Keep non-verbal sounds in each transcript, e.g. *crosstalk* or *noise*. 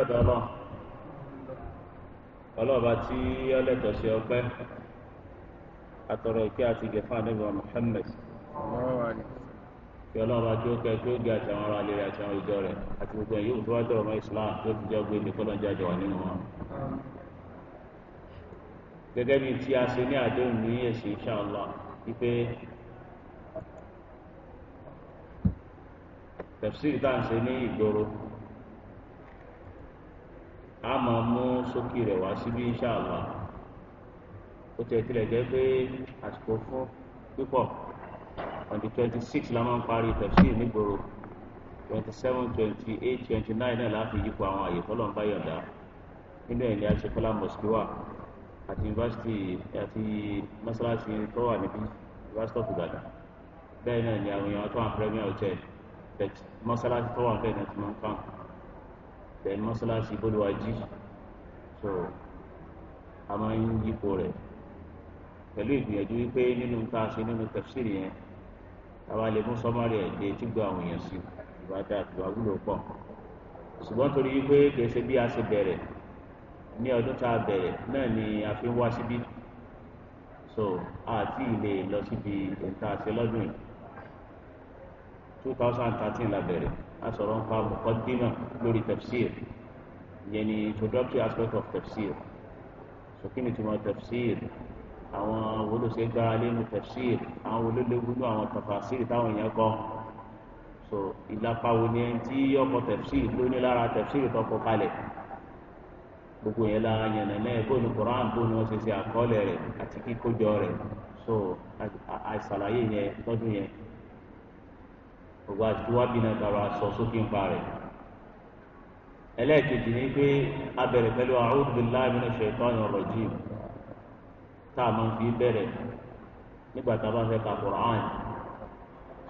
ọ̀dọ̀ ọlọ́run ọlọ́ọ̀bá tí ọlẹ́tọ̀ ṣe ọpẹ́ atọ̀rọ̀ ìpè àti ìgẹ̀fà nígbà Muhammad kí ọlọ́ọ̀bá tí ó kẹ́ tí ó gé àti àwọn ará ilé rẹ̀ àti àwọn ìjọ rẹ̀ àti gbogbo ẹ̀yìn òkú wájú ọ̀rọ̀ Islam tó ti jẹ́ gbé ní kọ́lọ́ jáde wà nínú wọn. gẹ́gẹ́ bíi tí a ṣe ní àdéhùn ní èsì inshallah wípé tafsir tá ń ṣe ní ìgboro a máa mú sókè rẹ̀ wá síbí inṣàlá ó tẹ̀ tilẹ̀ jẹ́ pé àsìkò fún pípọ̀ on the twenty six la máa ń parí tafsir nígboro twenty seven twenty eight twenty nine náà láti yípo àwọn àyè fọlọ́nba yọ̀dá nínú ẹ̀ ní asekola mosque wa àti yunifásitì àti mọ́sálásí tó wà níbí yunifásitì of Ìbàdàn bẹ́ẹ̀ náà ni àwọn èèyàn tó wà premier hotel mọ́sálásí tó wà bẹ́ẹ̀ náà ti máa ń kàn then mọ́sálásí bólúwájí so a máa ń yípo rẹ̀ pẹ̀lú ìgbìyànjú wípé nínú tá a ṣe nínú tafsiri yẹn táwa lè mú sọmọrì ẹ̀ dé tí gbọ́ àwọn èèyàn sí ìwà dá ìwà wúlò pọ̀ ṣùgbọ́n torí wípé kìí ṣe bí a ṣe bẹ̀rẹ̀ ní ọdún tá a bẹ̀rẹ̀ náà ni a fi ń wá síbí so àti ilé lọ síbi ìta ṣe lọ́dún yìí two la bẹ̀rẹ̀ asọ̀rọ̀ ń fa muqaddima lórí tafsir ìyẹn ni introductory aspect of tafsir sókè ní tìmọ̀ tafsir àwọn olóṣèlú gbára lẹ́nu tafsir àwọn olólùwúlò àwọn tafasir táwọn èèyàn kọ́ so ìlàpá wo ni ẹni tí ọkọ̀ tafsir ló ní lára tafsir tó kọ kalẹ̀ gbogbo yẹn lára yànnà náà kó ní Quran kó ní wọ́n ṣe ṣe àkọọ́lẹ̀ rẹ̀ àti kíkójọ rẹ̀ so àìsàlàyé yẹn lọ́dún yẹn gbogbo àtiwábí náà tààrà sọ sókè ń pa rẹ̀ ẹlẹ́ẹ̀kejì ni pé abẹ̀rẹ̀ pẹ̀lú a'udhu billahi minash shaitanir rajim tá a máa ń fi bẹ̀rẹ̀ nígbà tá a bá fẹ́ ka Qur'an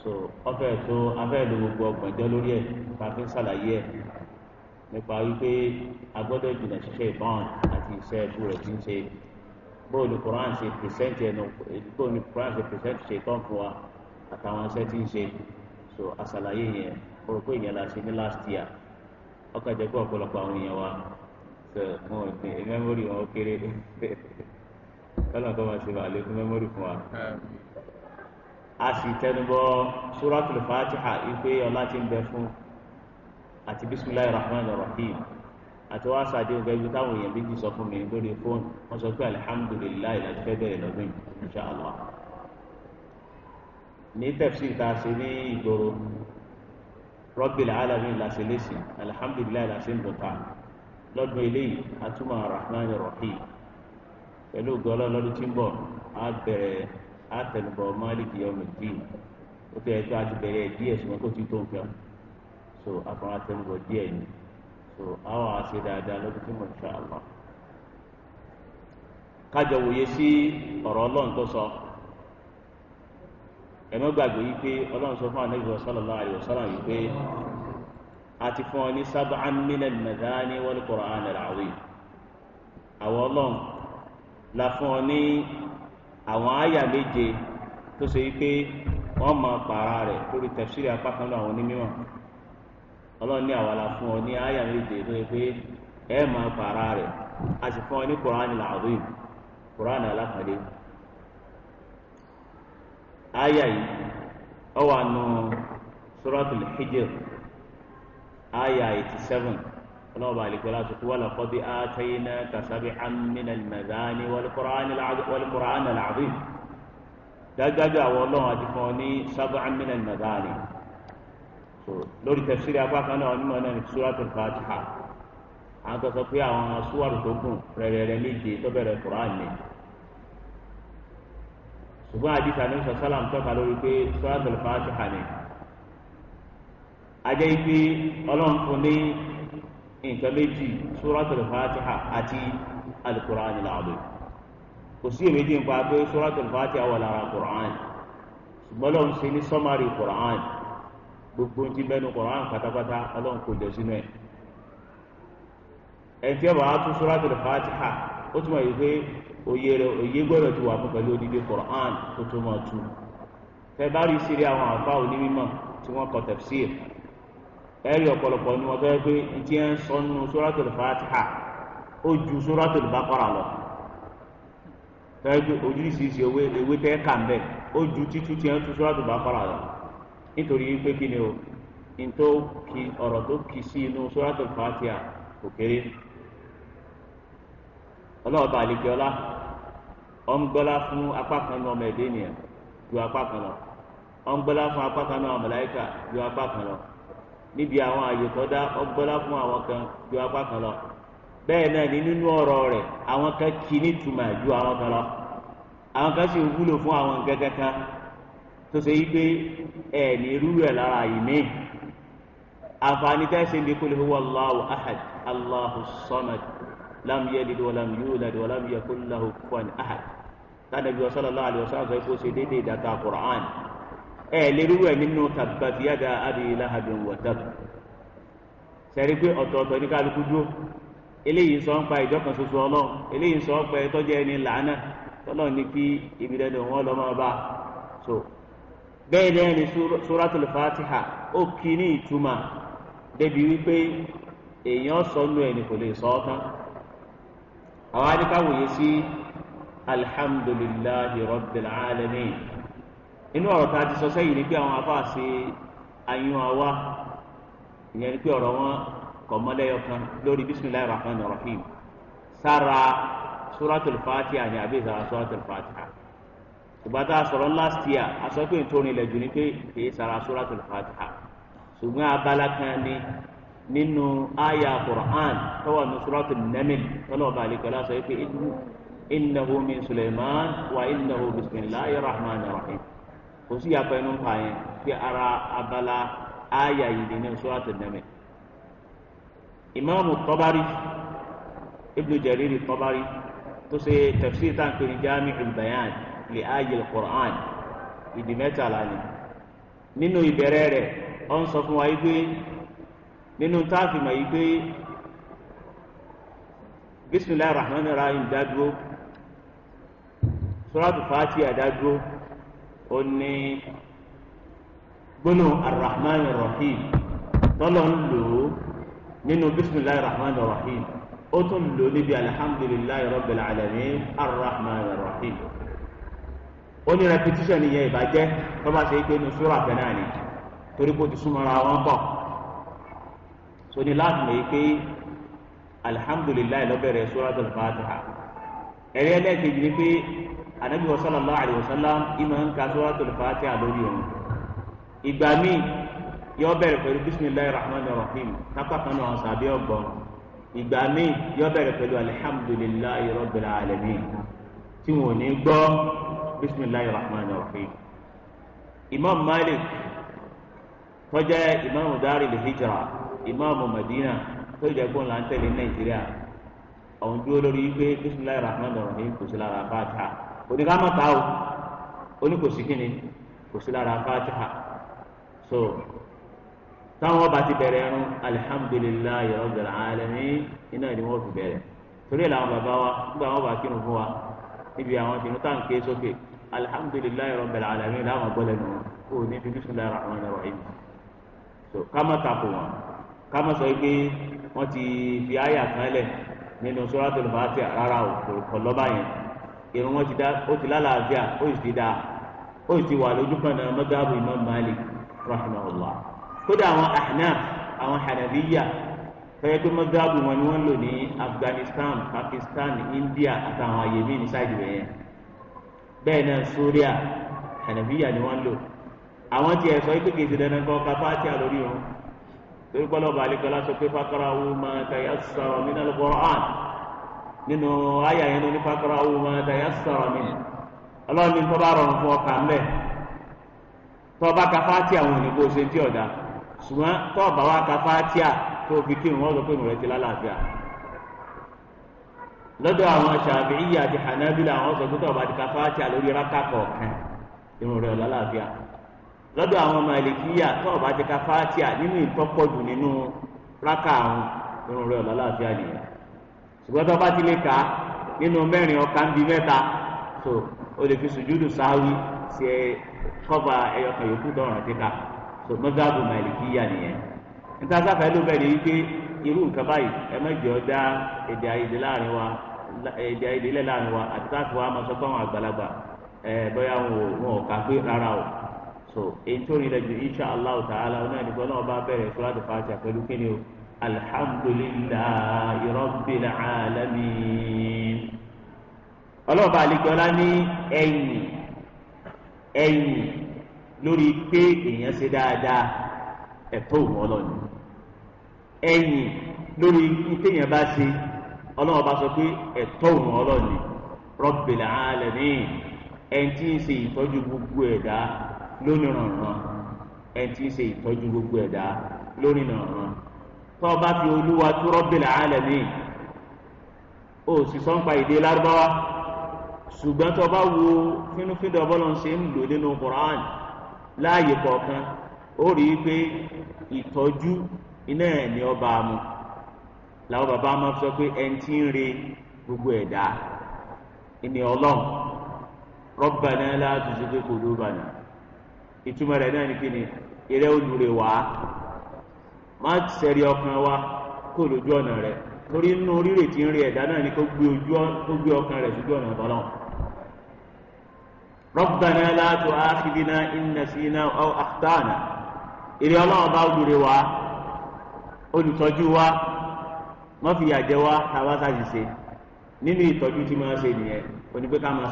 so ọfẹ tó abẹ́ẹ̀lú gbogbo ọgbọ̀njọ́ lórí ẹ̀ ká fi ń ṣàlàyé ẹ̀ nípa wípé a gbọ́dọ̀ ṣiṣẹ́ ìbọn àti iṣẹ́ ẹ̀kú rẹ̀ ti ń ṣe bóun ni Qur'an ṣe pèsèǹtì ẹnu ṣe pèsèǹtì ṣe tán fún wa àtàwọn iṣẹ́ ti ń ṣe. so àṣàlàyé yẹn mo rò pé la ṣe ní last year ọkọ̀ jẹ́ pé ọ̀pọ̀lọpọ̀ àwọn èèyàn wa so mo ní mẹ́mórì wọn kéré kọ́lá kọ́ máa ṣe wà lẹ́kún mẹ́mórì fún wa. a sì tẹnubọ̀ suratul fatiha ipe ọlá ti ń bẹ fún àti bisimilayi rahman rahim àti wá sáde táwọn èèyàn sọ fún mi lórí fóònù wọn sọ pé alihamudulilayi láti ní tẹ̀síì tá a ṣe ní ìgboro Rabbil alamin làṣẹ lẹ́sìn alihamdulilayi làṣẹ ń bọ̀ ta lọ́dún eléyìí atúmọ̀ rahman rahim pẹ̀lú gọlọ́ lọ́dún tí ń bọ̀ á bẹ̀rẹ̀ á tẹnubọ̀ máàlìkì yọmi dín ó ti ẹjọ́ àti bẹ̀rẹ̀ díẹ̀ ṣùgbọ́n kó ti tó nǹkan so àfọwọ́n àtẹnubọ̀ díẹ̀ ni so àwọn àṣẹ dáadáa lọ́dún tí mo ṣe àlọ́ kájọ wòye sí ọ̀rọ̀ ọlọ́run tó sọ. So, ẹ̀mọ́ gbàgbé yìí pé ọlọ́run sọ fún anábì sallallahu alaihi wasallam yìí pé a ti fún ọ ní sab'an minal madani wal qur'an al-azim àwọn ọlọ́run la fún ọ ní àwọn àyà méje tó ṣe yìí pé wọ́n máa pààrà rẹ̀ lórí tafsiri apá kan lọ àwọn onímọ̀ ọlọ́run ní àwa la fún ọ ní àyà méje tó ṣe pé ẹ máa pààrà rẹ̀ a sì fún ọ ní qur'an al-azim qur'an alákàdé àyà yìí ó wà nù suratul hijr àyà eighty seven ọlọ́ọ̀bà àlìkọ́lá sọ̀tún wà laqad ataynaka sab'an minal madani wal qur'anil azim dájúdájú àwọn ọlọ́run àti fún ọ ní sab'an minal madani lórí tafsiri apá kan náà onímọ̀ náà ní suratul fatiha àwọn tó sọ pé àwọn suwaru tó gùn rẹ̀rẹ̀rẹ̀ méje tó bẹ̀rẹ̀ qur'an ni ṣùgbọ́n àdìsá ní sọ sálàm tọ́ka lórí pé suratul Fatiha ni ajẹ́ ipe ọlọ́run fún ní nǹkan méjì suratul Fatiha àti al-Qur'an al-Azim kò sí èméjì nípa pé suratul Fatiha wà lára Qur'an ṣùgbọ́n ọlọ́run ṣe ní sọ́mari Qur'an gbogbo ti bẹnu Qur'an pátápátá ọlọ́run kò jọ sínú ẹ̀ ẹ̀ tí ó bá tún suratul Fatiha ó túmọ̀ yìí pé òye rẹ̀ òye gbọ́dọ̀ ti wà fún pẹ̀lú odidi Qur'an kó tó mọ̀ tu fẹ́ bá rí sírí àwọn àfa onímọ̀ tí wọ́n kọ tafsir ẹ̀rí ọ̀pọ̀lọpọ̀ ni wọ́n fẹ́ pé ti ń sọ nínú suratul Fatiha ó ju suratul Baqara lọ fẹ́ pé oríṣiríṣi ewé tẹ́ kà ń bẹ̀ ó ju títú ti ń tu suratul Baqara lọ nítorí pé kí ni o ntó ki ọ̀rọ̀ tó kì sí inú suratul Fatiha kò ọlọ́ọ̀bà àlejò ọlá ọ̀ngbọ́lá fún apá kan ní ọmọ ẹ̀dẹ́ ènìyàn ju apá kan lọ ọ̀ngbọ́lá fún apá kan ní ọmọ màláíkà ju apá kan lọ níbi àwọn àyè tó dá ọ̀ngbọ́lá fún àwọn kan ju apá kan lọ bẹ́ẹ̀ náà ní nínú ọ̀rọ̀ rẹ̀ àwọn kan kì í nítumọ̀ ju àwọn kan lọ àwọn kan sì wúlò fún àwọn gẹ́gẹ́ kan tó ṣe yí pé ẹ̀ ní irú rẹ̀ lára yìí mí àǹfààní tẹ́sí ń bí kul huwa Allahu ahad lam yalid wa lam yulad wa lam yakul lahu kufuwan ahad lánàbí sallallahu alaihi wasallam sọ ikú ṣe déédéé ìdàkà Qur'an ẹ lérí wẹ̀ nínú tabbat yada abi lahabin wa tab sẹ́rí pé ọ̀tọ̀ọ̀tọ̀ ní kálukú dúró eléyìí sọ ń pa ìjọ kan ṣoṣo ọlọ́run eléyìí sọ ń pa ìtọ́jú ẹni làánà tọ́lọ́run ní kí ibi dandan wọn lọ́ bá so bẹ́ẹ̀ náà ni suratul fatiha ó kí ní ìtumọ̀ débi wípé èèyàn sọ ẹni kò lè sọ ọ́ tán àwọn adìkàwòye sí alhamdulillahi rabbil alamin inú ọ̀rọ̀ tá a ti sọ sẹ́yìn ni pé àwọn afáà ṣe ayún àwa ìyẹn ni pé ọ̀rọ̀ wọn kọ̀ mọ́lẹ́yọ kan lórí bisimilahi rahman rahim sára suratul fatiha ni àbí sára suratul fatiha ṣùgbọ́n tá last year a sọ ilẹ̀ jù ni pé kì í sára suratul fatiha ṣùgbọ́n abala kan ni nínú àyà Qur'an tọ́wọ́ ní suratul Naml tọ́lọ́ọ̀bà àlekọ́lá sọ pé innahu min Sulaiman wa innahu bisimilahi rahman rahim kò sí yàtọ̀ inú pa yẹn kí ara abala àyà yìí nínú suratul Naml. imaamu Tabari ibnu Jariri Tabari tó ṣe tafsir tá à ń pè ní Jami'ul Bayan li ayil Qur'an ìdí mẹ́tàlá ni nínú ìbẹ̀rẹ̀ rẹ̀ ó ń sọ wa nínú táàfì mọ̀ yìí pé bisimilahi rahman rahim dádúró suratu fatiha dádúró ó ní gbóná arahman rahim tọ́lọ̀ ń lò ó nínú bisimilahi rahman rahim ó tún lò níbi alihamdulilayi rabbil alamin arahman rahim ó ní repetition yẹn ìbàjẹ́ tó bá ṣe é pé nusura bẹ́ẹ̀ náà ni torí kò ti súnmọ́ra wọn pọ̀ sóni láti mọ̀ yìí pé alihamudulilayi lọ́bẹ̀rẹ̀ suratul fatiha ẹ̀rí ẹlẹ́ẹ̀kejì ni pé anabi wa sallallahu alayhi wa sallam ima ń ka suratul fatiha lórí ọ̀hún ìgbà míì yọ bẹ̀rẹ̀ pẹ̀lú bisimilayi rahman rahim kápá kan náà sàbẹ̀ ọgbọ̀n ìgbà míì yọ bẹ̀rẹ̀ pẹ̀lú alihamudulilayi rabbil alamin tí wọn ò ní gbọ́ bisimilayi rahman rahim imam malik tó jẹ́ imam dari lihijra ìmáàmù Madina tó ìjẹ́ kó là ń tẹ̀lé Nàìjíríà ọ̀hún dúró lórí wípé bisimilayi rahman rahim kò sí lára fatiha oníkàmọ́ta o oní kò sí kíni kò sí lára fatiha so táwọn ọba ti bẹ̀rẹ̀ ẹnu alihamdulilayi rabbil alamin iná ni wọ́n fi bẹ̀rẹ̀ torí làwọn bàbá wa nígbà wọn bá kírun fún wa níbi àwọn tìǹbù tá à ń ké sókè alihamdulilayi rabbil alamin làwọn gbọ́dọ̀ nù ó ní fi bisimilayi rahman rahim so kámọ́ta kò wọ́n ká má sọ pé wọ́n ti fi àyà kan lẹ̀ nínú suratul Fatiha rárá o kò lọ́ba yẹn irun wọn ti da ó ti lálàáfíà ó sì ti da ó sì ti wà lójú kan náà mọ́tàbù Imam Malik rahimahullah kódà àwọn Ahnaf àwọn Hanabiya fẹ́ẹ́ pé mọ́tàbù wọn ni wọ́n lò ní Afghanistan Pakistan India àtàwọn àyè míì ní sáìdì rẹ̀ yẹn bẹ́ẹ̀ náà Suria Hanabiya ni wọ́n lò àwọn tiẹ̀ sọ pé kìí ti dandan kọ́ kápá àti àlórí wọn. torí pé ọlọ́ba àlekọ́lá sọ pé faqra'u ma tayassara minal Qur'an nínú àyà yẹn ní faqra'u ma tayassara ọlọ́run ní rọrùn fún ọkà ka fátíà àwọn òyìnbó ṣe ti ọ̀dà ṣùgbọ́n tọ́ba wa ka tó fi wọ́n ti lálàáfíà lọ́dọ̀ àwọn àti àwọn ti ka lọ́dọ̀ àwọn màlìkíyà tó ọba ti ka fátíà nínú ìtọ́pọ̀jù nínú rákà àrùn irun rẹ̀ ọ̀làláàfíà nìyẹn ṣùgbọ́n tó bá ti lè kà á nínú mẹ́rin ọ̀ka ń bi mẹ́ta tó o lè fi sùjúdù sáwí ṣe kọ́ba ẹyọkàn yòókù dọ̀ràn ti kà tó mọ́gàbù màlìkíyà nìyẹn níta sáfẹ́ ló bẹ̀rẹ̀ yìí pé irú nǹkan báyìí ẹ mẹ́jọ dá èdè àìdè so èyí tó rí insha allah ta'ala ọ̀nà ìdìbò náà bá bẹ̀rẹ̀ sọ́láàtì fàájà pẹ̀lú kíni o alhamdulillahi rabbil alamin ọlọ́ọ̀bá àlejòọ́lá ní ẹ̀yìn ẹ̀yìn lórí pé èèyàn ṣe dáadáa ẹ̀tọ́ òun ọlọ́ọ̀ni ẹ̀yìn lórí téèyàn bá ṣe ọlọ́ọ̀bá sọ pé ẹ̀tọ́ òun ọlọ́ọ̀ni lónìí rànràn ẹni tí ń ṣe ìtọ́jú gbogbo ẹ̀dá lónìí rànràn tó o bá fi olúwa tó Rabbil Alamin o sì sọ nípa èdè lárúbáwá ṣùgbọ́n tó o bá wo fínúfíndà ọbọ̀lọ́n ṣe ń lò nínú Qur'an láàyè kọ̀ọ̀kan ó rí i pé ìtọ́jú iná ẹ̀ ní ọba mu làwọn bàbá máa sọ pé ẹni tí ń re gbogbo ẹ̀dá ìní ọlọ́run Rabbana la tuzigh qulubana. ìtumọ̀ rẹ̀ náà ni kí ni eré wá má ọkàn wa kó lójú ọ̀nà rẹ̀ torí inú rírè tí ń rí ẹ̀dá náà ni kó gbé ọkàn rẹ̀ sójú ọ̀nà bọ́lọ́n. ربنا لا تؤاخذنا إن نسينا أو ọlọ́run bá olùrè wá olùtọ́jú wa wọ́n fi yàjẹ́ wa tá a nínú ìtọ́jú tí máa ṣe nìyẹn onígbé ká máa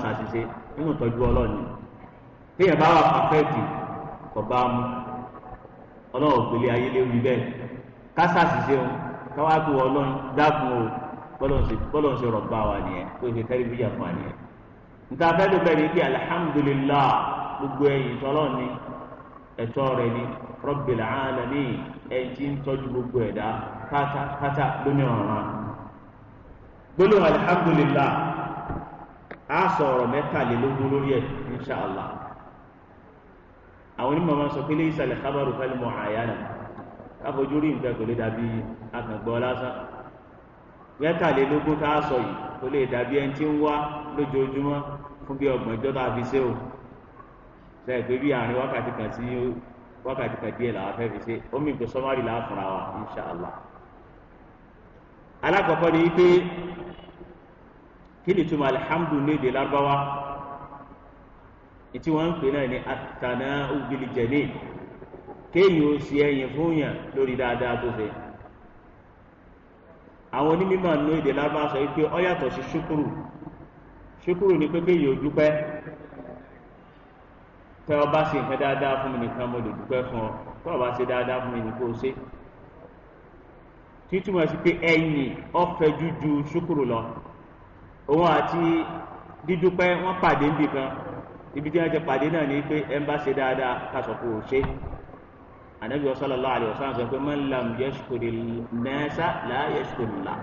nínú ìtọ́jú ọlọ́run ni kéèyàn bá wà pàfẹ́ẹ̀tì kò bá mu ọlọ́run pèlè ayé léwu bẹ́ẹ̀ kásá ṣiṣẹ́ o káwá tó ọlọ́run dákun o bọ́lọ̀ ń ṣe rọ̀bà wa nìyẹn kó o ṣe kẹ́rì bíyà fún wa nìyẹn. nta fẹ́ẹ́ ló bẹ̀rẹ̀ ibi alihamudulilayi gbogbo ẹ̀yìn tọ́lọ́ ni ẹ̀tọ́ rẹ̀ ni rọ́bìlì alami ẹ̀jí ń tọ́jú gbogbo ẹ̀dá pátápátá lónìí ọ̀ràn. gbólóhùn alihamudulilayi a sọ̀rọ̀ mẹ́tàlélógún lórí ẹ̀ inṣàlá àwọn onímọ̀ máa ń sọ pé lè sàlẹ̀ kábàrò fẹ́ lè mọ àyà nà káfojú rí nǹkan kò lè dàbí akàngbọ́ lásán mẹ́tàlélógún tá a sọ yìí kò lè dàbí ẹni tí ń wá lójoojúmọ́ fún bí ọgbọ̀n ìjọ tá a fi ṣe o sẹ́yìn pé bí àárín wákàtí kan sí wákàtí kan díẹ̀ làwọn fẹ́ fi ṣe omi ìgbẹ́ sọ́márì làwọn fúnra wa inṣàlá alákọ̀ọ́kọ́ ni wípé kí ni túmọ̀ alihamdu ní lárúbáwá ìtí wọ́n ń pè náà ní àtàná ògbìlì jẹ̀mí kéèyàn ó sì ẹ̀yìn fún yàn lórí dáadáa tó fẹ́ àwọn onímọ̀ nínú èdè lábá sọ pé ó yàtọ̀ sí ṣúkúrù ṣúkúrù ni pé kéèyàn ó dúpẹ́ tẹ ọ bá ṣe nǹkan dáadáa fún mi nìkan mo lè dúpẹ́ fún ọ tẹ ọ bá ṣe dáadáa fún mi nìkan ó ṣe títúmọ̀ sí pé ẹ̀yìn ọ̀fẹ́ jújú ṣúkúrù lọ òun àti dídúpẹ́ wọ́n pàdé níbì kan ibi tí wọ́n ti pàdé náà ni pé ẹ ń bá ṣe dáadáa kásọ̀ kó o ṣe anabi sallallahu alaihi wasallam sọ pé man lam yashkuri nasa la yashkuri la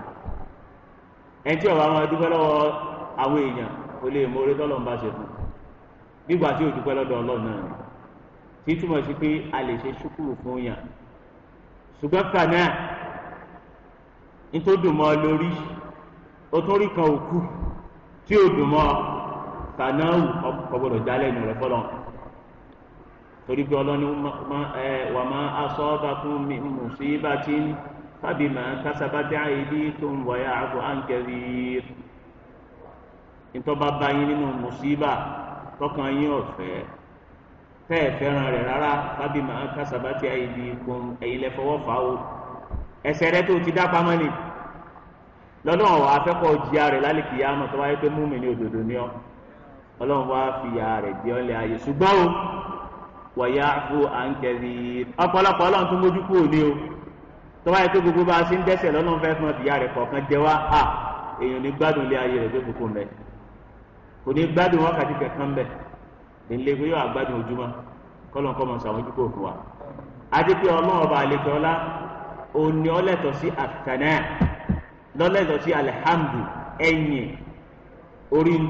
ẹ tí ọba máa dúpẹ́ lọ́wọ́ àwọn èèyàn kò lè mọ orí tọ́lọ̀ ń bá ṣe fún nígbà tí o dúpẹ́ lọ́dọ̀ ọlọ́run náà tí túmọ̀ sí pé a lè ṣe ṣúkúrù fún yàn ṣùgbọ́n kànáà nítorí dùn mọ́ lórí o tún rí kan òkú tí ò dùn mọ́ ọ. kanáwù ọgbọdọ̀ jálẹ̀ ìnú rẹ̀ fọlọ́ torí pé ọlọ́ni wà má aṣọ ọba fún mi mùsíbà tí fábì máa kásábàtì àìdí tó ń wáyà àbò àǹkẹ́rì ntọ́ba bá yín nínú mùsíbà tọkàn yín ọ̀fẹ́ tẹ́ fẹ́ràn rẹ̀ rárá fábì máa kásábàtì àìdí fà o rẹ tó ti dá pamọ́ lọ́dọ̀ rẹ̀ lálẹ́ tó wáyé pé múmi ní ọlọ́run wá fìyà rẹ̀ jẹ́ ọ́n lé ayé ṣùgbọ́n o wọ̀yá fún àǹkẹ́rì ọ̀pọ̀lọpọ̀ ọlọ́run tó mójú kúrò ní o tọ́wá yẹ kó gbogbo bá a ṣe ń dẹ́sẹ̀ lọ́lọ́run fẹ́ fún ọ̀fìyà rẹ̀ kọ̀ọ̀kan jẹ wá à èèyàn ní gbádùn lé ayé rẹ̀ tó kúkú mẹ́ kò ní gbádùn wákàtí kẹ̀kan bẹ̀ nílé pé yóò àgbádùn ojúmọ́ kọ́lọ́n kọ́ mọ̀ sàwọn ojú kò wa. adé pé ọlọ́run ọba àlejò ọlá òní ọlẹ́tọ̀ sí àtànà lọ́lẹ́tọ̀ sí alhamdu ẹ̀yìn orí ń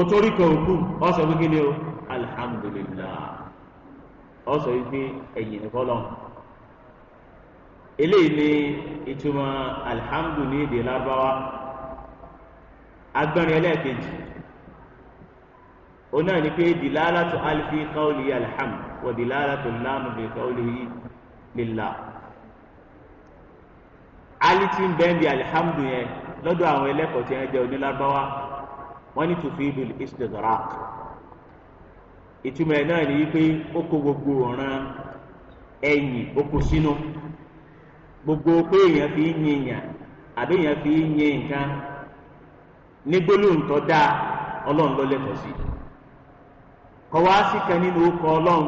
o torí kan òkú ọ sọ wípé ní o alihamudulilayi ọ sọ wípé ẹ̀yìn ní fọlọ́ eléyìí ni ìtumọ̀ alihamudu ní èdè lábáwá agbẹ́rin ẹlẹ́ẹ̀kejì o náà ní pé dìlálàtò alifi káwọlì alihamudu wà dìlálàtò láàmù bẹ káwọlì lila aliti bẹ́ẹ̀ bí alihamudu lọ́dọ̀ àwọn ẹlẹ́kọ̀ọ́ tí wọ́n jẹ́ onílábáwá. wọ́n ní tùfíìdù istidrak ìtumọ̀ ẹ̀ náà nìyí pé ó kó gbogbo ọ̀ràn ẹ̀yìn ó kó sínú gbogbo pé èèyàn fi ń yin èèyàn àbí èèyàn fi ń yin nǹkan ní gbólóhùn dáa ọlọ́run ló lẹ́tọ̀ọ́ sí kọ́ wá sí kan nínú orúkọ ọlọ́run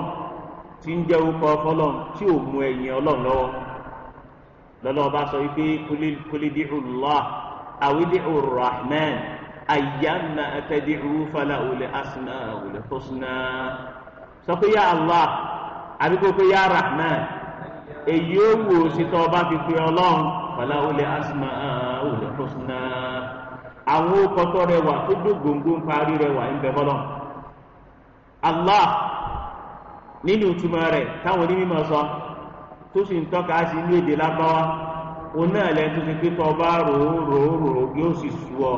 tí ń jẹ́ orúkọ ọlọ́run tí ò mú ẹ̀yìn ọlọ́run lọ́wọ́ أيما أتدعو فله الأسماء الحسنى sọ pé ya Allah àbí kó pé ya Rahman èyí ó wù ó sí tó o bá fi pe ọlọ́run falahu al husna àwọn òkòtò rẹwà tó dógóńgó parí ń bẹ Allah nínú ìtumọ̀ rẹ̀ táwọn onímọ̀ sọ tó sì ń tọ́ka sí ní èdè lábáwá òun náà lẹ́nu tó ti pé o rò ó rò ó rò ó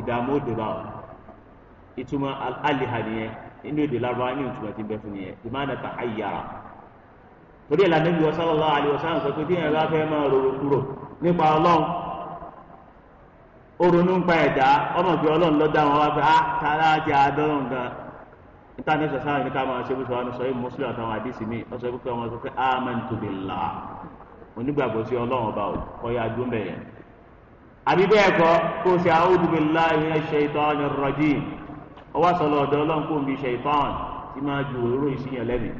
ìdààmú òde bá ọ ìtumọ̀ aliha nìyẹn nínú èdè Lárúbáwá ní ti bẹ fún yẹn ìmọ̀ ànàtà ayára torí ìlànà ìlú sallallahu alaihi wasallam sọ pé tí yẹn bá fẹ́ máa rorò kúrò nípa ọlọ́run oronú ń pa ọmọ bíi wọn wá pé ah tààrà ti gan máa ṣe bí sọ wọn sọ yìí mùsùlùmí àtàwọn àdìsí mi wọn sọ pé ọba kọ́ yá àbí bẹ́ẹ̀ kọ́ kó o ṣe a'udhu billahi minash shaitanir rajim ó wá sọ̀rọ̀ ọ̀dọ̀ ọlọ́run kó o bí ṣèitán tí máa ju òróró ìṣìyàn lẹ́nu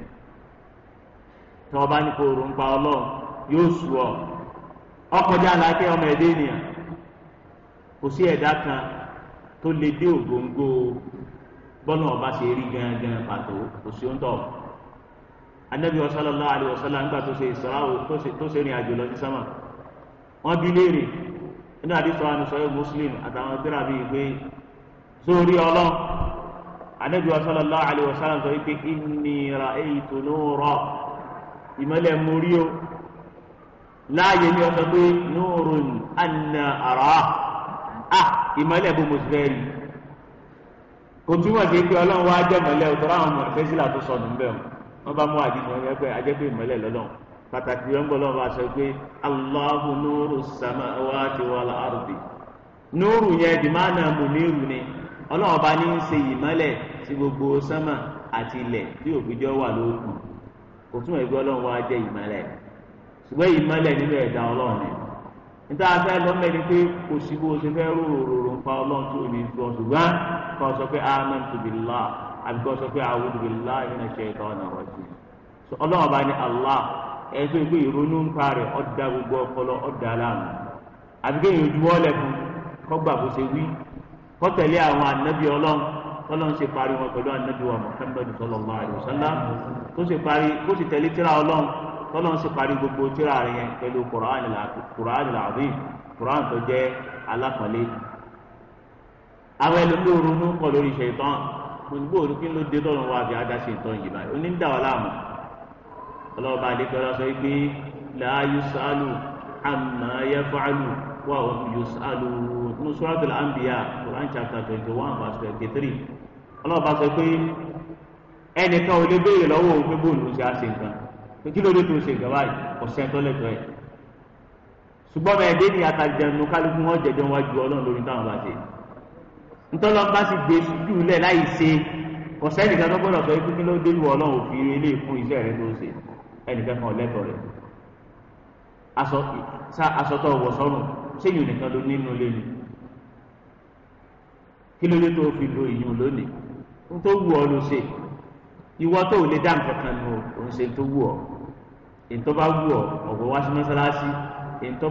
tí wọ́n bá ní kó o rò ń pa ọlọ́run yóò sù ọ́ ọkọjá alákẹ́ ọmọ ẹ̀dẹ́ ènìyàn kò sí ẹ̀dá kan tó lè dé ògóńgó bọ́nà ọba ṣe rí gangan pàtó kò sí ó tọ̀ anabi sallallahu alaihi nígbà tó ṣe ìsọ̀rọ̀ tó ṣe rìn àjò lọ sí sámà wọ́n bí léèrè nínú àdìsọ ànusọyọ muslim àtàwọn ìdíra bíi pé sórí ọlọ anabi sallallahu alaihi wasallam sọ wípé inni ra'aytu nura ìmọ́lẹ̀ mórí o láàyè ni ọsọ pé nurun anna ara a ah, ìmọ́lẹ̀ bó mo ti fẹ́ rí kò túmọ̀ sí pé ọlọ́run wá jẹ́ mọ́lẹ̀ òtọ́rọ̀ àwọn mọ̀lẹ́sílà tó sọnù ń bẹ̀ wọ́n bá mú àdìsọ yẹn pé ajẹ́ pé pàtàkì wọn bọ̀ lọ́wọ́ aṣọ pé Allahu nuru samawati wal ardi nuru yẹn dìmánà mùnírù ni ọlọ́wọ́ ní í ṣe ìmọ́lẹ̀ sí gbogbo sánmà àti ilẹ̀ tí òfìjọ́ wà lókun kò túmọ̀ ìgbé ọlọ́run wá jẹ́ ìmọ́lẹ̀ ṣùgbọ́n ìmọ́lẹ̀ nínú ẹ̀dá ọlọ́run ni níta lọ́mọ ẹni pé kò sí bó ṣe fẹ́ ń pa ọlọ́run tó ní ṣùgbọ́n sọ pé àbíkọ́ sọ pé ọlọ́run ọba ni Allah ẹgbẹ́ ìgbé ìrònú ń pa rẹ̀ ọ̀dà gbogbo ọpọlọ ọ̀dà aláàmù àti kéèyàn ojú wọ́ọ̀lẹ̀ fún kọ́gbà bó ṣe wí kọ́tẹ̀lé àwọn ànábì ọlọ́run tọ́lọ́run ṣe parí wọn pẹ̀lú ànábì wa Muhammad sallallahu alaihi wasallam tó ṣe parí tó ṣe tẹ̀lé tíra ọlọ́run tọ́lọ́run ṣe parí gbogbo tíra rẹ̀ yẹn pẹ̀lú kùránì làbí kùránì tó jẹ́ alákọ̀ọ́lé àwọn ẹlòmíràn ronú kọ lórí ṣètọ́n mo ní bóòlù kí ló dé tọ́lọ́run wa àbí adá ṣètọ́n yìí báyìí ọlọ́ọ̀bá adékọ́lá sọ pé la yusalu amma yaf'alu wà hum yusalu ní suratul anbiya Quran chapter twenty one verse twenty three ọlọ́ọ̀bá sọ pé ẹnìkan ò lè béèrè lọ́wọ́ òun pé bóòlù ṣe ṣe nǹkan pé kí ló dé tó ṣe ọ̀sẹ̀ tó ẹ̀ ṣùgbọ́n dé ní atajẹnu kálukú wọn ọlọ́run lórí táwọn bá ṣe sì gbé sùdù lẹ̀ láì ṣe ọ̀sẹ̀ nìkan tó gbọ́dọ̀ sọ pé ẹnìkan kan ọ̀lẹ́tọ̀ rẹ̀ asọtọ̀ ọ̀wọ̀ sọ́run séyìn nìkan ló nínú ilé ni kí ló dé tó fi lo ìyún lónìí n tó wù ọ ló ṣe ìwọ tó lè dá nǹkan kan nù ń ṣe tó wù ọ èyí bá wù ọ ọ̀wọ̀ wá sí mọ́sálásí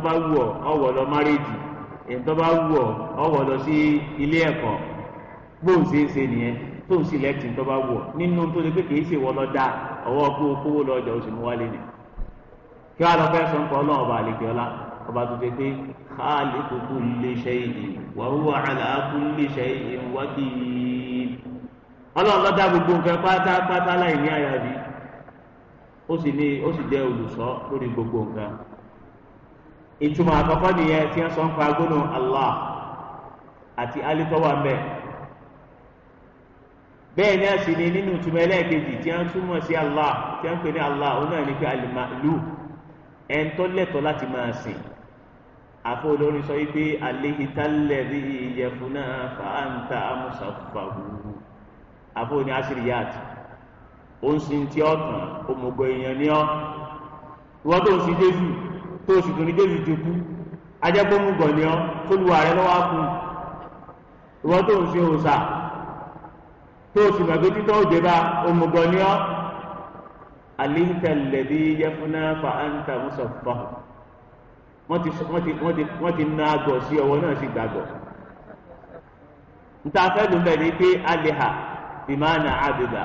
bá wù ọ ọ̀wọ̀ lọ márèjì èyí bá wù ọ ọ̀wọ̀ lọ sí ilé ẹ̀kọ́ gbóhùn ṣe é ṣe nìyẹn tóun sì lẹ́tì bá wù ọ nínú tó lè pé kì í ṣèwọ ọwọ́ kú kówó lọ ọjà oṣù mú wálé ni kí wàá lọ fẹ́ sọ nǹkan ọba àlejò ọlá ọba tó tètè káàlì kúkú lè ṣe ìdí wà wúwà àlàákú lè ṣe ìdí nke ọlọ́run lọ́dá gbogbo nǹkan pátápátá láì ní àyàbí ó sì ní ó gbogbo nǹkan ìtumọ̀ àkọ́kọ́ nìyẹn tí wọ́n sọ ń pa Allah àti bẹ́ẹ̀ a sì ni nínú ìtumọ̀ ẹlẹ́ẹ̀kejì tí wọ́n túmọ̀ sí Allah tí a pè ní Allah òun náà pé alimalu ẹn tó lẹ́tọ̀ọ́ láti máa sìn àfọ olórin sọ wípé alehitálẹ̀ rí ìyẹ̀fun náà fáńtà amúsàfàwù àfọ ní asiriyat ó tí ó tàn òmùgọ̀ èèyàn ni ọ́ ìwọ́n tó sin Jésù tó sì tún ní Jésù ti kú ajẹ́gbọ́mùgọ̀ ní ọ́ tó lu ààrẹ lọ́wọ́ tó sin tó o sì gbàgbé títọ́ òjò bá òmùgọ̀ ni ọ́ àlíńtà lẹ́bí yẹfúnà fàáńtà mùsọ̀fà wọ́n ti na àgọ̀ sí ọwọ́ náà sì gbàgọ̀ nta fẹ́ ló ń bẹ̀ ni pé aliha ìmáàna àbìdà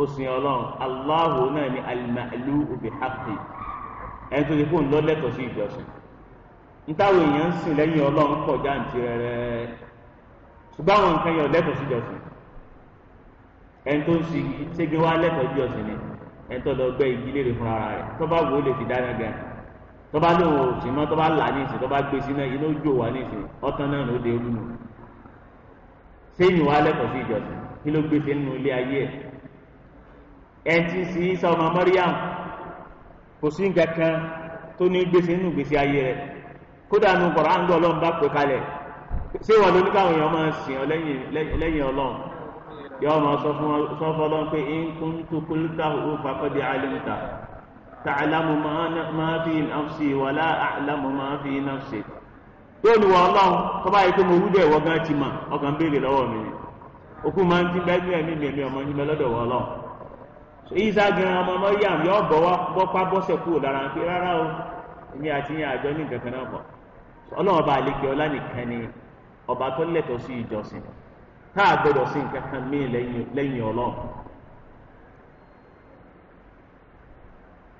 òsìn ọlọ́run aláwo náà ni alimalu òbí hàpì ẹni tó ti fóun lọ́lẹ́tọ̀ sí ìjọsìn ntáwọn èèyàn ń sìn lẹ́yìn ọlọ́run pọ̀ jáǹtì rẹ̀ ṣùgbọ́n àwọn nǹkan yẹn ò sí ìjọsìn ẹni tó ń si ségi wá lẹ́tọ̀ọ́ bí ọ̀sìn ni ẹni tó lọ gbẹ́ igi léèrè fúnra rẹ̀ tó bá wò fi dáná gan tó bá sì mọ́ tó là ní ìsìn gbé sí náà iná jò wá ní ìsìn náà ló dé olúmu sẹ́yìn wá lẹ́tọ̀ọ́ sí ìjọsìn kí ló gbé sẹ́nu ilé ayé ẹ̀ ẹni tí ń sin kò sí nǹkan kan tó ní gbèsè nínú gbèsè ayé rẹ̀ kódà nu Kùránì Ọlọ́run bá pè kalẹ̀ ṣé wọn lóníkàwọn èèyàn máa sìn ọ lẹ́yìn Ọlọ́run yọọ ma sọ fún sọ fọlọ pé nkún alimta tàlámù máa fi nàfsì wàlá àlámù máa fi nàfsì tó ní wọ Ọlọ́run tó báyìí pé mo wú bẹ́ẹ̀ ti ọkàn béèrè lọ́wọ́ mi ni òkú máa ń ti bẹ́ẹ̀ ní ẹ̀mí mi ọmọ ní lọ́dọ̀ ìyíṣà gan ọmọ yà yọ wá kúrò lára pé rárá o èmi àti yẹn àjọ ní náà ọba àlekè ọlá nìkan ni ọba tó lẹ́tọ̀ọ́ sí ìjọsìn tá a gbọdọ̀ sí nǹkan kan míì lẹ́yìn ọlọ́run.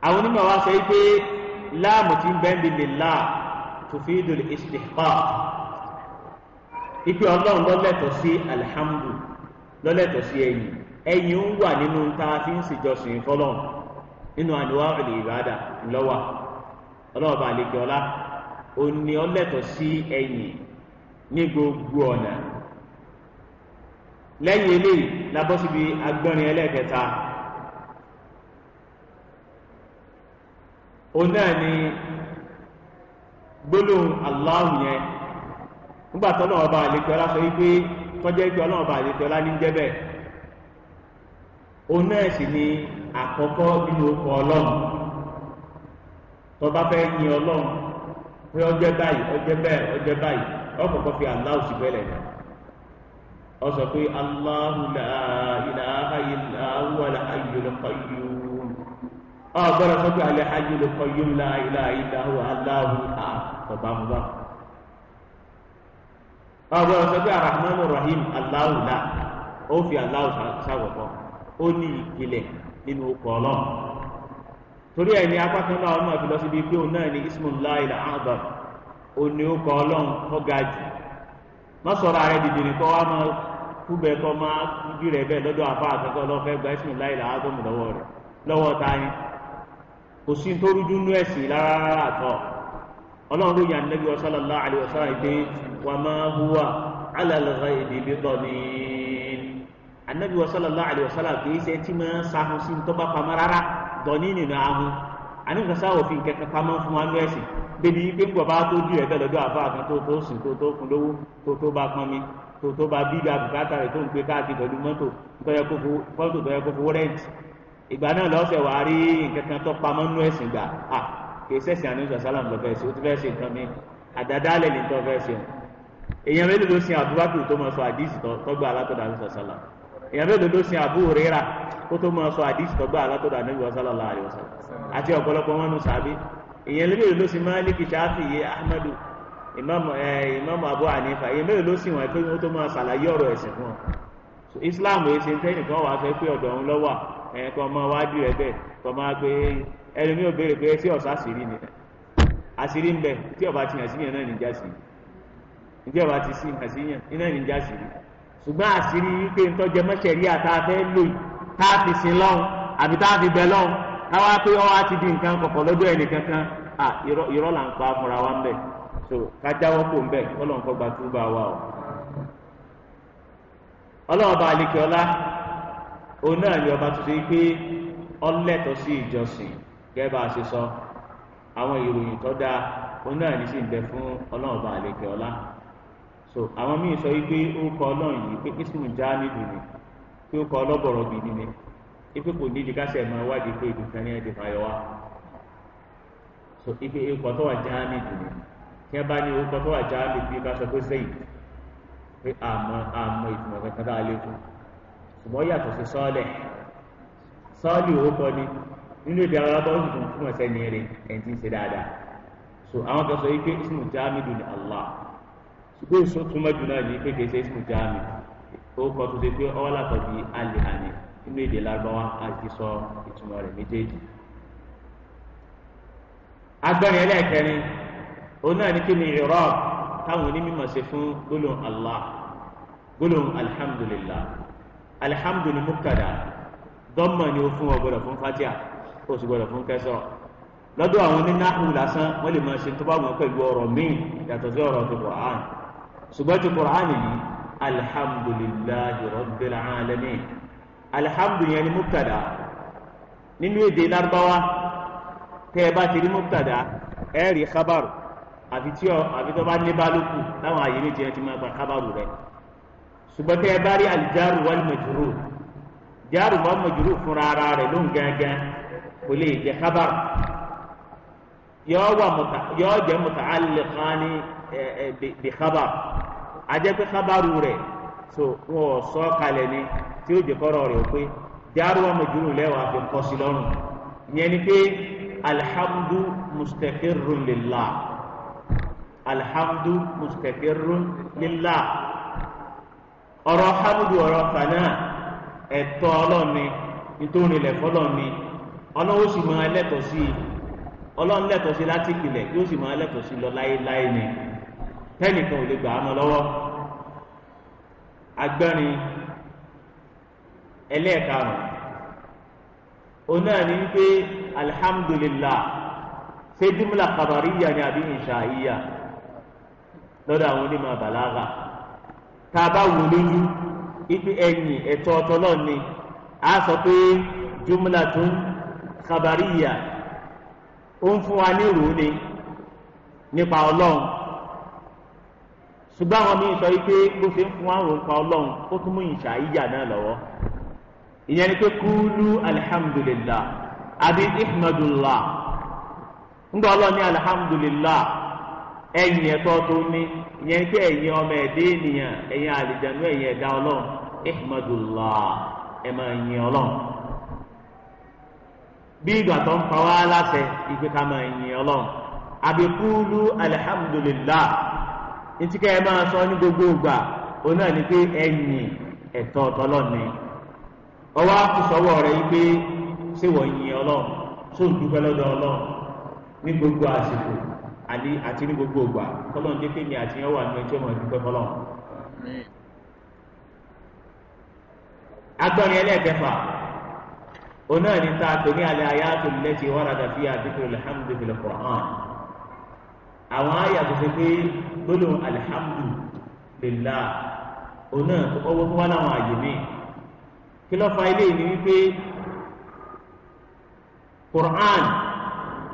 àwọn onímọ̀ wa sọ pé láàmù tí ń bẹ́ẹ̀ bí lèlá tufidul istihqaq ipe ọlọ́run lọ́lẹ́tọ̀ sí alihamdu lọ́lẹ́tọ̀ sí ẹ̀yìn ẹ̀yìn ń wà nínú tá a fi ń ṣèjọsìn fọlọ́run nínú àdúrà ìlú ìbàdà ńlọ́wà ọlọ́run bá ọlá òní ọlẹ́tọ̀ sí ẹ̀yìn ní gbogbo ọ̀nà. lẹ́yìn ilé la bọ́ ẹlẹ́ẹ̀kẹta òun náà ni gbólóhùn Allahu yẹn ọba àlejò sọ wípé tọ́jú ẹgbẹ́ ọlọ́run ọba àlejò ọlá ní ń òun náà sì ni àkọ́kọ́ nínú ọkọ̀ ọlọ́run tọba fẹ́ yin ọlọ́run pé ọjẹ́ báyìí ọjẹ́ ọ sọ pé Allahu la ilaha illa huwal hayyul qayyum ọ gbọ́dọ̀ sọ pé alẹ́ hayyul qayyum la ilaha illa huwa Allahu à ọba mọba ọ gbọ́dọ̀ sọ pé arahmanu rahim Allahu la ó fi Allahu sáwọ̀kọ́ ó ní ìpìlẹ̀ nínú okò ọlọ́run torí ẹ̀ ní apá kan náà ọmọ àfi lọ síbi pé òun náà ní ismullahi al-azam òun ni okò ọlọ́run tó ga jù má sọ̀rọ̀ ààrẹ dìde nìkan wá máa kúbẹ̀ kọ́ máa bí rẹ̀ bẹ́ẹ̀ lọ́dọ̀ àbá àtẹ́kọ́ lọ́fẹ́ gba ẹ̀sìn láì làá tó mú lọ́wọ́ rẹ̀ lọ́wọ́ ta yín kò sí tó rújú nú ẹ̀sìn rárá àtọ̀ ọlọ́run ló yà nẹ́bí sallallahu alaihi wasallam ìgbé wa ma huwa ala al-ghaibi bidanin anẹ́bí sallallahu alaihi wasallam kì í ṣe tí máa ń sahun sí tó bá pamọ́ rárá dọ̀ní nínú ahun àníkàn òfin kẹkẹ pamọ́ fún wa nú ẹ̀sìn bẹ́ẹ̀ ni pé ń bọ̀ bá tó dì ẹ̀ bẹ́ẹ̀ lọ́dọ̀ àbá àtẹ́kọ́ tó sìn tó tó fún lówó tó tó bá pọn mi tó tó bá bí ga bùkátà rẹ̀ tó ń gbé káàkiri pẹ̀lú mọ́tò mọ́tò tó yẹ kó fowó rẹ́ǹtì ìgbà náà lọ́sẹ̀ wàá rí nǹkan kan tó pamọ́ nú ẹ̀sìn gbà à kì í sẹ̀sìn àníṣà sálàm lọ́fẹ́ ṣe ó ti fẹ́ ṣe nǹkan mi àdàdálẹ̀ ní tó fẹ́ ṣe èèyàn mélòó ló sin àbúrákù tó máa sọ àdìsí tọ́gbà alátọ̀dà àníṣà sálàm èèyàn mélòó ló sin àbú rírà kó tó máa sọ àdìsí tọ́gbà alátọ̀dà àníṣà sálàm láàrin ọ̀sán àti ọ̀pọ̀lọpọ̀ wọn nù sàbí èèyàn mélòó ló sin máàlìkì ṣáfì yé ahmadu imam ẹ eh, imam abu hanifa èyí mélòó ló sì wọn pé wọn tó máa ṣàlàyé ọ̀rọ̀ ẹ̀sìn fún ọ so islam èyí ṣe ń tẹ́ nìkan wàá sọ pé ọ̀dọ̀ òun lọ́wà ẹ kọ́ ọmọ wájú rẹ bẹ́ẹ̀ kọ́ máa pé ẹni mi ò béèrè ni àṣírí ń bẹ tí ọba ti hàn sí yẹn náà níjà sí tí ọba ti sí hàn sí iná níjà sí ṣùgbọ́n àṣírí wípé ntọ́jẹ so kájáwọ́ kò ń bẹ̀ ọlọ́run kọ́ gba túbà wa o ọlọ́run bá alẹ́ kí ọlá òun náà ni ọba tuntun pé ọlẹ́tọ̀ sí ìjọsìn gẹ́gẹ́ bá a ṣe sọ àwọn ìròyìn tó dáa òun náà ní sì ń bẹ fún ọlọ́run bá alẹ́ ọlá so àwọn míì sọ wípé ó kọ ọlọ́run yìí pé kí sùn já nídìí ni pé ó kọ ọlọ́bọ̀rọ̀ gidi ni ipe kò ní ìdíkásẹ̀ máa wádìí pé ìdùnkàn ní ẹ̀dẹ̀ fàyọ̀ wa so ipe ìkọ̀ tó wà já nídìí ni. tí bá ní orúkọ tó wà já lè fi ká sọ pé zayd pé àmọ́ àmọ́ ìtumọ̀ kankan tá a lè fún ṣùgbọ́n yàtọ̀ sí sọ́ọ̀lẹ̀ sọ́ọ̀lì orúkọ ni nínú èdè arábá ó sì tún fún sọ yìí pé allah èso náà yìí pé kì í ṣe orúkọ tó ṣe pé nínú èdè sọ òun náà ní kí ni irab táwọn onímọ̀ ṣe fún gbólóhùn allah gbólóhùn alhamdulillah alhamdulillah mukada dọ́mọ̀ ni ó fún ọ gbọ́dọ̀ fún fatia ó sì gbọ́dọ̀ fún kẹsọ̀ lọ́dọ̀ àwọn onínáhùn lásán wọ́n lè máa ṣe tó bá wọn pẹ̀lú ọ̀rọ̀ míì yàtọ̀ sí ọ̀rọ̀ ti Qur'an ṣùgbọ́n ti Qur'an yìí alhamdulillahi rabbil alamin alhamdulillahi ni mukada nínú èdè lárúbáwá tẹ́ ẹ bá ti rí mukada ẹ rí kábàrù àfi tí ọ àfi tó bá ní balùkù láwọn àyè méjì ẹ ti máa gba kábàrù rẹ ṣùgbọ́n tẹ́ ẹ bá rí alìjáàrú wal majrur jáàrú wal majrur fúnra ara rẹ ló ń gángan kò lè jẹ kábàrù yọọ wà mùtà yọọ jẹ muta'alliqani ẹ ẹ bi kábàrù ajẹ́pẹ́ kábàrù rẹ so wọn sọ kalẹ̀ ni tí ó jẹ kọ́rọ̀ rẹ pé jáàrú wal majrur lẹ́wàá fi kọ́ sí lọ́rùn yẹn ni pé alhamdu mustaqirrun lillah alhamdu mustaqirrun lillah ọ̀rọ̀ hamdu ọ̀rọ̀ fana ẹ̀tọ́ ọlọ́ni nítorí ilẹ̀ fọlọ́ni ọlọ́wọ́ sì máa lẹ́tọ̀ sí i ọlọ́run lẹ́tọ̀ sí láti ìpìlẹ̀ yóò sì máa lẹ́tọ̀ sí lọ láéláé ni tẹ́nìkan ò lè gbà á mọ́ lọ́wọ́ agbẹ́rin ẹlẹ́ẹ̀karùn-ún òun wípé alhamdulillah ṣé jumla kabariya ni àbí insha'iyya lọ́dọ̀ àwọn onímọ̀ bàlágà tá a bá wù lójú ibi ẹ̀yìn ẹ̀tọ́ ọ̀tọ́lọ́ ni a sọ pé jumlatun khabariya ó ń fún wa ní ìrò ni nípa ọlọ́run ṣùgbọ́n àwọn míì sọ wípé bó ṣe ń fún wa ń rò nípa ọlọ́run ó tún mú ìṣà ìyà náà lọ́wọ́ ìyẹn ni pé kúlú alihamudulilá àbí ihmadulilá ń gbọ́ ọlọ́run ní alihamudulilá. ẹ̀yìn ẹ̀tọ́ tó ní ìyẹn kí ẹ̀yin ọmọ ẹ̀dẹ́ ènìyàn ẹ̀yin àlìjẹ̀nú ẹ̀yin ẹ̀dá ọlọ́run ihmadullah ẹ̀ máa yin ọlọ́run bí ìgbà tó ń pa wá láṣẹ ìgbé ká máa yin ọlọ́run àbíkúlù ntí ká ẹ máa sọ ní gbogbo ìgbà òun náà ni pé ọwọ́ pé ṣé wọ́n yin ọlọ́run àlè àti ní gbogbo ògbà kọ́lọ́n jẹ́ kémi àti yẹn wà ní ẹjọ́ mọ̀ ní pẹ́kọ́lọ́. agbọ́nrin ẹlẹ́ẹ̀kẹfà òun náà ní ta àtòní àlẹ́ ayé àtòlẹ́tì wàràdà fi àdìgbò alhamdu fil Qur'an àwọn àyà tó ṣe pé gbólóhùn alhamdu lillah òun tó ọwọ́ tó wá láwọn àyè mi kí ló fa ilé yìí wípé Qur'an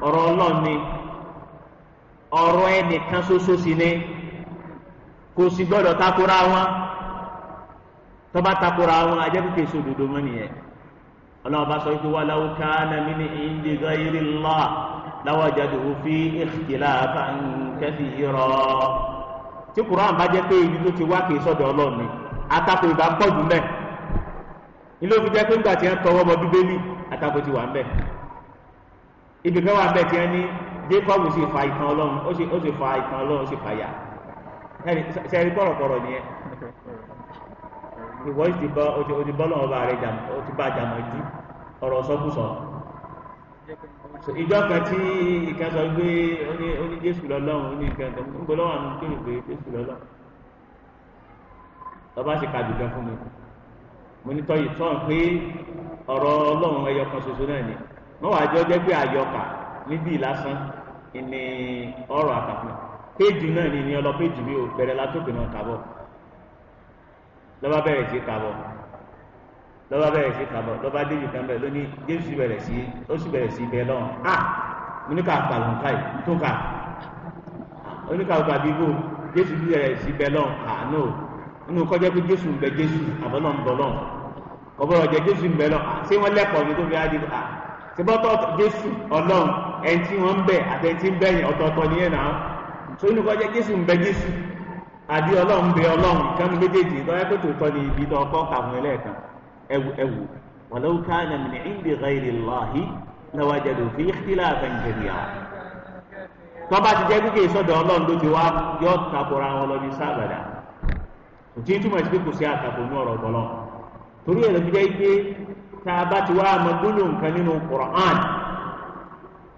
ọ̀rọ̀ ọlọ́ọ̀ni ọ̀rọ̀ ẹnìkan ṣoṣo sí ni kò sì gbọ́dọ̀ takora wọn tó bá takora wọn ajẹ́kùkè sódodo mọ́ nìyẹn ọlọ́run bá sọ wípé walau kana min indi ghayri Allah lawajadu fi ikhtilafan kathira tí Qur'an bá jẹ́ pé ibi tó ti wá kì í sọ̀dọ̀ ọlọ́run ni atakò ìbá pọ̀ jù mẹ́ ilé òfin jẹ́ pé ńgbà tí wọ́n tọwọ́ bọ bíbélì atakò ti wà ń bẹ̀ ibì kan wà tí wọ́n ní jacob sì fa ìtàn ọlọ́run ó sì ó sì fa ìtàn ọlọ́run ó sì fa yà sẹ́ni kọ̀rọ̀kọ̀rọ̀ nìyẹn ìwọ ti bọ́ o ti o ti bọ́lọ̀ ọba rẹ̀ jàm o ti bá jàmọ̀ ìdí ọ̀rọ̀ sọ́kùsọ. ìjọ kan tí ìkan sọ pé ó ní jésù lọ́lọ́run ó ní nǹkan tó ń gbọ́dọ̀ wà nínú kí ìwé jésù lọ́lọ́run lọ́ba ṣe kàdù kan fún mi mo ní tọ́yì tán pé ọ̀rọ̀ ọlọ́run ẹyọ kan ṣoṣo náà ni wọ́n wàá jọ jẹ́ pé àyọkà níbí lásán ìní ọ̀rọ̀ àkàkùn péjì náà ni ìní ọlọ péjì mi ò bẹ̀rẹ̀ látòkè náà kàbọ̀ lọ́ba bẹ̀rẹ̀ sí kàbọ̀ lọ́ba bẹ̀rẹ̀ sí kàbọ̀ lọ́ba débi kan bẹ̀ lónìí jésù bẹ̀rẹ̀ sí ó sì bẹ̀rẹ̀ sí bẹ̀ lọ́wọ́ a oníkà pàlùn káì tó kà oníkà ọgbà bíbó jésù bẹ̀rẹ̀ sí bẹ̀ lọ́wọ́ àánú inú kọjá pé jésù ń bẹ jésù àbọ̀lọ́ ń bọ̀ lọ́wọ́ kọ́bọ̀rọ̀ jẹ jésù ń bẹ lọ́wọ́ àti wọn lẹ́kọ̀ọ́ ni tó fi á di à síbọ́tọ̀ jésù ọlọ́run ẹni tí wọ́n ń bẹ̀ àti ẹni tí ń bẹ̀yìn ọ̀tọ̀ọ̀tọ̀ ní ẹ̀nà tó inú kọjá jésù ń bẹ jésù àbí ọlọ́run bẹ ọlọ́run ìkànnì méjèèjì lọ́yẹ́ pé tòótọ́ ni ibi tó ọkọ̀ kàwọn ẹlẹ́ẹ̀kan ẹwù ẹwù walau kana min indi ghayri Allahi lawajadu fi ikhtilafan katira tọ́ba ti jẹ́ kíkè sọ́dọ̀ ọlọ́run ló ti wá yọ takora wọn lọ sábàdà kò sí àtakò ní tá a bá ti wá nínú Qur'an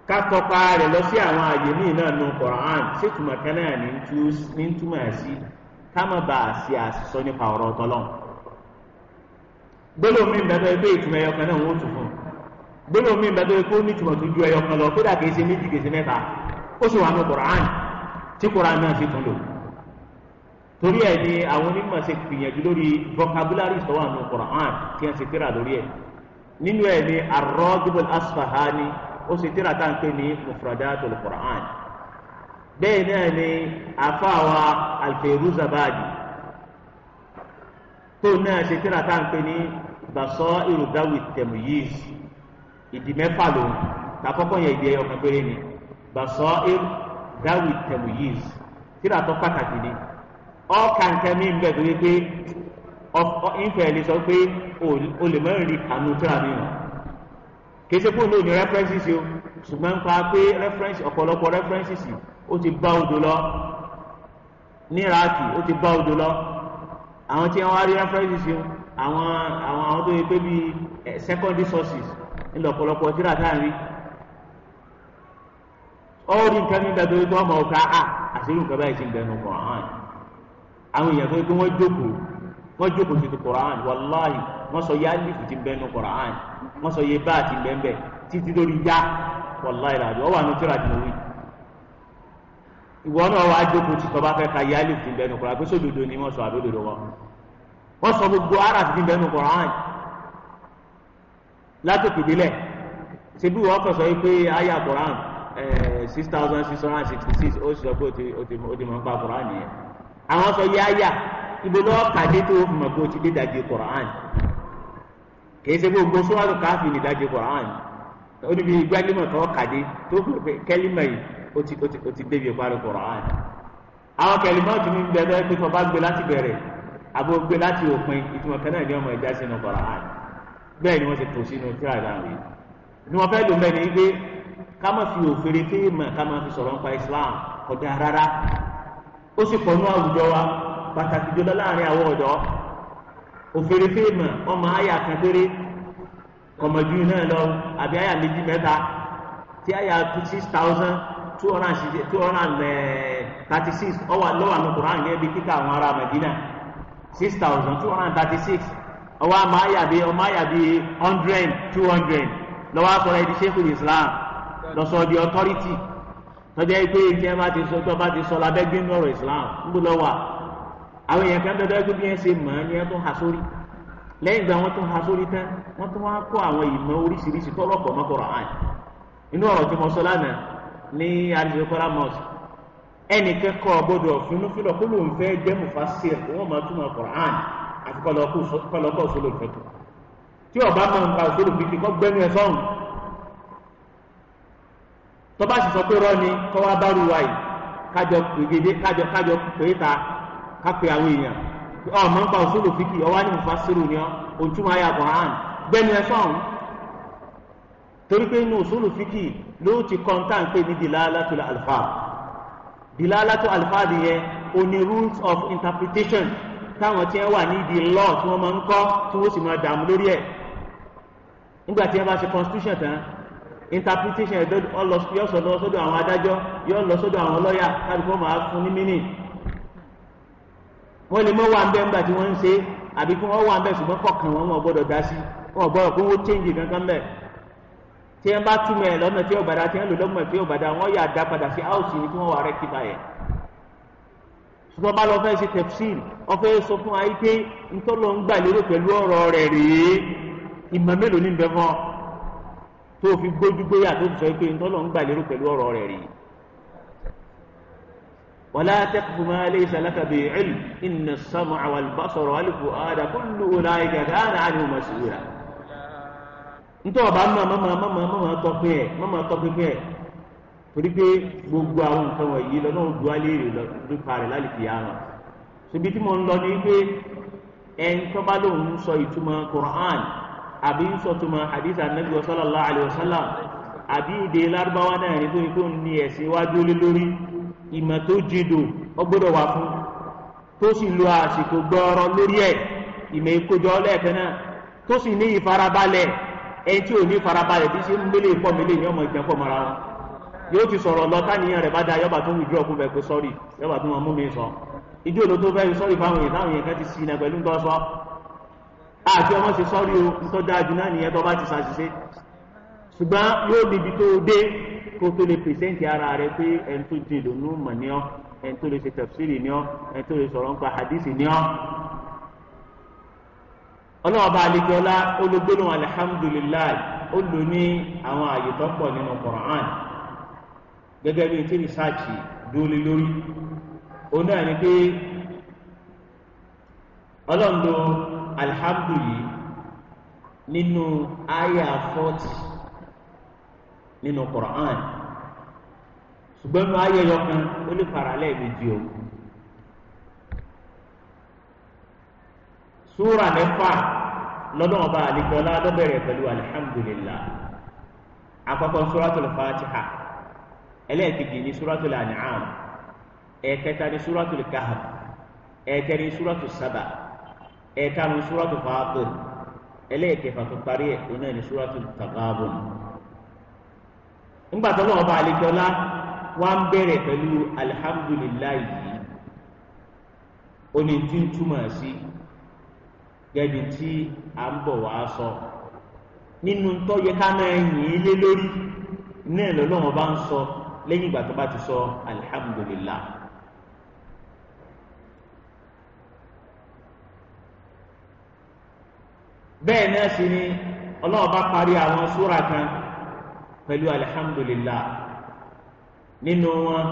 ká tọpa rẹ̀ lọ sí àwọn àyè náà nínú Qur'an ṣètùmọ̀ kan náà ní ń túmọ̀ sí ká má bàa ṣe àṣìṣọ nípa ọ̀rọ̀ ọ̀tọ́lọ́hùn gbólóhùn mi bẹ́ẹ̀ bẹ́ẹ̀ pé ìtumọ̀ ẹyọ kan náà wọ́n tún fún un gbólóhùn mi bẹ́ẹ̀ pé ó ní ìtumọ̀ tó ju ẹyọ kan lọ kódà kìí ṣe méjì kìí ṣe mẹ́ta ó sì wà ní Qur'an tí Qur'an náà sì tún lò torí ẹ̀ ni àwọn onímọ̀ ṣe gbìyànjú lórí vocabulary tó wà ní Qur'an tí wọ́n ṣe kíra lórí ẹ̀ nínú ẹ̀ ní Ar-Ragib Al-Asfahani ó sì tíra tá à ń pè ní Mufradatul Qur'an bẹ́ẹ̀ náà ní afáwa Al-Fairuzabadi tó náà ṣe tíra tá à ń pè ní Basairu Dawi Tamyiz ìdí mẹ́fà lòun takọ́kọ́ yẹn ìdí ẹyọ péré ni Basairu Dawi Tamyiz tíra tó pàtàkì ni ọ̀ọ́kà nkẹ́ mi ń bẹ̀ tó yẹ pé ìfẹ́ lè sọ pé o lè mẹ́rin rí kànú tíra mi hàn kì í ṣe ní references o ṣùgbọ́n nípa pé reference ọ̀pọ̀lọpọ̀ references ó ti bá odò lọ ní iraaki ó ti bá odò lọ àwọn tí wọ́n á rí references o àwọn àwọn àwọn tó yẹ pé bíi eh, secondary sources ńlọ ọ̀pọ̀lọpọ̀ tíra tá à ń rí ọ́ọ́dì nǹkan mi dàbí wípé ọmọ ọ̀ka à àṣírí nǹkan báyìí ti ń bẹnu kọ̀ ọ̀hán àwọn èèyàn tó yẹ pé wọ́n jókòó wọ́n jókòó ti ti koran wàláhì wọ́n sọ yé alifu ti bẹ́ẹ̀ nu koran wọ́n sọ yé bá ti bẹ́ẹ̀ bẹ́ẹ̀ títí lórí já wàláhì ràdí ọwọ́ àánú tíra dùn wí. ìwọ náà wàá jókòó ti tọ́ba fẹ́ ka yé alifu ti bẹ́ẹ̀ nu koran pé sódodo ni wọ́n sọ àbódodo wọn. wọ́n sọ gbogbo ara ti bẹ́ẹ̀ nu koran látòkè délẹ̀ ṣebí wọ́n kọ̀ sọ pé aya koran six thousand six hundred and sixty six ó sọ pé o ti mọ̀ nípa koran nìyẹn àwọn sọ yé ibo lọ́ọ́ pàdé tó o mọ̀ kó o ti dé dajì Qur'an kìí ṣe gbogbo sọ́wọ́sọ káfí ní dajì Qur'an ó níbi ìgbàlímọ̀ tó kàdé tó kẹ́límọ̀ yìí ó ti ó ti ó ti débi ìparí Qur'an àwọn kẹ́límọ̀ tún ń bẹ lọ́ọ́ pé tó bá gbé láti bẹ̀rẹ̀ àbò gbé láti òpin ìtumọ̀ kan náà ní ọmọ ìjà sínú Qur'an bẹ́ẹ̀ ni wọ́n ti tò sínú tíra ìdáhùn yìí ni wọ́n fẹ́ lò mẹ́ni wípé ká má fi òfèrè téèmà ká má fi sọ̀rọ̀ nípa Islam kọjá rárá ó sì pọ̀ ní àwùjọ wa pàtàkì jùlọ láàrin àwọn ọ̀dọ́ òfèrè fíìmù ọmọ àyà kan péré kọ̀mọ̀jú náà lọ àbí àyà méjì mẹ́ta tí àyà six thousand two hundred and thirty six ọwọ́ lọ́wọ́ àmì kùrán gẹ́gẹ́ bí kíkà àwọn ará Mẹ́dínà six thousand two hundred and thirty six ọwọ́ àmọ́ àyà bíi ọmọ àyà bíi hundred two hundred lọ́wọ́ àkọ́rẹ́ ẹni Sheikhul Islam lọ́sọ̀ọ́ di authority tọ́jà yìí pé ìjẹ́ bá ti sọ tó ti sọ lábẹ́gbẹ́ nínú ọ̀rọ̀ Islam ń àwọn èèyàn kan dandan pé bí wọ́n ṣe mọ̀ ọ́ ni wọ́n tún ha sórí lẹ́yìn ìgbà wọ́n tún ha sórí tán wọ́n tún wá kó àwọn ìmọ̀ oríṣiríṣi tọ́lọ́pọ̀ mọ́ Qur'an inú ọ̀rọ̀ tí mo sọ lánàá ní alizokora mosque ẹnìkan kọ́ gbọ́dọ̀ fínú fílọ̀ kó lóun fẹ́ jẹ́ mufasir wọ́n máa túmọ̀ Qur'an àti kọ́lọ́kọ́ òṣèlú ìfẹ́ tó tí ọba máa ń ba òṣèlú fífi kọ́ gbẹ́nu tọ́ba sì sọ pé rọ́ọ̀ni kọ́ wá bá ruwa yìí kájọ pé ta kápẹ́ àwọn èèyàn ọ̀ máa ń pa òṣèlú fíkì ọwọ́ ní mufasiru ni ọ́ òtúmọ̀ ayé àkùrán gbẹ́ni ẹ sọ̀hún torí pé inú òṣèlú fíkì ló ti kọ́ńtà ń pè ní dilalatul alfa dilalatul alfa nìyẹn o ní rules of interpretation táwọn tí wọ́n wà nídìí law tí wọ́n máa ń kọ́ tí wọ́n sì máa dààmú lórí ẹ̀ nígbà tí wọ́n bá ṣe constitution tán interpretation yóò lọ sọ́dọ̀ àwọn adájọ́ yóò lọ sọ́dọ̀ àwọn lọ́ọ̀yà káàdì fọ́ọ̀mù àfún ní mínì wọ́n lè mọ́ wà ń bẹ́ ńgbà tí wọ́n ń ṣe àbí kí wọ́n wà ń bẹ́ ṣùgbọ́n kọ̀ọ̀kan wọn wọn gbọ́dọ̀ dá sí wọn gbọ́dọ̀ kó wọ́n change kankan bẹ́ẹ̀ tí wọ́n bá túmọ̀ ẹ̀ lọ́nà tí ọ̀bàdà tí wọ́n lò lọ́gbọ̀n tí ọ̀bàdà wọ́n yà dá padà sí áùsì ni kí wọ́n wà rectify ẹ̀ ṣùgbọ́n bá lọ fẹ́ ṣe tafsir ó fẹ́ sọ fún ayé pé ntọ́lọ́ ń gbà lérò pẹ̀lú ọ̀rọ̀ rẹ̀ rèé ìmọ̀ mélòó ní bẹ́ẹ̀ fọ́ tó fi gbójú gbéyà tó fi sọ pé ntọ́lọ́ ń gbà lérò pẹ̀lú ọ̀rọ̀ rẹ̀ rèé ولا تقف ما ليس لك بعلم إن السمع والبصر والفؤاد كل أولئك كان عنه مسؤولا ntọ́ ọba mọ̀ mọ̀ mọ̀ mọ̀ mọ̀ tọ́pẹ́ ẹ̀ mọ̀ mọ̀ tọ́pẹ́ ẹ̀ torí pé gbogbo àwọn nǹkan wọ̀nyí lọ́nà òdu aléèrè lọ nípa rẹ̀ lálùkì yá wọn. ṣebí tí mo ń lọ ni pé ẹni tó bá lòun ń sọ ìtumọ̀ Qur'an àbí ń sọ ìtumọ̀ hadith ìmọ̀ tó jìndò ọgbọ́dọ̀ wà fún tó sì lo àsìkò gbọ́ọ̀rọ̀ lórí ẹ̀ ìmọ̀ ìkójọ lẹ́ẹ̀kan náà tó sì ní ìfarabalẹ̀ ẹ̀ tí ò ní ìfarabalẹ̀ tí sì ń gbélé ìfọ̀mílẹ̀ ní ọmọ ìjẹ́pọ̀ mọ́ra wọn yóò ti sọ̀rọ̀ lọ táníyàn rẹ̀ bá da yọba tó ń wùdúrọ̀ fún bẹ́ẹ̀ pé sọ́ọ̀rì yọba tó wọn mú mi sọ ìdí òdo tó fẹ́ sọ́ọ̀rì fáwọn èèyàn táwọn èèyàn kó tó lè pèsèǹtì ara rẹ pé ẹni tó di ìlú mọ̀ ní ọ́ ẹni tó lè ṣe tafsiri ní ọ́ ẹni tó lè sọ̀rọ̀ nípa hadisi ní ọ́. ọlọ́ọ̀bá alẹ́kẹ́ọ́lá olùgbóná alihamudulilayi ó lò ní àwọn àyè tó pọ̀ nínú Qur'an gẹ́gẹ́ bí tí rìsáàcì dúró lórí òun náà ni pé ọlọ́ọ̀dọ́ alihamudu nínú àyà fọ́tì nínú Qur'an. ṣùgbọ́n nu ayẹyọ kan ó lè fara lẹ́ẹ̀mejì o. súra mẹ́fà lọ́nà ọba àlìkọ́lá lọ́bẹ̀rẹ̀ pẹ̀lú alihamdulilá àkọ́kọ́ súratul fatiha ẹlẹ́ẹ̀kejì ní súratul an'am ẹ̀ẹ̀kẹta ní súratul kahf ẹ̀ẹ̀kẹrin ni saba ẹ̀ẹ̀karùn súratul fatir ẹlẹ́ẹ̀kẹfà tó parí ẹ̀ onáà ní súratul taghabun. ńgbàtọ́ náà ọba àlìkọ́lá. wọ́n á bẹ̀rẹ̀ pẹ̀lú alihamudulilayi yìí ó ní tí ń túmọ̀ sí gẹ́bi tí à ń bọ̀ wá sọ nínú tó yẹ ká máa yìn ín lé lórí náà lọ́lọ́wọ́n bá ń sọ lẹ́yìn ìgbà tó bá ti sọ alihamudulilayi. bẹ́ẹ̀ náà sì ni ọlọ́wọ́n bá parí àwọn súra kan pẹ̀lú alihamudulilayi nínú wọn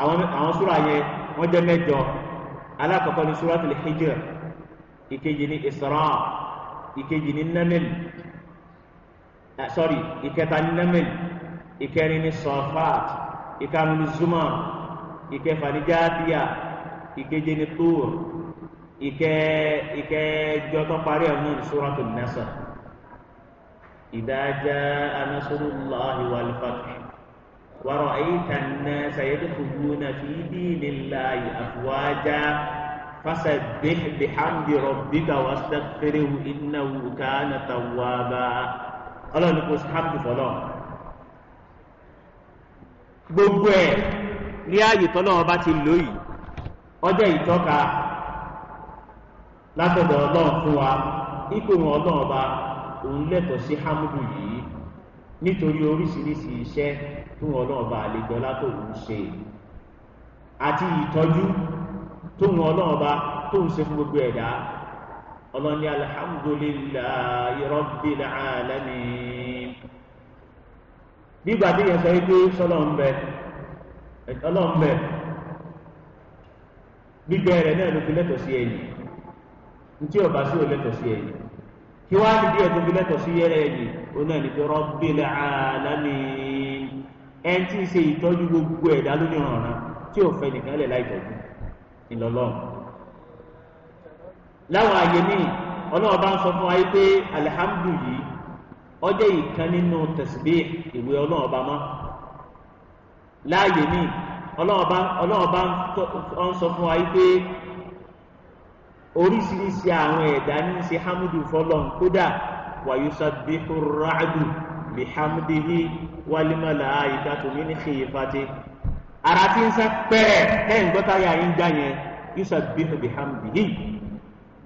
àwọn súra yẹn wọ́n jẹ́ mẹ́jọ alákọ̀ọ́kọ́ ni súratul Hijr ìkejì ni Isra ìkejì ni Naml ah, sorry ìkẹta ni Naml ìkẹrin ni Safat ìkarùn ni Zumar ìkẹfà ni Jathiya ìkeje ni Tur ìkẹ ìkẹjọ tó parí ẹ̀ ní súratul Nasr idha jaa nasrullahi wal ورأيت الناس يدخلون في دين الله أفواجا فسبح بحمد ربك واستغفره إنه كان توابا ọlọ́run kò sáàmù fọlọ́ gbogbo ẹ̀ ní ààyè tọ́lọ́ ọba ti lò yìí ọjọ́ ìtọ́ka látọ̀dọ̀ ọlọ́run fún wa ipò ọlọ́run ọba òun lẹ́tọ̀ọ́ sí hámùdù yìí nítorí oríṣiríṣi iṣẹ́ tó wọn àlejò látòun ṣe àti ìtọ́jú tó wọn tóun ṣe fún gbogbo ẹ̀dá ọlọ́ni alhamdulillahi rabbil alamin nígbà tí yẹn sọ pé sọlọ́ọ̀nbẹ gbígbẹ́ rẹ̀ náà ló fi sí ẹ̀yìn ntí ọba kí wàá níbi ẹ̀ tó sí yẹ́rẹ́ ẹ̀ yìí oní ẹ̀ní pé Rabbil alamin ẹ̀ ń tí ì ṣe ìtọ́jú gbogbo ẹ̀dá lónìí ọ̀ràn tí ò fẹ́ nìkan lẹ̀ láì tọ́jú ìlọ́lọ́run. láwọn àyè míì ọlọ́wọ́ bá ń sọ oríṣiríṣi àwọn ẹ̀dá ní ṣe hamudu fọlọ́n kódà wàyúsà bíkú ràdù bí hamudihi wàlímọ̀lá àyíká tómi ní xèyífàtì ara tí ń sá pẹ́ẹ́ ẹ̀ ń gbọ́ta yà ń gbà yẹn yúsà bíkú bí hamudihi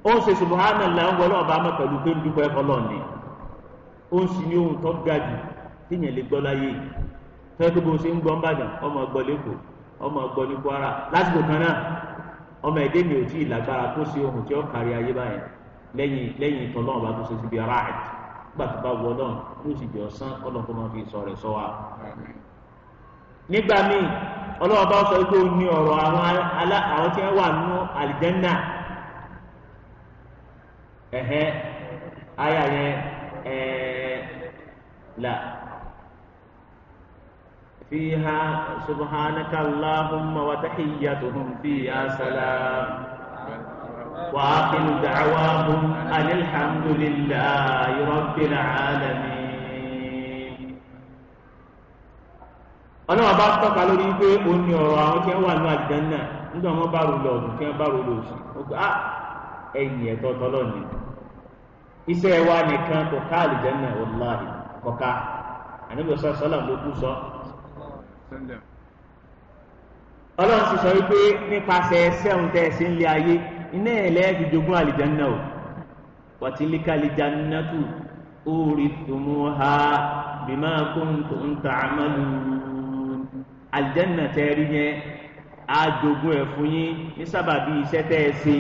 ó ń ṣe subahana lẹ́yìn wọlé ọba ama pẹ̀lú pé ń dúpẹ́ fọlọ́n ni ó ń sin ní ohun tó ga jù téèyàn lè gbọ́ láyé fẹ́ẹ́ tó bó ṣe ń gbọ́ ń bàjẹ́ ọmọ gbọ́ lẹ́kọ̀ọ́ ọmọ gbọ́ ní Kwara lásìkò kan náà ọmọ ẹ̀dẹ́ mi ò tí ì lágbára kó sí ohun tí ó kárí ayé báyìí lẹ́yìn lẹ́yìn ìtàn náà bá tó ṣe síbi ara nígbà tó bá wọ náà yóò sì jọ sán ọlọ́run kó máa fi sọ rẹ̀ sọ wa. nígbà míì bá فيها سبحانك اللهم وتحيتهم فيها سلام وآخر دعواهم أن الحمد لله رب العالمين ọlọ́wọ́ bá tọ́ka lórí pé o ní ọ̀rọ̀ àwọn tí wọ́n wà ní àjẹ́nà nígbà wọn bá rúlọ ọ̀dùn kí wọ́n bá rúlọ òsì ó gbà ẹ̀yìn ẹ̀tọ́ n'i iṣẹ́ wa nìkan àlùjẹ́nà ló kú ọlọ́run sì sọ wípé nípasẹ̀ sẹ́hùn tẹ́ ẹ sí ń lé ayé iná ẹ̀ lẹ́ẹ̀fi jogún àlìjáná o wàtílíkà àlìjáná tù orí tòmú ha bímá kóńtò ń ta àmàlù àlìjáná tẹ́ rí yẹn á jogún ẹ̀ fún yín ní sábàbí iṣẹ́ tẹ́ ẹ ṣe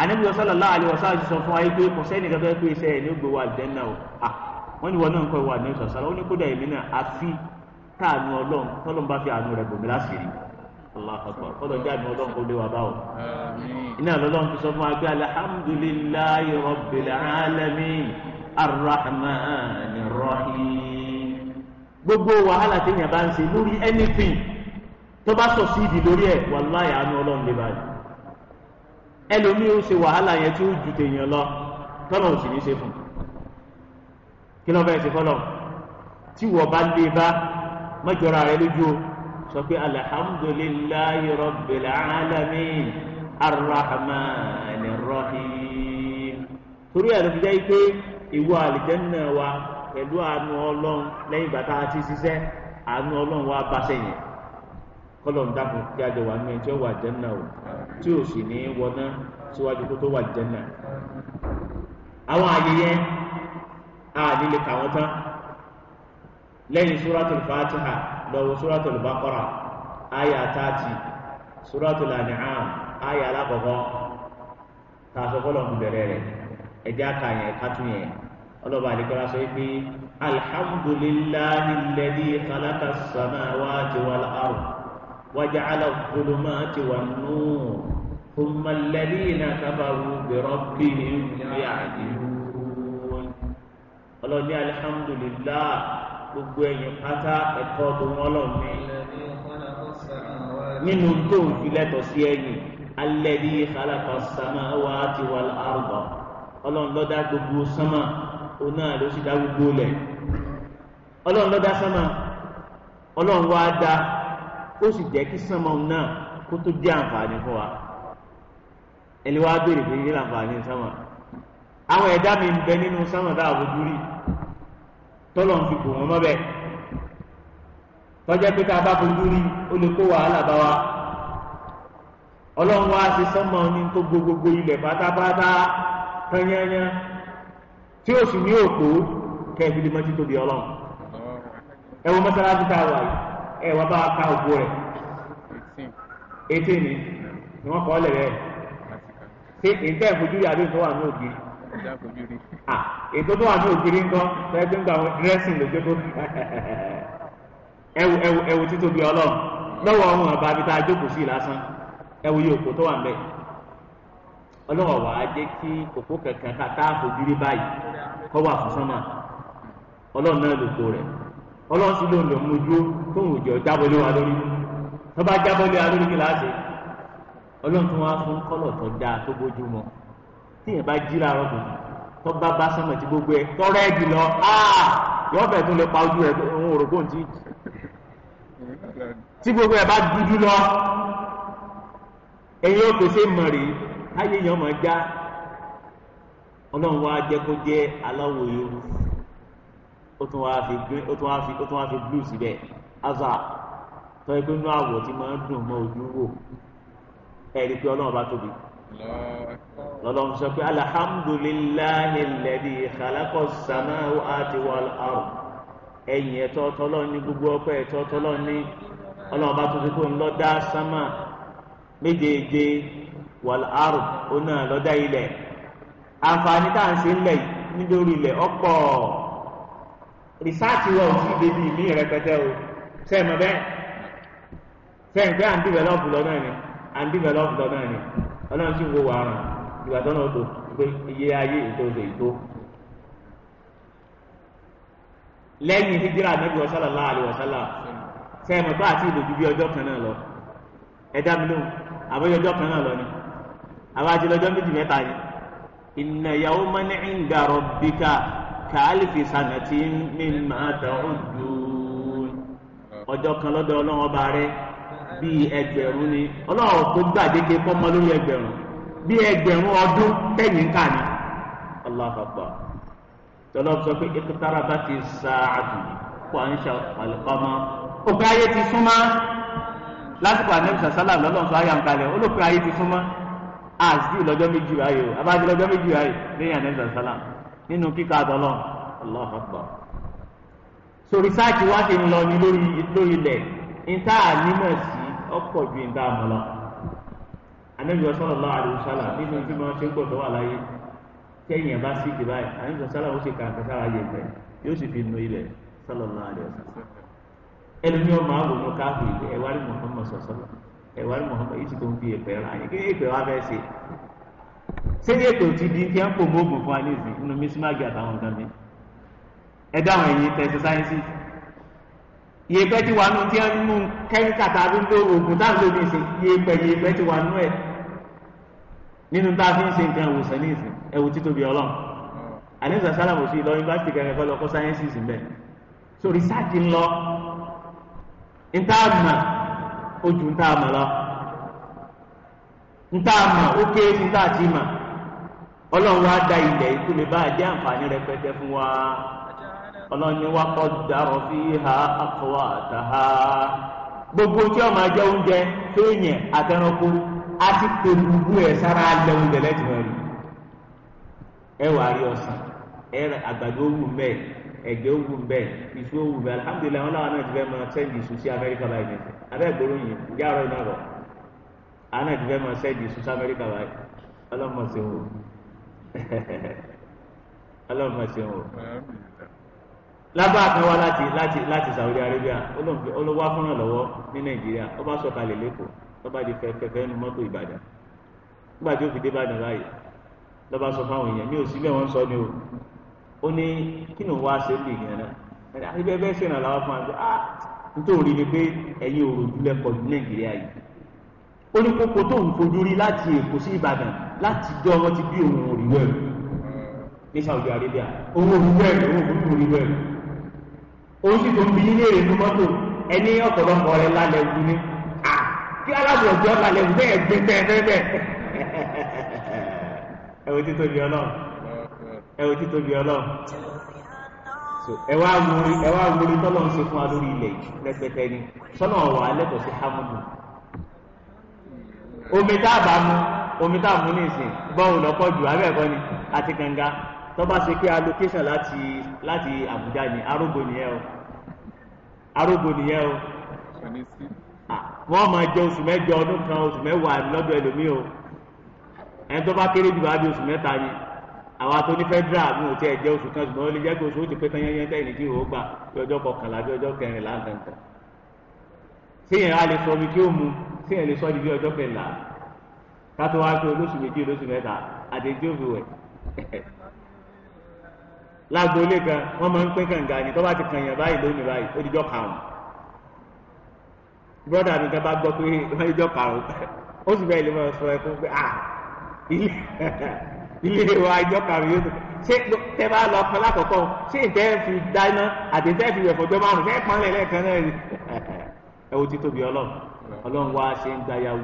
ànábì sallallahu alaihi wasallam sọ fún wa yìí pé kò sẹ́ni gẹ́gẹ́ pé iṣẹ́ ẹ̀ ní ó àlìjáná o. Ah, wọ́n ní wọn náà ń kọ́ ìwà ní ìṣọ̀ sára ó ní kódà èmi náà àfi káàánú ọlọ́run tọ́lọ́run bá fi àánú rẹ̀ bòmí láṣìírí aláàkọ́kọ́ kọ́dọ̀ jẹ́ àánú ọlọ́run kó lé wa báwò. iná lọ́lọ́run ti sọ fún wa pé alihamudulilayi rabbil alamin arrahmani rahim. gbogbo wàhálà tí yẹn bá ń ṣe lórí anything tó bá sọ sí ibi lórí ẹ̀ wàláyà àánú ọlọ́run lè báyìí. ẹlòmíì ó ṣe wàhálà yẹn tí ó ju tèèyàn lọ tọ́lọ̀ ò sì ní ṣe fún un kí ló fẹ́ ṣe fọlọ́ tí wọ́n bá lè bá mọ́jọ́ra rẹ lójú o sọ pé alhamdulillahi rabbil alamin arrahmanir rahim torí ẹ̀ ló fi jẹ́ pé ìwọ àlìjẹ́nà wa pẹ̀lú àánú ọlọ́run lẹ́yìn bàtà àti ṣiṣẹ́ àánú ọlọ́run wa bá sẹ́yìn kọ́lọ̀ ń dákun kí ajọ wà nínú ẹjọ́ wà jẹ́nà o tí ò sì ní wọná síwájú kó tó wà jẹ́nà àwọn àyè yẹn àní lè kà wọ́n tán lẹ́yìn suratul fatiha lọ́wọ́ suratul baqara àyà tààtì suratul an'am àyà alákọ̀ọ́kọ́ tá a sọ fọlọ́ ń bẹ̀rẹ̀ rẹ̀ ẹ̀jẹ̀ àkà yẹn kátó yẹn ọlọ́ba àdìgbọ́lá sọ pé alhamdulillahi alladhi khalaqa as-samawati wal ard وجعل الظلمات والنور ثم الذين كفروا بربهم ọlọ́ni alihamdulilah gbogbo ẹ̀yìn pátá ẹ̀kọ́ tó wọ́n lọ́ọ̀mí nínú tó ń filẹ̀tọ̀ sí ẹ̀yìn alẹ́bí khalaqa samawati wal arda ọlọ́run ló dá gbogbo sánmà òun náà ló sì dá gbogbo lẹ̀ ọlọ́run ló dá sánmà ọlọ́run wá dá ó sì jẹ́ kí sánmà òun náà kó tó jẹ́ àǹfààní fún wa ẹni wá béèrè pé yín láǹfààní sánmà àwọn ẹ̀dá mi ń bẹ nínú sánmọ̀dá àbójúrí tọ́lọ̀ ń fi kò wọ́n mọ́bẹ̀ tọ́jẹ́ pé tá a bá fojú rí ó lè kó wàhálà bá wa ọlọ́run wá sí sánmọ̀ ní tó gbogbogbò ilẹ̀ pátápátá tányányá tí ó sì ní òpó kẹ́ẹ̀fì mọ́tí tóbi ọlọ́run ẹ wo mọ́sálásí tá a wà yìí ẹ wá bá a ká òpó rẹ̀ eighteen ni wọ́n kọ́ ọ́ lẹ̀ rẹ̀ ṣé èyí tẹ́ ẹ̀ fojú rí àbí ìfọwọ́ àmì ògiri ètò tó wà ní ògiri ńkọ fẹẹ gbé ńgbà dírẹsìn lójókòó ẹwù ẹwù ẹwù títóbi Ọlọ́run lọ́wọ́ ọhún ọba bí tá a jókòó sí lásán ẹwù yìí òkú tó wà ń bẹ Ọlọ́run wà á jẹ kí òkú kankan ká tá a fojú rí báyìí kọ wà fún sánmà Ọlọ́run náà lòkó rẹ Ọlọ́run sì lòun lò mú dúró tóun ò jẹ ọjábọlé wa lórí tó bá jábọlé wa lórí kí láti Ọlọ́run tó wá fún kọlọ tó dáa tó bójú mọ tí yẹn bá jí láàárọ̀ kò tó bá bá sọmọ tí gbogbo ẹ tọrọ ẹ jù lọ ah! yọ bẹ́ẹ̀ tún lè pa ojú ẹ òun òrògbò ntí tí gbogbo ẹ bá dúdú lọ ẹyin ó pèsè mọ̀rì ayé yẹn mọ̀ já ọlọ́run wá jẹ́ kó jẹ́ aláwọ̀ yòówù ó tún wá fi green ó tún wá fi ó tún wá fi blue síbẹ̀ azà tọ́ ẹgbẹ́ inú àwọ̀ tí máa ń dùn mọ́ ojú wò ẹ̀ẹ́dẹ́gbẹ́ ọlọ́run bá tóbi lọ́lọ́run sọ pé alhamdulillahi alladhi khalaqa samawati wal ard ẹ̀yìn ẹ̀tọ́ tọ́lọ́ ní gbogbo ọpẹ́ ẹ̀tọ́ tọ́lọ́ ní ọlọ́run bá tuntun kó ń lọ dá sámà méjèèjì wal ard ó náà lọ dá ilẹ̀ àǹfààní tá à ń ṣe ńlẹ̀ nítorí ilẹ̀ ọ̀pọ̀ rìsáàtì wọ̀ sí ibi ìmí rẹpẹtẹ o sẹ́ẹ̀mọ bẹ́ẹ̀ sẹ́ẹ̀ǹpẹ́ à ń dìvẹ́lọ́pù lọ́nà ni à ń dìvẹ́lọ́pù lọ́nà ni ọlọ́run sì ń wo wàrùn ìgbà tó náà tó pé iye ayé ètò òde ìtó. lẹ́yìn hijira níbi ọ̀sálà láàlú ọ̀sálà sẹ́yìn bá àti ìlú ju bí ọjọ́ kan náà lọ ẹ̀dá mi lóhùn àbẹ́yẹ ọjọ́ kan náà lọ ni àwọn àti lọ́jọ́ méjì mẹ́ta ni inna yawman inda rabbika kàálífì sanatin mimma ta'uddun ọjọ́ kan lọ́dọ̀ ọlọ́run ọba rẹ̀ bíi ẹgbẹ̀rún ni ọlọ́run tó gbàdéke fọ́mọ lórí ẹgbẹ̀rún bíi ẹgbẹ̀rún ọdún tẹ̀yìn kà ní aláfàgbà tọ́lọ́pù sọ pé ìkútàrà bá ti sa àdùnnì kó à ń ṣe àlùkọ́mọ́ òpin ayé ti súnmọ́ lásìkò ànẹ́bùsà sálà lọ́lọ́run sọ ayé àǹkalẹ̀ olópin ayé ti súnmọ́ àti ìlọ́jọ́ méjì ráyè o abájọ́ lọ́jọ́ méjì ráyè lẹ́yìn ànẹ́bùsà sálà nínú kíkà àtọ́lọ́ aláfàgbà ànímọ̀ sí ọpọ ju ìdá àmọ́ lọ anabi sallallahu alaihi wasallam nínú tí wọn ṣe ń gbọ́dọ̀ wà láyé kẹ́yìn ẹ sí ìdìbà yìí anabi sallallahu ó ṣe kàǹkà sára yẹ pẹ yóò sì fi nu ilẹ̀ sallallahu alaihi wasallam ọmọ sọsọlọ yìí ti tó ń fi rà yín kí wa ṣe ṣé di kí á ń pò fún yèèpẹ̀ ti wà nù tí wọ́n nù kẹ́míkà tá a fi ń lo oògùn tá a lò ní ìsìn yèèpẹ̀ yèèpẹ̀ ti wà nù ẹ̀ nínú tá a fi ń ṣe nǹkan ìwòsàn ní ìsìn ẹ̀wù títóbi ọlọ́run àníṣà sálàmù sí lọ yunifásitì kẹrẹ kọ́ lọ kọ́ sáyẹ́nsìs mbẹ́ so rìsáàjì ń lọ ntaama ojú ntaama lọ ntaama ó kéré sí ntaàtì mà ọlọ́run wá da ilẹ̀ ìkúlẹ̀ bá a jẹ́ àǹfààní rẹpẹtẹ fún wa. ọlọ́ni wa kọ́ dàrọ̀ fi ha akọ̀wà àtàhà gbogbo tí ọmọ ajẹ́ oúnjẹ fẹ́yìn àtẹnukú àti pẹ̀lúgbù ẹ̀ sára alẹ́ oúnjẹ lẹ́tìmọ̀ rí ẹ wà á rí ọsàn ẹ àgbàdo wọn làwọn náà ti fẹ́ máa sẹ́ndì iṣu sí amẹ́ríkà báyìí nìyẹn abẹ́ ìgboro yìí ìyá ọ̀rọ̀ iná rọ̀ àwọn náà ti fẹ́ máa sẹ́ndì *laughs* lábá kan wá láti láti láti Saudi Arabia olówó afúnrán lọ́wọ́ ní Nàìjíríà ó bá sọ̀kalẹ̀ lẹ́kọ̀ọ́ ló di fẹ́fẹ́fẹ́ nu mọ́tò Ìbàdàn nígbà tí ó fi dé báyìí lọ́ba sọ fáwọn èèyàn mi ò sí ni o ní kí ni òun wá ṣe lè yàn náà àti bẹ́ẹ̀ bẹ́ẹ̀ fún wa ah nítorí ni pé ẹ̀yin ò ní Nàìjíríà yìí ó ní òun sì tó ń bi nílé èrè mọ́tò ẹni ọ̀pọ̀lọpọ̀ lálẹ́ ni kí alábòrò jọ lálẹ́ òkú bẹ́ẹ̀ gbé bẹ́ẹ̀ bẹ́ẹ̀ *laughs* ẹ wo títóbi ọlọ́run ẹ wo wúri wúri ń ṣe fún wa ilẹ̀ lẹ́gbẹ̀tẹ́ ni sọ́nà ọ̀wà sí omi tá a bá omi a ní ìsìn bọ́ọ̀lù lọ́pọ̀ ni àti tó bá ṣe pé allocation láti láti Àbújá ni arógbó nìyẹn o arógbó nìyẹn o wọ́n máa jẹ oṣù mẹ́jọ ọdún kan oṣù mẹ́wàá lọ́dọ̀ ẹlòmíì o ẹni tó bá kéré jù bá bí oṣù mẹ́ta ni àwa tó ní federal mi ò tiẹ̀ jẹ́ oṣù kan ṣùgbọ́n ó lè jẹ́ pé oṣù ó ti pé tán yẹnyẹn tẹ́yìn tí ìhòòhò gbà bí ọjọ́ kọkànlá bí ọjọ́ kẹrìnlá nǹkan síyẹn a lè sọ omi kí ó mu síyẹn lè sọ di bí ọjọ́ kẹrìnlá kátó wá pé olóṣù méjì olóṣù mẹ́ta àdéjọ́ òfin wẹ̀ *laughs* lágboolé kan wọ́n máa ń pín kànga ni tó bá ti kàn yàn báyìí lónìí báyìí ó dijọ́ karùn-ún brọ́dà mi kan bá gbọ́ pé wọ́n dijọ́ karùn-ún ó sì bẹ́ẹ̀ lè máa sọ ẹkún pé à ah, ilé wa ijọ́ karùn-ún yóò ṣe tẹ bá lọ kan lákọ̀ọ́kọ́ ṣé ìtẹ́ fi dáná àti ìtẹ́ fi wẹ̀fọ́jọ́ márùn-ún fẹ́ẹ́ pọ́nlẹ̀ lẹ́ẹ̀kan náà ni ẹ wo ti tóbi ọlọ́run ọlọ́run wá ṣe ń dayawu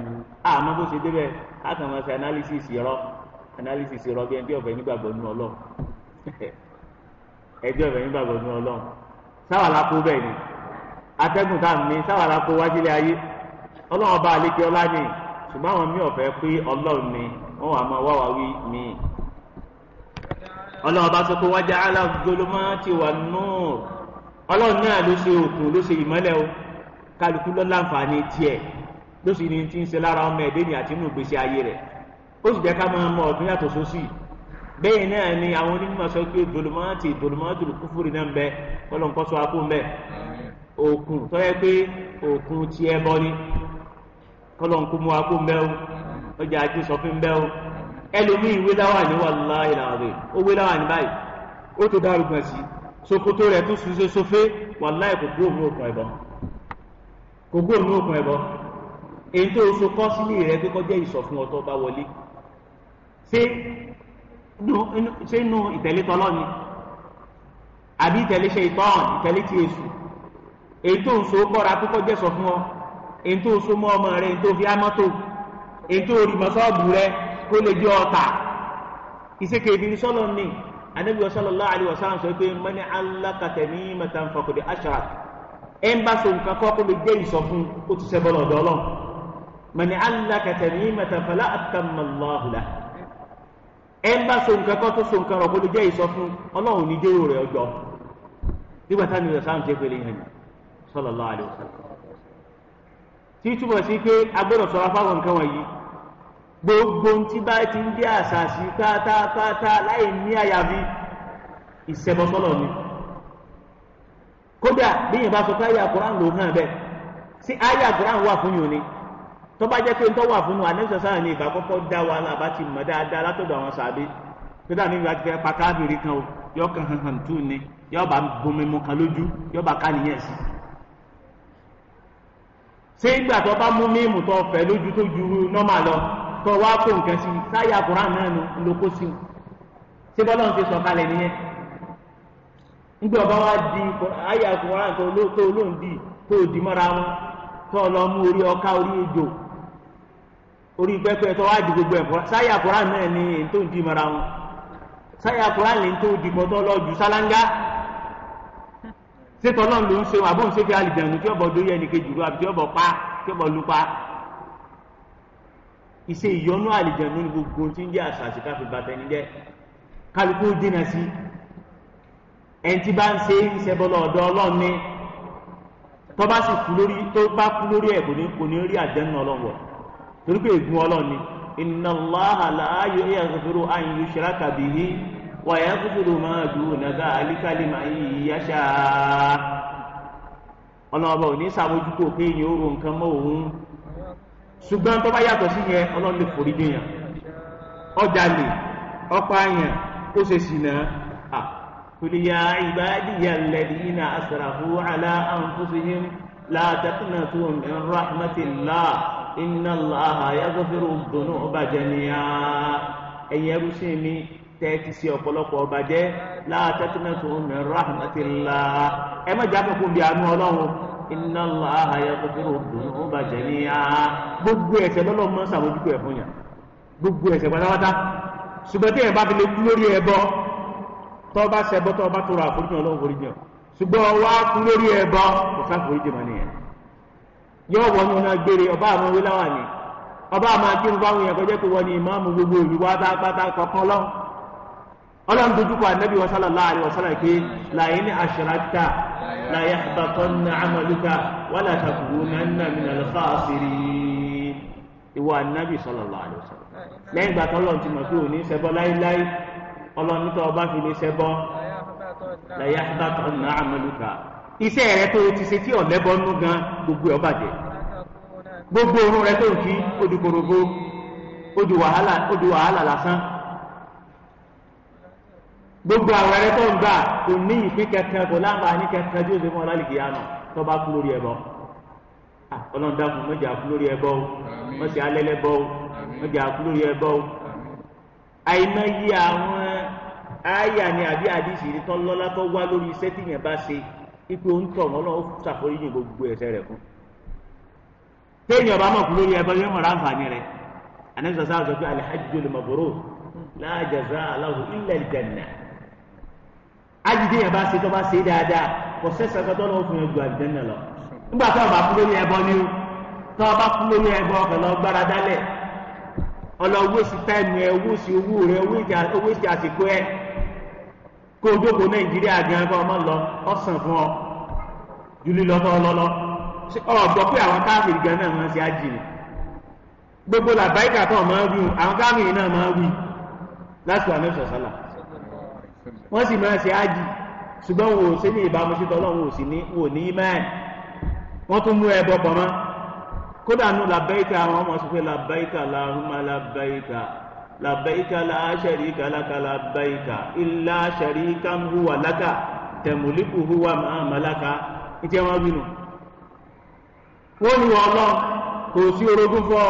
àmọ́ bó ṣe débẹ̀ á kàn máa ṣe analysis irọ́ analysis irọ́ bí ẹni tí ọ̀fẹ́ nígbàgbọ́ nínú ọlọ́run *laughs* ẹjọ́ ìbẹ̀ nígbà gbọ̀dún ọlọ́run sáwà lápò bẹ́ẹ̀ ni atẹ́gùn tá à ń mí sáwà lápò wájílẹ̀ ayé ọlọ́run ọba àlejò ọlá ni ṣùgbọ́n àwọn mí ọ̀fẹ́ pé ọlọ́run ni wọ́n wà máa wá wá wí mí. ọlọ́run ọba sọ pé wájà alágbólómọ́ ti wà núù ọlọ́run náà ló ṣe òkun ló ṣe ìmọ́lẹ̀ o kálukú ló láǹfààní tiẹ̀ ló sì ní ti ń ṣe lára ọmọ ẹ̀dẹ́ni àti inú ìgbésí ayé rẹ̀ ó sì jẹ́ ká máa mọ ọ̀tún yàtọ̀ sósì bẹ́ẹ̀ náà ni àwọn onímọ̀ sọ pé dòlùmọ́tì dòlùmọ́tì kúfúrì náà ń bẹ kọ́lọ̀ nǹkan sọ akó ń òkun pé òkun ti ẹ bọ́ ni kọ́lọ̀ mú o ọjà àti sọfin ń o ẹlòmíì ìwé láwà ní wàláhì làwàbẹ̀ ó láwà ní báyìí ó tó dárúgbọ̀n sí rẹ̀ tó so kọ́ sílé rẹ̀ ìsọ̀fún ọ̀tọ̀ bá wọlé ṣé inú ìtẹ̀lé tọ́lọ́ ni àbí ìtẹ̀lé ṣe ìtọ́hàn ìtẹ̀lé ti èṣù èyí tó ń so kọ́ra kókó jẹ́ sọ fún ọ èyí tó ń so mọ́ ọmọ rẹ èyí tó fi ámọ́tò èyí tó rí mọ́sọ́ọ̀bù rẹ kó lè jẹ́ ọ̀tà ìṣèké ìbíní sọ́lọ́ ni anabi sallallahu alaihi wasallam sọ pé mani alaka tẹmí mẹtan fakode asharak ẹ ń bá so nǹkan kọ́ kó lè jẹ́ ìsọfún ó ti sẹ́bọ̀ lọ́dọ̀ ọlọ́run mani alaka tẹmí mẹtan fala e so nǹkan tó so nǹkan rọ̀ kó lè jẹ́ ìsọfún ọlọ́run ní dérò rẹ̀ ọjọ́ nígbà táwọn ènìyàn sáà ń jẹ́ pẹ̀lẹ́ yẹn sallallahu alaihi wasallam tí túbọ̀ sí a sọ̀rọ̀ fáwọn nǹkan wọ̀nyí gbogbo tí bá ti ń dé àṣàṣì pátápátá láì ní ni kódà bí sọ pé ló hàn bẹ́ẹ̀ sí fún tọba bá jẹ́ pé tó fún wa sáà ní ìgbà dá wa ti dáadáa látọ̀dọ̀ àwọn sàbí pété àmì ìgbà kan o yọ kan hàn hàn tù ní yọ bá bomi kan lójú yọ bá ká nìyẹn sí. ṣé ìgbà tó bá mú mímu tó lójú tó ju nọ́mà lọ tó wá kó nǹkan sí náà ló sọ kalẹ̀ nìyẹn. ọba wa di àyà tó di orí pẹpẹ tó wá di gbogbo ẹ̀fọ́ sáyà koran náà ni èyí tó di mara wọn sáyà koran lè tó di pọtọ lọ ju sálángá sétọ náà ló ń ṣe wọn àbóhùn sékè alìjẹun tí ọbọ dórí ẹnì kejì ru àbí tí ọbọ pa tí ọbọ lu pa iṣẹ ìyọnú àlìjẹun ní gbogbo tí ń jẹ àṣàṣì káfí bàtẹni jẹ kálukú dínà sí ẹni tí bá ń ṣe ìṣẹbọlọ ọ̀dọ̀ Ọlọ́run ni tọba sì kú lórí tó bá kú lórí ẹ kò ní rí àjẹnú Ọlọ́run wọ. torí pé ègún ọlọ́ni inna Allaha la yaghfiru an yushraka bihi wa yaghfiru ma duna dhalika liman yasha ọlọ́ọ̀bọ̀ òní sàmójútó pé èèyàn ó nǹkan mọ́ òun ṣùgbọ́n tó bá yàtọ̀ sí yẹn ọlọ́run lè forí déyàn ọjà lè ọ̀pá yẹn ó ṣe sì náà à kùlì yà ìbádìyà alladhina asrafu ala anfusihim la taqnatu min inna Allaha yaghfiru dhunuba jami'a ẹ̀yin ẹrú sí mi tẹ́tí sí ọ̀pọ̀lọpọ̀ ọ̀bàjẹ́ la taqnatu min rahmatillah ẹ má jáde kó bí àánú ọlọ́run inna Allaha yaghfiru dhunuba jami'a gbogbo ẹ̀ṣẹ̀ lọ́lọ́run máa ń ṣàmójúkú ẹ̀ fún yàn gbogbo ẹ̀ṣẹ̀ pátápátá ṣùgbọ́n tí ẹ̀ bá fi lè kú lórí ẹbọ tó bá ṣẹbọ tó bá àforíjì ọlọ́run foríjì yóò wọnú náà gbére ọba àwọn ewé láwà ní ọba àwọn akínú báwọn yẹn kọjá pé wọn ni ìmáàmù gbogbo òbí wá bá pátá kọkàn lọ ọlọ́run dojúkọ ànábì wọn sálà láàrin wọn sálà pé láyé ní àṣàràtà láyé àtàtọ ní amọlúkà wọn làtà kúrú náà nà mí nàlẹ fáàsìrì ìwọ ànábì sálà láàrin wọn sálà lẹ́yìn ìgbà tó lọ́run ti mọ̀ pé òní ṣẹbọ láéláé ọlọ́run tó ọba fi ní ṣẹbọ láyé àtàtọ ní amọlúkà. iṣẹ́ rẹ tó ti ṣe tí ọ̀lẹ́bọ nú gan gbogbo ọba gbogbo orun rẹ tó ń kí odùkòrògbò odù wàhálà wàhálà lásán gbogbo àwọn ẹrẹ tó ń gbà kò ní ìpín kankan kò láǹbà ní kankan tí ó ṣe fún ọ lálẹ́ tó bá kú lórí ẹbọ ọlọ́run mọ́jà kú lórí ẹbọ o mọ́sẹ̀ alẹ́lẹ́ bọ o mọ́jà kú lórí ẹbọ ipe ontọ wọn lọ ṣàforíjì gbogbo ẹ̀ṣẹ̀ rẹ̀ fún téèyàn bá mọ̀ kú lórí ẹbọ yóò mọ̀ ráǹfààní rẹ̀ anabi sasa sọ pé alihajju lemaboro la jaza ala illa aljanna ajide yẹn bá ṣe tó bá ṣe dáadáa kò fún lọ nígbà tó o bá kú lórí ẹbọ ni o tó o bá kú lórí ẹbọ lọ dálẹ̀ ọlọ táìmù kó o jókòó nàìjíríà gan kó o mọ lọ ọsàn fún ọ ju lílọ tó lọlọ ọgbọ pé àwọn káfíìn gan náà wọn ṣe àjìnì gbogbo làbáyíkà tó máa ń wí àwọn káfíìn náà máa ń wí lásìkò àná ìṣọ̀sálà wọ́n sì máa ṣe ájì ṣùgbọ́n wò ó ṣe ní ìbámu sí tọ́lọ́run wò sí ní wò ní imáàn wọ́n tún mú ẹbọ pọ̀ mọ́ kódà nù làbáyíkà àwọn ọmọ sọ pé làbáyíkà làhùmá làbáyíkà. لبيك لا شريك لك لبيك إلا شريكا هو لك تملكه وما ملك ìtí ẹ̀wọ̀n bínú. wọ́n ní wọ́n lọ kò sí orogún fọ́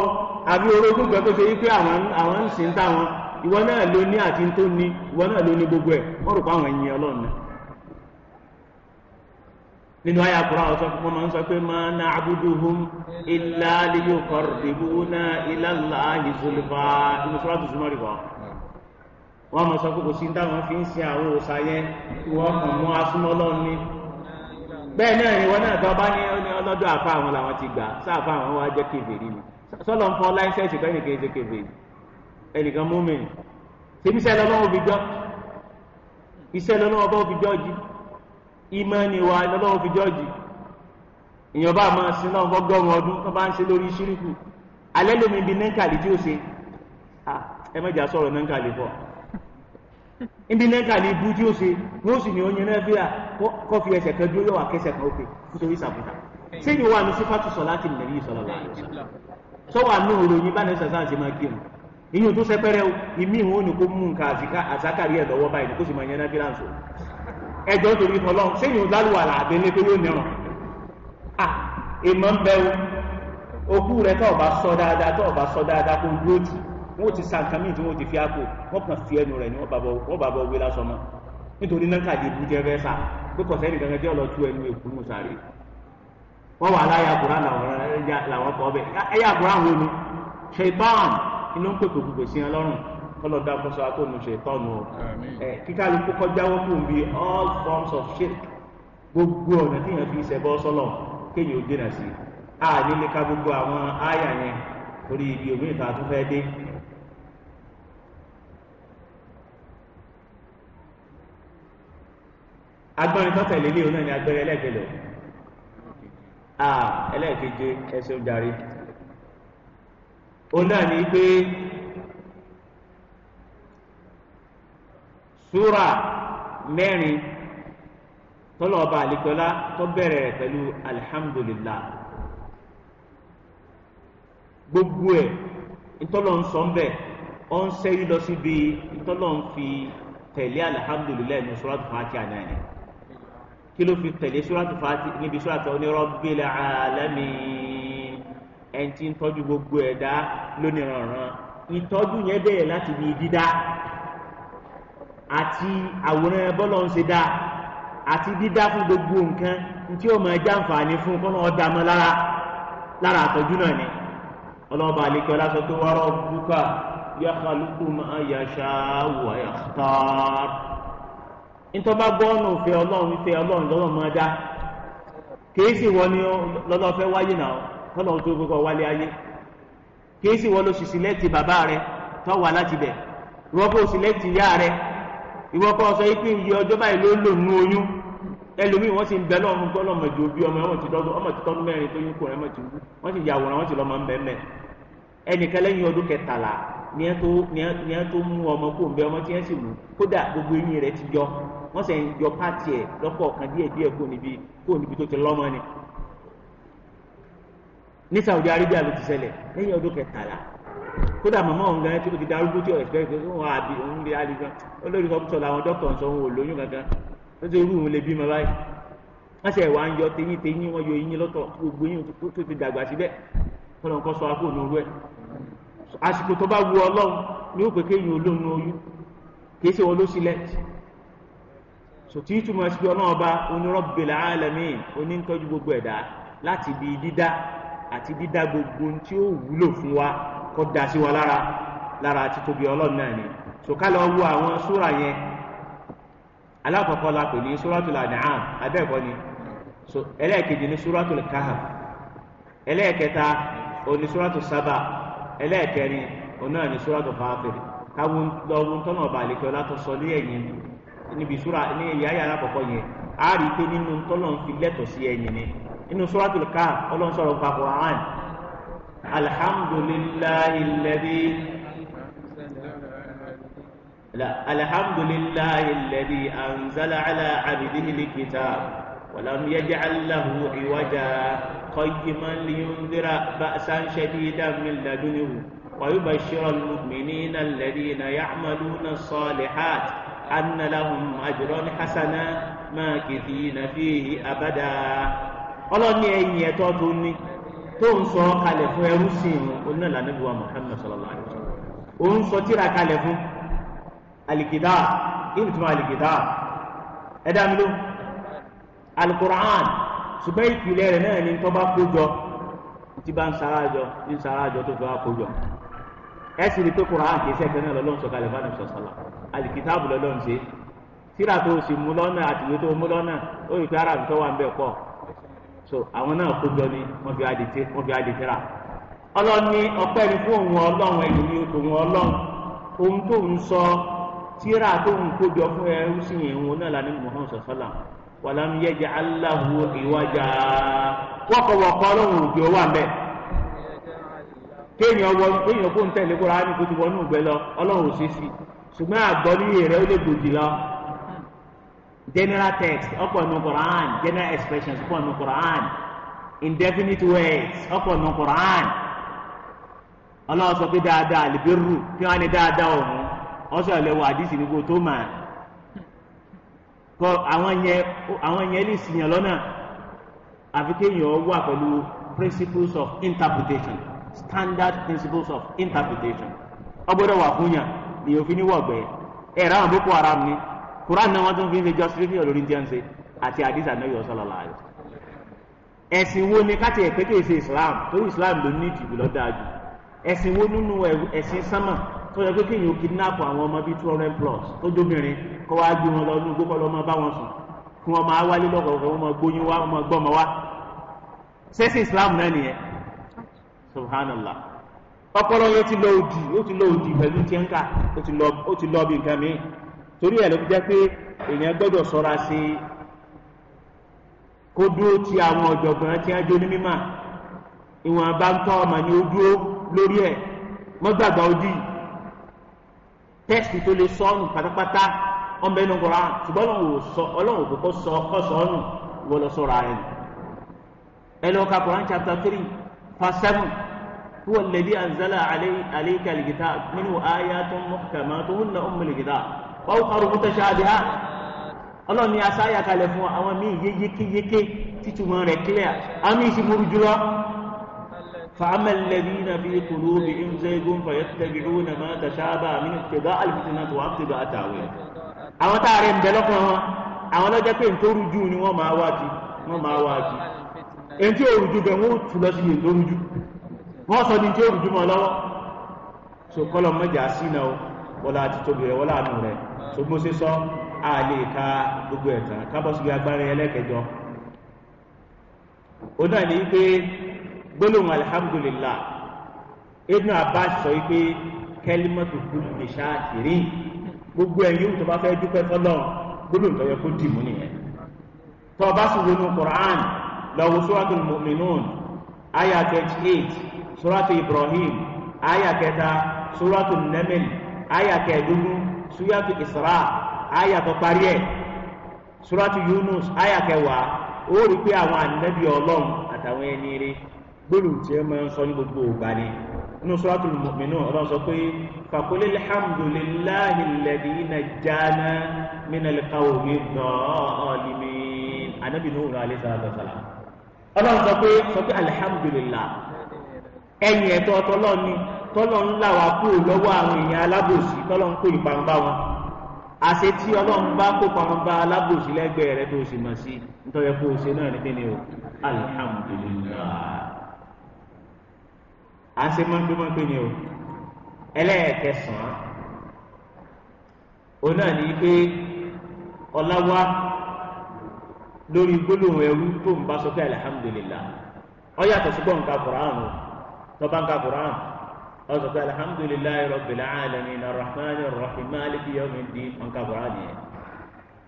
àbí orogún kan tó ṣe wípé àwọn ń sìn táwọn ìwọ náà ló ní àti tó ní nínú àyà kura wọn sọ wọn máa ń sọ pé ma na'buduhum illa liyuqarribuna ila Allahi zulfa inú Suratu Zumar rìbọ wọn máa sọ pé kò sí táwọn fi ń sin àwọn òòṣà yẹn wọn kàn mú asúmọ́ lọ́run ní bẹ́ẹ̀ náà ìwọ náà tó bá ní ọlọ́dọ̀ àfa àwọn làwọn ti gbà sáàfà àwọn wa jẹ́ kébèrè ni sọlọ ń fọ láìsẹ̀sì kọ́ ẹnìkan ṣe kébèrè ẹnìkan mú mi tèmi sẹ́ lọ́wọ́ òbí ìmánì wa lọ́lọ́wọ́ fi jọ́ọ̀jì èèyàn bá máa sin náà fọ́gọ́rùn ọdún tó bá ń ṣe lórí ṣíríkù alẹ́ lómi ibi nẹ́ńkàlì tí ó ṣe ẹ mẹ́jà sọ̀rọ̀ nẹ́ńkàlì fọ́ ibi nẹ́ńkàlì ibú tí ó ṣe wọ́n sì ní oyin náà fíà kọ́ fi ẹsẹ̀ kan dúró wà kẹsẹ̀ kan òkè nítorí sàbùtà sẹ́yìn wà ní sífàtù sọ láti nàbí sọ̀rọ̀ sọ́wọ́ àánú òròyìn bá nẹ́sà sáà ṣe máa kírun ìyẹn tó sẹ́pẹ́rẹ́ ìmí ìwọ̀n ò ní kó mú nǹkan àzákàrí ẹ̀ lọ́wọ́ báyìí kó sì máa yẹn náà fílà ń ẹjọ́ nítorí fún ọlọ́run sẹ́yìn ò lálùwà làbẹ́ lé pé yóò nírun à èèmọ̀ ń bẹ o òkú rẹ tó ọba sọ dáadáa tó ọba sọ dáadáa kó dúró tì wọn ò ti sa nǹkan míì tí wọn ò ti fi àpò wọn kàn fi ẹnu rẹ ni wọn bá bọ wé lásán mọ nítorí náà káàdì ìbú jẹ fẹẹ sá pé kọsẹ nìkan kan tí tú ẹnu èkú nù sáré wọn wà láyà kúrán làwọn kọ ọbẹ ẹyà kúrán wo ni ṣe báàm kọlọdà kọsọ akóònù ṣètọ́nù ọ kíkálukú kọjáwọ́ fún bí all forms of shirk gbogbo ọ̀nà tí yẹn fi ṣẹbọ sọlọ kéèyàn ó dènà sí a nílé ká gbogbo àwọn àyà yẹn orí ibi òmíì tá tún fẹ́ dé. agbọ́nrin tó tẹ̀lé ní onáà ni agbẹ́rẹ́ ẹlẹ́gbẹ̀lẹ̀ a ẹlẹ́ẹ̀keje ẹsẹ̀ ojàre onáà ni pé. súrà mẹ́rin tọ́lọ̀ ọba àlìkọ́lá tó bẹ̀rẹ̀ rẹ̀ pẹ̀lú alihamudulilá gbogbo ẹ̀ ntọ́lọ̀ ń sọ ń bẹ̀ ọ́ ń sẹ́yìn lọ síbi ntọ́lọ̀ ń fi tẹ̀lé alihamudulilá ní sọ́ràtù fàákì àná ẹ̀ kí ló fi tẹ̀lé sọ́ràtù fàákì níbi sọ́ràtù onírọ́bìlì àlámì ẹ̀ńtí ń tọ́jú gbogbo ẹ̀dá lónìí rànran ìtọ́jú yẹn bẹ̀rẹ̀ láti ní dídá àti àwòrán bọ́lọ̀ ń ṣe dá àti dídá fún gbogbo nǹkan tí ó máa jàǹfààní fún kọ́nà ọ̀dà mọ́ lára lára àtọ́jú náà ni ọlọ́ọ̀bà àlekẹ́ ọlásọ tó wá rabbuka yakhluqu ma yasha'u wa yakhtar ntọ́ba gbọ́nù fẹ́ ọlọ́run fẹ́ ọlọ́run lọ́wọ́ máa dá kìí sì wọ ni lọ́lọ́fẹ́ wáyé náà kọ́nà tó gbogbo wálé ayé kìí sì wọ lọ sísìlẹ́tì bàbá rẹ tọ́wà láti bẹ̀ rọ́bù sílẹ́tì yá rẹ ìwọ kọ́ sọ yìí pé iye ọjọ́ báyìí ló lò nú oyún ẹlòmíì wọ́n sì ń bẹ lọ́run gbọ́ lọ́mọ ìjọ bí ọmọ ọmọ ti dọ́dún ọmọ ti tọ́dún mẹ́rin tó yín kò rẹ́ ti wú wọ́n sì yàwòrán wọ́n sì lọ́mọ ń bẹ́ mẹ́ ẹnìkan lẹ́yìn ọdún kẹtàlá ni ẹ tó mú ọmọ kó ń bẹ ọmọ tí ẹ sì wù kódà gbogbo eyín rẹ ti yọ wọ́n sì ń yọ páàtì ẹ̀ lọ́kọ̀ọ̀kan díẹ̀ díẹ̀ kó níbi kó níbi tó ti lọ́mọ ni ní Saudi Arabia ló ti ṣẹlẹ̀ lẹ́yìn ọdún kẹtàlá kódà màmá òun gan tí o ti darúgbó tí o expect pé òun àbí òun lè alẹ́ gan olórí kọ́kútọ̀ làwọn dókítà ń sọ òun ò lóyún kankan ó ti rú òun lè bímọ báyìí wọ́n ṣe wá ń yọ teyín teyín wọ́n yọ eyín lọ́tọ̀ gbogbo yín tó ti dàgbà síbẹ̀ kọ́nà kan sọ akó onú rẹ̀ àsìkò tó bá wu ọlọ́run ni ó pè kéyìn olóhùn oyún kì í ṣe wọn ló select sòtí túmọ̀ sí ọlọ́run ọba onírọ̀bìlà alamin onítọ́jú gbogbo ẹ̀dá láti ibi dídá àti dídá gbogbo tí ó wúlò kó da sí wa lára lára àti tóbi ọlọ́run náà ni sòká lọ wo àwọn súra yẹn alákọ̀ọ́kọ́ la pè ní súratul An'am abẹ́ẹ̀kọ́ ni ẹlẹ́ẹ̀kejì ní súratul Kahf ẹlẹ́ẹ̀kẹta òní súratul Saba ẹlẹ́ẹ̀kẹrin òní àní súratul Fatir káwọn lọ́wọ́ tọ́nà ọba àlekẹ́ ọlá tó sọ ní ẹ̀yìn níbi súra ní ìyá yàrá àkọ́kọ́ yẹn a rí i pé nínú tọ́nà fi lẹ́tọ̀ sí ẹ̀yìn ni nínú súratul Kahf ọlọ́run sọ̀rọ̀ papọ̀ àrùn الحمد لله الذي لا الحمد لله الذي أنزل على عبده الكتاب ولم يجعل له عوجا قيما لينذر بأسا شديدا من لدنه ويبشر المؤمنين الذين يعملون الصالحات أن لهم أجرا حسنا ماكثين فيه أبدا ọlọ́ni ẹ̀yìn tó ń sọ kalẹ̀ fún ẹrú sí ìrun onílànà níbi wa Muhammad sallallahu alayhi wa sallam ó ń sọ tíra kalẹ̀ fún alikida ìtumọ̀ alikida ẹ̀dá mi ló alukur'an ṣùgbọ́n ìpìlẹ̀ rẹ̀ náà ni tó bá kó jọ tí bá ń sarajọ ń sarajọ tó fi kó jọ ẹ sì rí pé kur'an kì í náà sọ kalẹ̀ fún alikida ṣe tíra tó so àwọn náà kójọ ni wọ́n fi adìtẹ wọ́n fi adìtẹra ọlọ́ni ọpẹ́ ni fún òun ọlọ́run ẹ̀yìn ni òun ọlọ́run ohun tó ń sọ tíra tó ń kójọ fún ẹrú sí yẹn òun náà lànà Muhammad sọ̀sọ́là wàlámù yẹjẹ aláwo ìwájà wọ́kọ̀wọ́kọ́ lóhùn òjò wà ń bẹ́ẹ̀ kéèyàn wọ kéèyàn kó ń tẹ̀lé kóra ní kó ti wọnú ìgbẹ́ lọ ọlọ́run ò ṣe sí ṣùgbọ́n àgbọ̀ níyè rẹ̀ ó lè gbòdì lọ general text ọ̀pọ̀ nù Quran general expressions ọ̀pọ̀ nù Quran indefinite words ọ̀pọ̀ nù Quran ọlọ́wọ́ sọ pé dáadáa àlìbẹ́rù kí wọ́n á ní dáadáa ọ̀hún ọ̀sẹ̀ ọ̀lẹ́wọ̀ àdìsí ni kò tó mà kọ àwọn yẹn lè sì yàn lọ́nà àfi kéèyàn wà pẹ̀lú principles of interpretation standard principles of interpretation ọgbọ́dọ̀ wà fún yàn ẹ̀ ráwọn Boko Haram ni. Quran náà wọn tún fi ń ṣe justification lórí tí wọ́n ṣe àti hadith anabi sallallahu alaihi wo ni káti Islam torí Islam ló ní ìdìbò lọ́dà jù wo nínú ẹ̀sìn sánmà tó yẹ pé kí èèyàn kidnap àwọn ọmọ bíi two hundred plus tó dóbìnrin kó wá gbé wọn lọ bá wọn Islam náà nìyẹn subhanallah ọpọlọ yẹn ti lọ òdì ó lọ òdì pẹ̀lú lọ bí torí ẹ̀ ló fi jẹ́ pé èèyàn gbọ́dọ̀ sọ́ra sí i kó dúró ti àwọn ọ̀jọ̀gbọ́n tí wọ́n jó ní mímà ìwọ̀n bá ń tọ́ ọmọ ni ó dúró lórí ẹ̀ mọ́gbàgbà odi tẹ́sì tó lè sọ́ọ̀nù pátápátá ọmọ ẹnu kọ́ra ṣùgbọ́n ọlọ́run kò kọ́ sọ ọ́ sọ́ọ̀nù wọ́n lọ sọ̀rọ̀ ààrẹ ẹ lọ ka Quran chapter three verse seven huwa alladhi anzala alayka al-kitab minhu ayatun muhkamatun hunna ummul kitab. wọ́n kọ́rù mú tẹ̀sán àbí ha ọlọ́run ni asáyà kalẹ̀ fún àwọn míì yékéyéké títúmọ̀ rẹ̀ clear àmì ìsìnkúrú jùlọ. فأما الذين في قلوبهم زيغ فيتبعون ما تشابه من ابتغاء الفتنة وابتغاء التأويل àwọn tá a rẹ̀ ń bẹ lọ́kàn wọn àwọn lọ́jọ́ pé nítorí a ni wọ́n máa wá kí wọ́n máa wá kí èyí wọ́n tù lọ sí wọ́n sọ wọ́lá ti tóbi rẹ̀ wọ́lá àánú rẹ̀ ṣùgbọ́n ṣe sọ a lè ka gbogbo ẹ̀ tán kábọ̀ síbi agbára ẹlẹ́kẹjọ. ó náà ní pé gbólóhùn alihamudulilah Ibn Abbas sọ pé kẹlímọ́tò kúlù ní ṣáàtìrì gbogbo ẹ̀yìn tó bá fẹ́ dúpẹ́ fọlọ́ gbólóhùn tó yẹ kó dì mú nìyẹn. tó o bá sì wọnú Qur'an lọ́wọ́ suratul mu'minun ayah twenty eight suratul Ibrahim ayah kẹta suratul Naml àyà kẹẹ̀ẹ́dógún súyàtú ìsra àyà tó parí ẹ̀ súràtú yunus àyà kẹwàá ó rí pé àwọn ànábì ọlọ́run àtàwọn ẹni rí gbólóhùn tí ẹ máa ń sọ ní gbogbo ògbà ni inú súràtú mùmínù ọlọ́run sọ pé fàkólé alhamdulillahi alladhi najjana minal qawmi dhalimin ànábì Nuhu alayhi salatu wassalam ọlọ́run sọ pé sọ pé alhamdulillah ẹ̀yìn ẹ̀tọ́ ọ̀tọ̀ ọlọ́run kọ́lọ̀ ń là wá kúrò lọ́wọ́ àwọn èèyàn alábòsí kọ́lọ̀ ń kó ìparun bá wọn àṣẹ tí ọlọ́run bá kó parun bá alábòsí lẹ́gbẹ̀ẹ́ rẹ tó sì mọ̀ sí nítorí kó o ṣe náà ní kíni o alihamudulilayi àṣẹ mọ́tòmọ́ kíni o ẹlẹ́ẹ̀kẹsàn-án òun náà ní pé ọláwá lórí gbólóhùn ẹrú tó ń bá sọ pé alihamudulilayi ó yàtọ̀ sí gbọ̀ǹkà kùránù tọ́ba ń ka kùránù wọ́n sọ pé alihamudulilayi rabbil alamin arahman arahim maliki yomi di nǹkan bọ̀rọ̀ nìyẹn.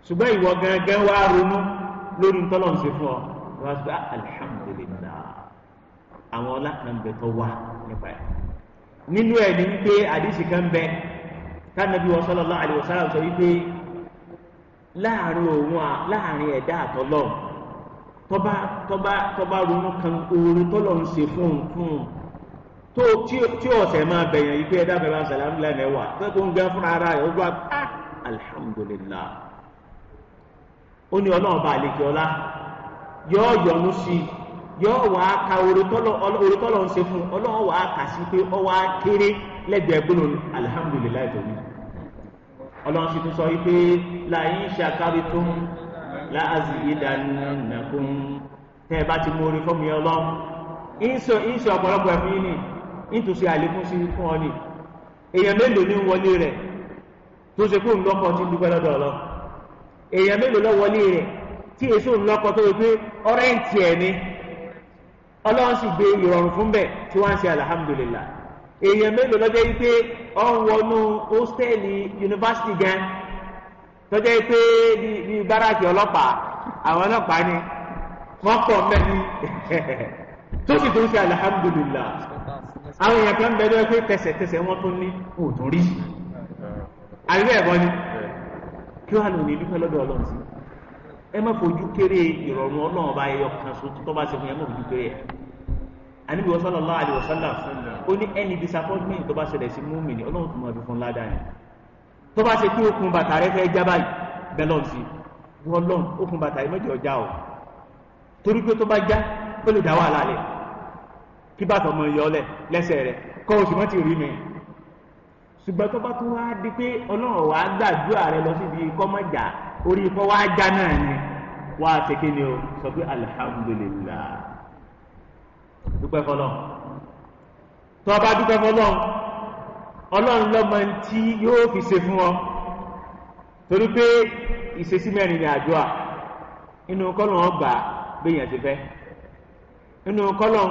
ṣùgbọ́n ìwọ gángan wá ronú lórí ntọ́lọ̀ ṣe fún ọ wọ́n sọ pé alihamudulilayi àwọn ọlá kan bẹ tó wá nípa ẹ̀. nínú ẹ̀ ní wípé àdìsí kan bẹ kánàbí wọn sallallahu alaihi wasallam sọ wípé láàrin òun láàrin ẹ̀dá àtọ́lọ́ tọ́ba tọ́ba tọ́ba ronú kan oore tọ́lọ́ ṣe fún òun fún òun tó tí ọ̀sẹ̀ máa bẹ̀yàn yìí pé ẹ̀dá bẹ̀rẹ̀ asàlámù lẹ́nu ẹ̀wà pé kó ń gẹ́ fúnra ara rẹ̀ ó gbà á alihamudulilayi ah, ó ní ọlọ́run bá àlejò ọlá yóò yọnu sí i yóò wá ka orítọ́lọ́ ń ṣe fún un ọlọ́run wá kà sí pé ọ wá kéré lẹ́gbẹ̀ẹ́ gbóná alihamudulilayi tó ní ọlọ́run sì tún sọ wípé láyé ṣàkárí tó ń láàzì ìdánilẹ́nàkún tẹ́ ẹ bá ti mú orí fọ́ọ̀mù yẹn ọlọ́run ìṣọ̀ ìṣọ̀ ọ̀pọ̀lọpọ̀ ẹ̀fín ni nítòsí àlékún sí fún ọ ni èèyàn mélòó ní wọlé rẹ̀ tó ṣe kó ńlọ́kọ tí ń dúpẹ́ lọ́dọ̀ lọ èèyàn mélòó lọ wọlé rẹ̀ tí èso ńlọ́kọ tó yẹ pé ọ̀rẹ́ǹtì ẹ̀ ni ọlọ́run sì gbé ìrọ̀rùn fún bẹ̀ tí wọ́n ń ṣe alhamdulillah èèyàn mélòó lọ́jọ́ yìí ọ ń wọnú hóstẹ́ẹ̀lì yunifásitì gan tọ́jọ́ yìí bí báràkì ọlọ́pàá àwọn ọlọ́pàá ni wọ́n pọ̀ mẹ́ni *laughs* tó sì tó ń ṣe alhamdulillah àwọn èèyàn kan bẹ̀rẹ̀ pé tẹsẹ̀tẹsẹ̀ wọn tó ní òòtún rí àríwá ẹ̀bọ ni kí wàá lò ní dúpẹ́ lọ́dọ̀ ọlọ́run sí ẹ má fojú kéré ìrọ̀rùn ọlọ́run bá ẹyọ kan so tó bá ṣe fún yẹn má fojú kéré ẹ̀ àníbi sallallahu alaihi wasallam ó ní ẹni disappointment tó bá ṣẹlẹ̀ sí múmìnì ọlọ́run tó máa fi fún ládàá yẹn tó bá ṣe kí okùn bàtà rẹ fẹ́ já báyìí bẹ́ẹ̀ lọ́n sí wọ́n lọ́n okùn bàtà rẹ mẹ́jọ já o torí pé tó bá já pẹ̀lú dá wàhálà rẹ̀ kí bàtọ̀ mọ ìyọlẹ̀ lẹ́sẹ̀ rẹ̀ kọ́ oṣù mọ́ ti rí mi ṣùgbọ́n tó bá tún wá di pé ọlọ́run wàá gbàdúrà rẹ lọ síbi kọ́mọ̀jà orí ikọ́ wàá já náà ni wàá ṣe kí ni o sọ pé alihamudulilah dúpẹ́ fọlọ́ tó o bá dúpẹ́ fọlọ́ ọlọ́run lọ́mọ tí yóò fi ṣe fún ọ torí pé ìṣesí mẹ́rin ni àdúrà inú kọ́lọ́n ọgbà gbẹ̀yìn àti fẹ́ inú kọ́lọ́n.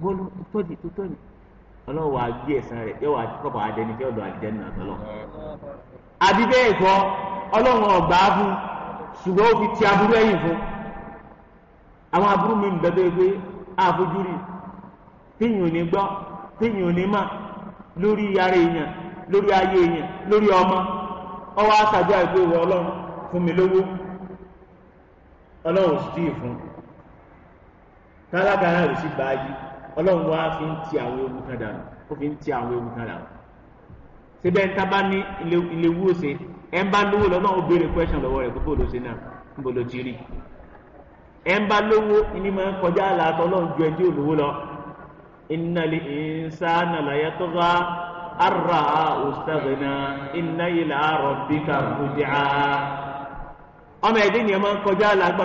bọ́ọ̀lù tóbi tó ọlọ́wọ́ agbé ẹ̀sán rẹ̀ yóò wá kọ́pọ̀ adẹni tí ó lọ àdìdẹ́nu àtọ́lọ́ àbí bẹ́ẹ̀ kọ́ ọlọ́run ọ̀gbà fún ṣùgbọ́n ó fi ti aburú ẹ̀yìn fún àwọn aburú mi ń bẹ bẹ́ẹ̀ pé àfojúrí téèyàn ní gbọ́ ní mà lórí ọmọ ọwọ́ ọlọ́run fún mi lówó ọlọ́run sì tì fún tálákà ọlọ́run wá fi ń ti àwọn ewu kan dànù ó fi ń ti àwọn ewu kan dànù síbẹ̀ níta bá ní ilé wú òsè ẹ̀ ń bá lówó lọ́nà ó béèrè question lọ́wọ́ rẹ̀ gbogbo náà ló ti rí ń bá lówó ní máa ń kọjá àlàtọ̀ ọlọ́run ju ẹjẹ́ olówó lọ máa ń kọjá àlàgbà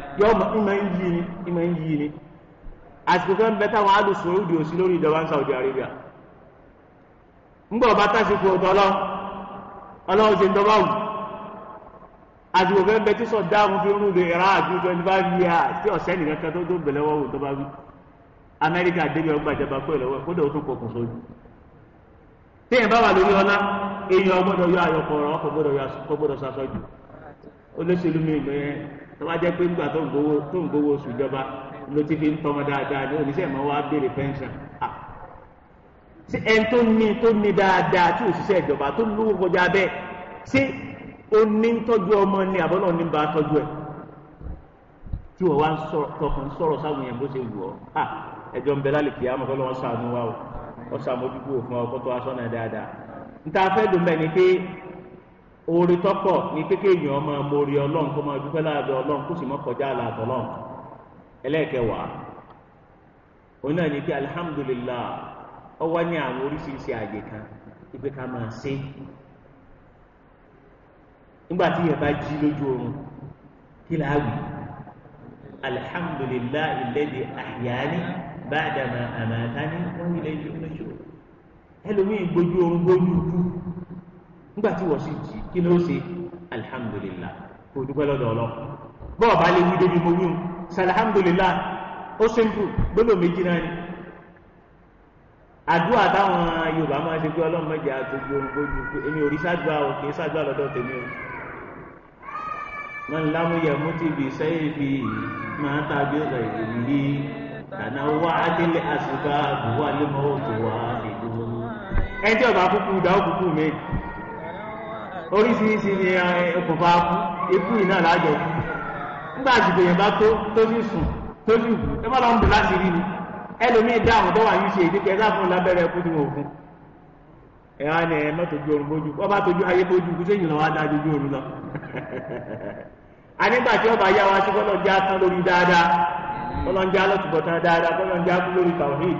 yọọmọ ìmọ̀ ń yí ni ìmọ̀ ń yí ni àsìkò kan bẹ táwọn alùsùn òdì òsì lórí ìjọba ń Saudi Arabia ńgbọ́ ọba tásìkò ọ̀dọ́ ọlọ́run ṣe ń dọ́bà wù àsìkò kan bẹ tí fi àti twenty five years tí ọ̀sẹ́ nìkan kan tó tó bẹ̀lẹ̀ wọ́wọ́ tó bá wí Amẹ́ríkà débi ọgbà ìjọba tó bá jẹ́ pé ńgbà tó ń gbowó tó ń gbowó oṣù ìjọba ló ti fi ń tọmọ dáadáa ní oníṣẹ́ mọ́ wá béèrè pension ṣé ẹni tó ní tó ní dáadáa tí òṣìṣẹ́ ìjọba tó lówó kọjá bẹ́ẹ̀ ṣé ó ní ń tọ́jú ọmọ ni àbọ̀nà ní bá tọ́jú ẹ̀ tí wọ́n wá ń sọ̀rọ̀ tọkàn sọ̀rọ̀ sáwọn èèyàn bó ṣe wù ọ́ ẹjọ́ ń bẹ lálẹ́ kìí àmọ́ kọ́lọ́ wọn ṣàánú wa o wọ́n òfin ọkọ̀ tó aṣọ́nà dáadáa níta fẹ́ dùn bẹ́ẹ̀ ni pé oore tọ́pọ̀ ní kékeré ma ọmọ mórí ọlọ́run kó máa dúpẹ́ láàbẹ̀ ọlọ́run kó sì mọ́ kọjá àlàtọ̀ ọlọ́run ẹlẹ́ẹ̀kẹwàá òun náà ní kí alihamudulilah ọ wá ní àwọn oríṣiríṣi àyè kan ibi ká máa ṣe nígbà tí yẹn bá jí lójú oorun kí láà wí alihamudulilah alladhi ahyani ba'da ma amatani wa ilayhi nushur ẹlòmíì gbójú oorun gbójú kú. nígbà tí wọ́n sì jí kí ló ṣe alihamudulilá kò dúpẹ́ lọ́dọ̀ ọlọ́ bọ́ọ̀ bá lè wí débi mo wí o salihamudulilá ó simple gbọ́dọ̀ méjì náà ni àdúrà táwọn Yorùbá máa ṣe pé Ọlọ́run mẹ́jẹ àtòjú orúkójú pé èmi ò rí ṣáàdúrà o kì í ṣáàdúrà lọ́dọ̀ tèmi o wọn lámú yẹ mú ti bì sẹ́yìn bì máa tàbí rẹ̀ lè tànà wá délé àṣìbá àbúwá lé mọ́wọ́ tó wá ìlú ẹjọ́ bá kúkú dá kúkú mi. oríṣiríṣi ni okùnfà fún ikú iná lájọ kú nígbà àsìkò yẹn bá tó tó sì sùn tó sì wù ẹ má lọ ń rí ni ẹlòmíì dá àwọn wà yìí ṣe láfún lábẹ́rẹ́ ẹkú fún ẹ wá ní ẹ oorun bójú ọba tójú ayé bójú kú sẹ́yìn lọ wá dá oorun lọ *laughs* tí ọba yá wa sí já tán lórí dáadáa já tán dáadáa já kú lórí tàwíì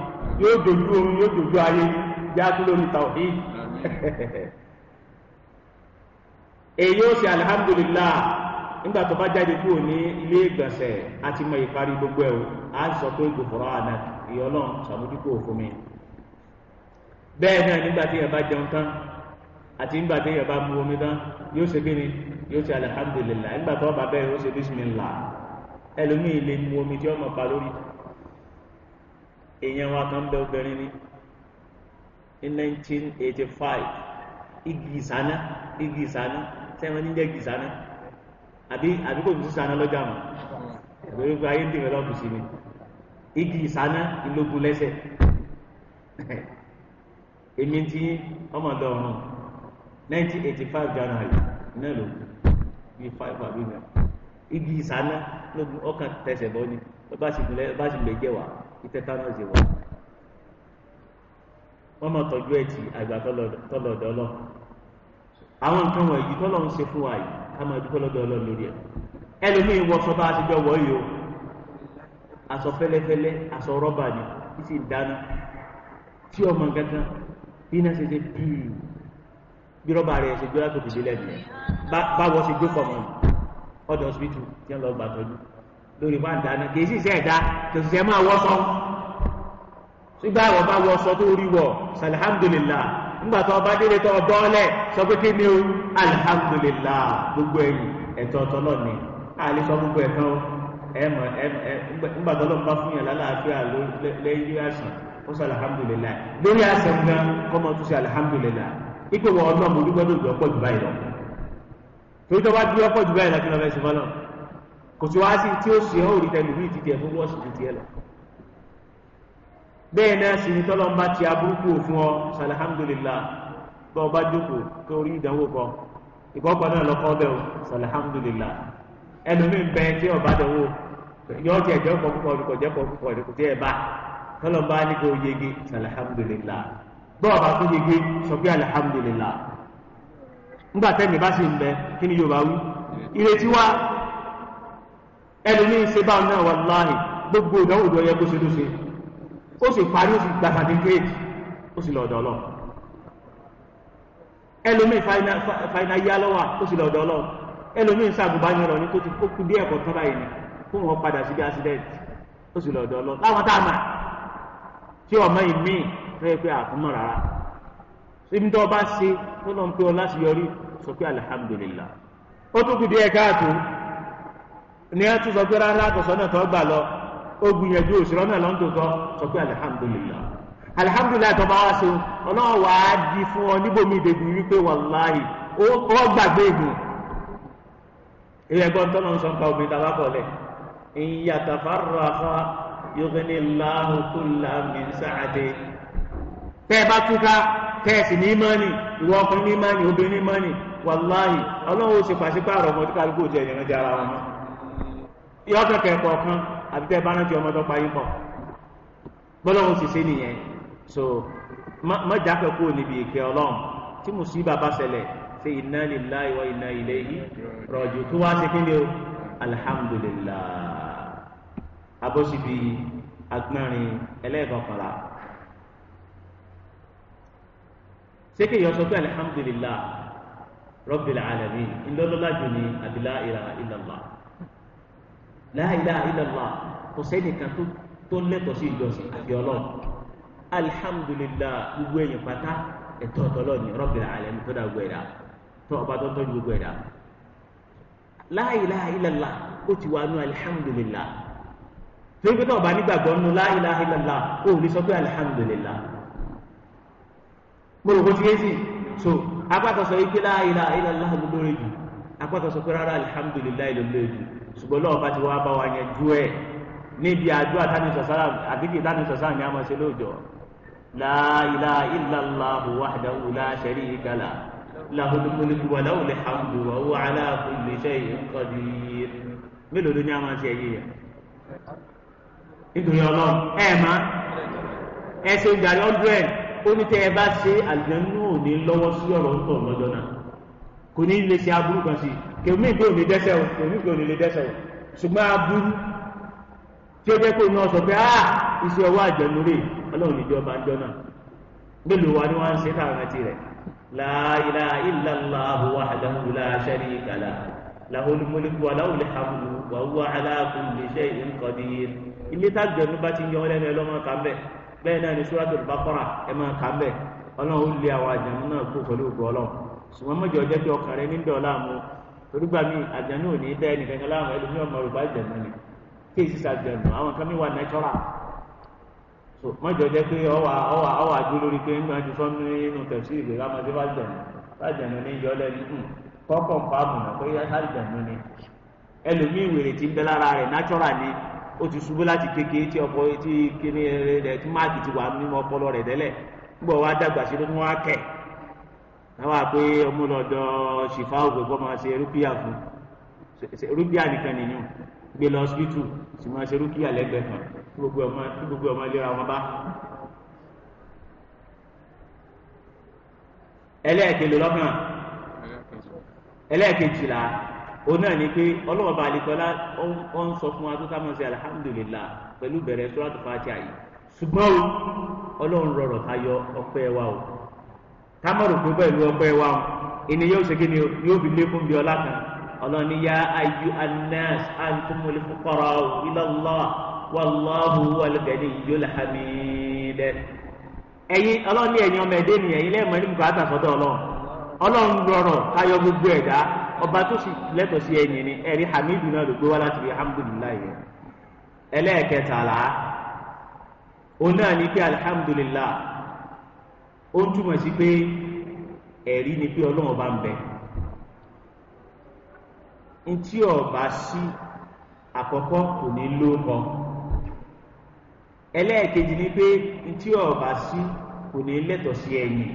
yóò dojú oorun yóò dojú ayé *laughs* èyí ó sì alihamudulilá nígbà tó bá jáde kúrò ní ilé ìgbọ̀nsẹ̀ àti mọ ìparí gbogbo ẹ̀ o á sọ pé gbòfòrò àná ìyọ́ náà sàmójúkò fún mi bẹ́ẹ̀ náà nígbà tí yẹn bá jẹun tán àti nígbà tí yẹn bá mu omi tán yóò ṣe ni yóò ṣe nígbà tó bá bẹ́ẹ̀ yóò ṣe ẹlòmíì lè mu omi tí ọmọ pa lórí wa igi ìsáná igi ìsáná sẹ́wọ̀n ní jẹ́ ìsàná àbí àbí kò ní sísàná lọ́jà mọ́ pé ayé ń dìbò lọ́ọ̀bù sí mi igi ìsàná ìlógun lẹ́sẹ̀ èmi ti ọmọdé january náà ló bí five àbí igi lógun ọkàn tẹsẹ̀ àwọn nǹkan wọ̀nyí tọ́lọ̀ ń ṣe fún wa yìí ká máa dúpẹ́ lọ́dọ̀ ọlọ́run lórí ẹ̀ ẹlòmíín wọ sọ bá a ti jọ wọ̀ yìí o aṣọ fẹ́lẹ́fẹ́lẹ́ aṣọ rọ́bà ni kí sì ń dáná tí ọmọ gángan bí iná ṣe ṣe píù bí rọ́bà rẹ̀ ṣe gbéra tó fi délẹ̀ nìyẹn báwọ ṣe gbé pọ̀ mọ́ ọ̀dọ̀ hospital tí wọ́n lọ gbà tọ́jú lórí wá ń dáná kì í sì ṣe ẹ̀dá kì í sì ṣe máa wọ́ sọ sígbà wọ́n bá wọ́ ńgbà tó ọba délé tó ọba ọlẹ gbogbo ẹ̀yin ẹ̀tọ́ ọ̀tọ̀ náà ni àlè sọ gbogbo ẹ̀kan o ẹ mọ ẹ ẹ fún yàn lálàáfíà lẹ́yìn ó sọ alihamudulilaa lórí àṣàn gan kọ́mọ tó ṣe alihamudulilaa ipe wọn jù báyìí lọ torí jù jù báyìí bẹ́ẹ̀ náà sì ní tọ́lọ́ ń bá ti aburúkú òfin ọ sàlẹ̀hámdùlélà bọ́ ọ bá jókòó tó rí ìdánwò kan ìkọ́kọ́ náà lọ́kọ́ bẹ́ẹ̀ o sàlẹ̀hámdùlélà ẹlòmíín bẹ tí ọba dánwò yọ ọtí ẹ̀jẹ̀ ọkọ̀ púpọ̀ ọdún kò jẹ́ pọ̀ púpọ̀ ọdún kò tí ẹ bá tọ́lọ́ ń bá ní kó yege sàlẹ̀hámdùlélà bọ́ ọba tó yege sọ pé alihamdulilá ńgbà tẹ́mi bá sì ń bẹ kí ni Yorùbá wí ìrètí wa ẹlòmíín ṣe báwọn náà wà láàyè gbogbo ìdánwò ó sì parí ó sì gba certificate ó sì lọ́dọ̀ ọlọ́run ẹlòmíì fàìnà yá o ó sì lọ́dọ̀ ọlọ́run ẹlòmíì ṣàgùnbánirọ̀ ní kó ti kó kú dé ẹ̀kọ́ tán báyìí ni kó wọn padà síbi accident ó sì lọ́dọ̀ lọ láwọn tá a mà tí ọmọ yìí mí lọ́yẹ pé àkúmọ̀ rárá tó bá ṣe tó lọ́n pé ọ láti yọrí sọ pé ó tún lọ ó gbìyànjú òṣèré náà lọ́ńdọ̀tọ̀ sọ pé alihamudulilayi alihamudulilayi tó bá wá di fún ọ níbòmí ìdèbí wípé wàláhì ó gbàgbé ìgbìn èyí ẹgbọ́n tọ́nà ń sọ obìnrin tàbá kọ̀ ìyàtàfàràfà yókèlè láhùn kúlà min n'i ẹ bá túká ẹ sì ní ìwọ ọkùnrin ní obìnrin ní ó pàṣípààrọ̀ ọmọdé wọn. kọọkan. àbí tẹ́ bá rántí ọmọ tó pa yín pọ̀ gbọ́dọ̀ sì ṣe nìyẹn so mọ́jà pẹ̀ kúrò níbi ìkẹ́ ọlọ́run tí mùsíbà bá ṣẹlẹ̀ ṣe inna lillahi wa inna ilayhi raji'un tó wá ṣe kí ni o alhamdulillah abọ́sibí agbọ́nrin ẹlẹ́ẹ̀kọkànlá sékè yọ sọ pé alhamdulillah rabbil alamin ńlọ́lọ́lá jù ní abilá ilaha illallah la ilaha illallah kò sẹ́nìkan tó tó lẹ́tọ̀ọ́ sí ìjọsìn àfi ọlọ́run alihamudulila gbogbo ẹ̀yìn pátá ẹ̀tọ́ ọ̀tọ́lọ́ ni rabbil alamin tó dá gbogbo ẹ̀dá tó ọba tó tọ́jú gbogbo ẹ̀dá la ilaha illallah ó ti wà nù alihamudulila torí pé tó ọba nígbàgbọ́ nù la ilaha illallah ó ní sọ pé alihamudulila mo rò kó ti yé sí so apá yìí pé la ilaha illallah ló jù agbọ́dọ̀ sọ pé rárá alihamudulilayi ló lóye jù ṣùgbọ́n lọ́wọ́ bá ti wá bá wa yẹn ju ẹ̀ níbi àjọ àtàníṣọ̀sára àdìgì ìtàníṣọ̀sára ni a máa ṣe lóòjọ́ la ilaha illallahu wahdahu la sharika lah lahul mulku wa lahul hamdu wa huwa ala kulli shay'in mélòó ló ní a máa ṣe ẹ̀yẹ yẹn. nítorí ọlọ́run ẹ má ẹ ṣe ìdarí ọdún ẹ ó ní tẹ ẹ bá ṣe àjẹnú òní lọ́wọ́ sí ọ̀rọ̀ ń tọ̀ lọ́jọ́ náà kò ní lè ṣe aburú kan sí kèmí pé ò ní dẹ́sẹ̀ o kèmí pé ò ní lè dẹ́sẹ̀ o ṣùgbọ́n aburú tí ó jẹ́ pé òun náà sọ pé ah iṣẹ́ ọwọ́ àjẹnúrè ọlọ́run níjọ́ máa ń jọ náà mélòó wa ni wọ́n ń ṣe láàrin ti rẹ̀ la ilaha illallahu wahdahu la sharika lahu lahul mulku wa lahul hamdu wa huwa ala kulli shay'in ilé tájọ̀nù ṣùgbọ́n mọ̀jọ ọjọ́ tí ọkàn rẹ ní dọ̀ọ́lá mu torúgbà mi àjẹnú ò ní dá ẹnìkankan láwọn ẹlòmí ọmọ yorùbá àjẹnú ni kí èsì sàjẹnú àwọn kan mi wà nẹ́tọ́rà mọ̀jọ ọjọ́ pé ọwà ọwà ọwà àjò lórí pé ń gbàjú fún mi nínú tẹ̀sí ìgbé lámọdé bá jẹ̀nú bá jẹ̀nú ní yọlẹ́ nínú kọ́kọ́ fáàmù náà pé àjẹnú ni ẹlòmí ìwèrè ti ń bẹ lára rẹ̀ nátọ́rà ni ó ti ṣubú láti kékeré tí ọpọ tí kíní rẹ̀ tí máàkì ti wà nínú ọpọlọ rẹ̀ tẹ́lẹ̀ ń bọ̀ wá dàgbà sí ló ń wá kẹ̀ káwá pé ọmọ lọ́dọ̀ ṣìfà ògbè kọ́ máa ṣe rúpíà fún rúpíà nìkan nìyàn gbé lọ síbítù sì máa ṣe rúpíà lẹ́gbẹ̀ẹ́ kan kí gbogbo ọmọ ilé ra wọn bá. ẹlẹ́ẹ̀kẹlẹ lọ́kàn ẹlẹ́ẹ̀kejìlá òun náà ni pé ọlọ́wọ́ bá àlìkọ́lá ó ń sọ fún wa tó ká mọ̀ sí alihamudulilá pẹ̀lú bẹ̀rẹ̀ sọ́ràtúfàtì àyè ṣùgbọ́n ọlọ́run rọrọ̀ tayọ ọpẹ́ wa o. tamaro mọ̀ rò pé pẹ̀lú ọpẹ́ wa o ìní yóò ṣe kí ni yóò fi lékún bí ọlá kan ọlọ́ni yá ayú anas antumul fuqara ilallah wàlláhu wàlgani yóò hamidẹ. ẹ̀yin ọlọ́ni ẹ̀yin ọmọ ẹ̀dẹ́ nìyẹn ilé ẹ̀mọ́ ní bùkátà sọ́dọ̀ káyọ gbogbo ọba tó sì sí ni hamidu náà ló gbé wá láti alhamdulilayi ó ń túmọ̀ sí pé ẹ̀rí ni pé ọlọ́run bá ń bẹ ọba sí àkọ́kọ́ kò ní lóko ẹlẹ́ẹ̀kejì ni pé ntí ọba sí kò ní lẹ́tọ̀ sí ẹ̀yìn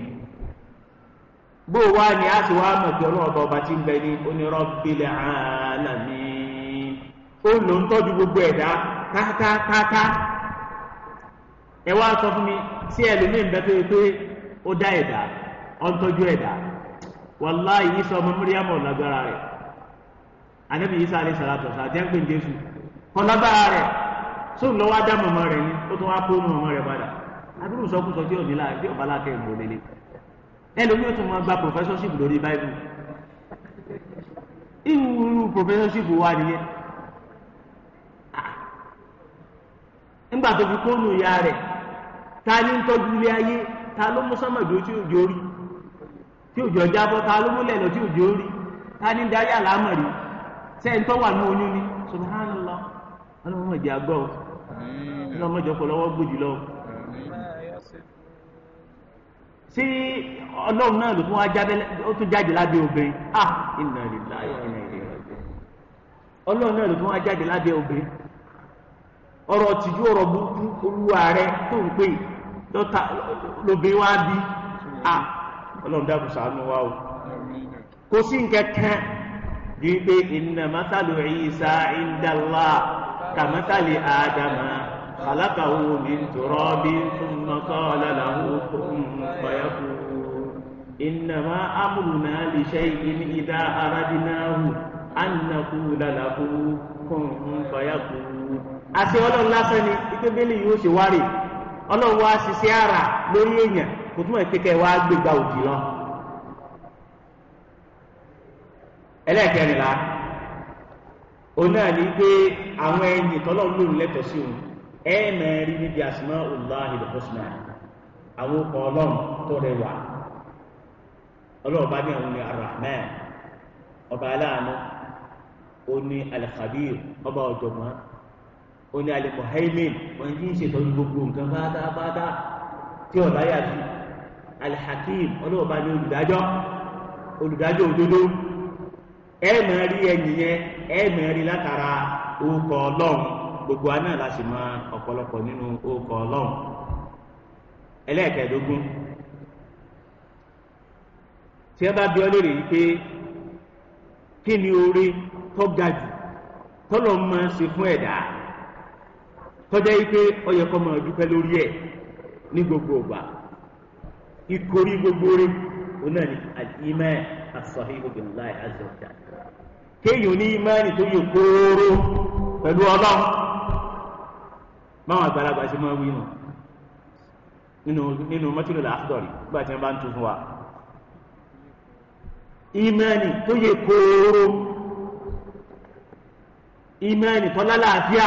bó wá ni a ti wá mọ̀ pé ọlọ́run ọba ti ń bẹ ní onírọ́bìlì alamin ó lò ń tọ́jú gbogbo ẹ̀dá ẹ ó dá ẹ̀dá ó ń tọ́jú ẹ̀dá wàláì yìí sọ ọmọ mẹríàmù ọ̀lágbára rẹ̀ anabi isa alayhi salatu wasalam jẹ́ ń pè jésù kọlágbára rẹ̀ sóun lọ́wọ́ á dá rẹ̀ ni ó tún wá kó rẹ̀ padà abirù sọkúsọ tí òní láàrin tí ọ̀bálá ìgbò tún máa gba professorship lórí bible ìwúrú professorship wà nìyẹn ah. ta ta ló mú sánmà dúró tí òjò rí tí òjò jábọ́ ta ló múlẹ̀ lọ tí òjò rí ta ní darí tó wà ní oyún ni subhanallah ọlọ́mọ ìdí àgọ́ ọlọ́mọ ìjọpọ̀ lọ́wọ́ gbòjì lọ. sí ọlọ́run náà ló tún wá jáde ó tún jáde lábẹ́ obìnrin ọlọ́run náà ló tún jáde lábẹ́ lọ́ta lóbi wá bí a ọlọ́run dákun ṣàánú wa o kò sí nǹkan kan bí pé inna matalu Isa inda Allah kamatali Adama khalaqahu min turabin thumma qala lahu kun fayakun innama amruna li shay'in idha aradnahu an naqula lahu kun fayakun àti ọlọ́run lásán ni ìpébélé yóò ṣe wárè ọlọ́run wá ṣiṣẹ́ ara lórí èèyàn kò túmọ̀ pé kẹ́ ẹ wá gbégbá òdì lọ. ẹlẹ́ẹ̀kẹrìnlá òun náà ní pé àwọn ẹyìn tọ́lọ́run lòun lẹ́tọ̀ọ́ sí òun ẹ máa rí níbi àsìmọ́ ọ̀làhìn lọ́sùnà àwọn ọkọ̀ ọlọ́run tó rẹwà ọlọ́run bá ní àwọn ní arahman ọba aláàánú ó ní alkhabir ọba ọ̀jọ̀gbọ́n onye alẹ́kọ̀ haimin wọ́n ti ń ṣètọ́jú gbogbo nǹkan pátápátá tí ọ̀dà yà sí alihakim ọlọ́ọ̀bá ni olùdájọ́ olùdájọ́ òdodo ẹ máa rí ẹni yẹn ẹ máa rí látara ọlọ́run gbogbo aná la sì mọ ọ̀pọ̀lọpọ̀ nínú orúkọ ọlọ́run tí ẹ bá bí ọ yìí pé kí ni oore tó ga tọ́jà yìí pé ó yẹ kó máa dúpẹ́ lórí ẹ̀ ní gbogbo ọgbà ìkórí gbogbo rẹ̀ ó náà ní àdìmẹ́ as-sahihu billahi azza kéèyàn ní ìmánì tó yẹ kóró pẹ̀lú ọlọ́run báwọn àgbàlagbà ṣe máa wí nínú mọ́tìrì nígbà tí wọ́n bá ń fún wa tó yẹ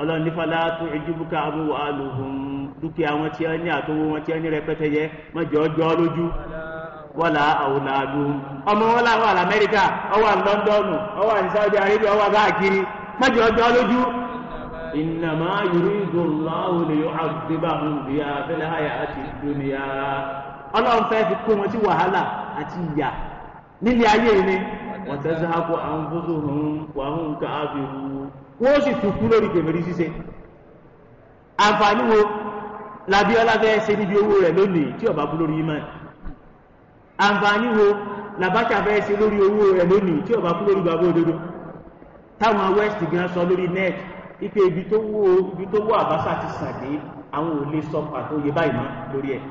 ọlọ́run ní fọlá tó ìjúbùkà àbúwò àlùhùn dúkìá wọn tí wọ́n ní àtọwọ́ wọn tí wọ́n ní rẹpẹtẹ yẹ mọ́jọ́ jọ́ lójú wọ́lá àwòlàdù ọmọ wọn làwọn àlà amẹ́ríkà ọwọ́ àlọ́ndọ́nù ọwọ́ kiri. àríwá ọwọ́ àbáàkiri mọ́jọ́ ọjọ́ lójú. ìnàmá ọlọ́run fẹ́ fi kó wọn sí wàhálà àti ìyà nílé ayé wọ́n sì tún kú lórí kèmèrí ṣíṣe àǹfààní wo labiola fẹ́ ṣe níbi owó rẹ̀ lónìí tí ọba kú lórí imán àǹfààní wo labacha fẹ́ ṣe lórí owó rẹ̀ lónìí tí ọba kú lórí bàbá òdodo táwọn west gan sọ lórí net ipe ibi tó wó ibi tó wó àbáṣà ti sàdé àwọn ò lè sọ pàtó yẹ báyìí mọ́ lórí ẹ̀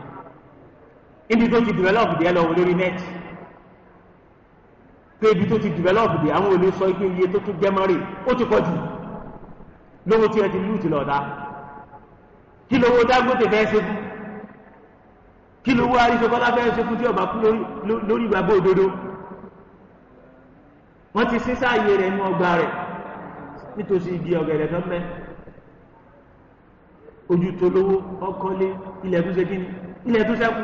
ibi tó ti develop díẹ̀ lọ lórí net pé ibi tó ti develop díẹ̀ àwọn ò lè sọ ipe iye tó tún jẹ́ mọ́rè ó ti kọjú lówó tí ẹ ti lùtì lọ́dá kí lówó Dangote fẹ́ ṣe fún kí lówó arísọkọ́lá fẹ́ ṣe fún tí ọba kú lórí ìgbàgbọ́ òdodo wọ́n ti sín sáàyè rẹ̀ ní ọgbà rẹ̀ nítòsí ibi ọ̀gẹ̀dẹ̀ tó mẹ́ ojú tó lówó ọkọ́lé ilẹ̀ tó ṣe kí ni ilẹ̀ tó ṣẹ́kù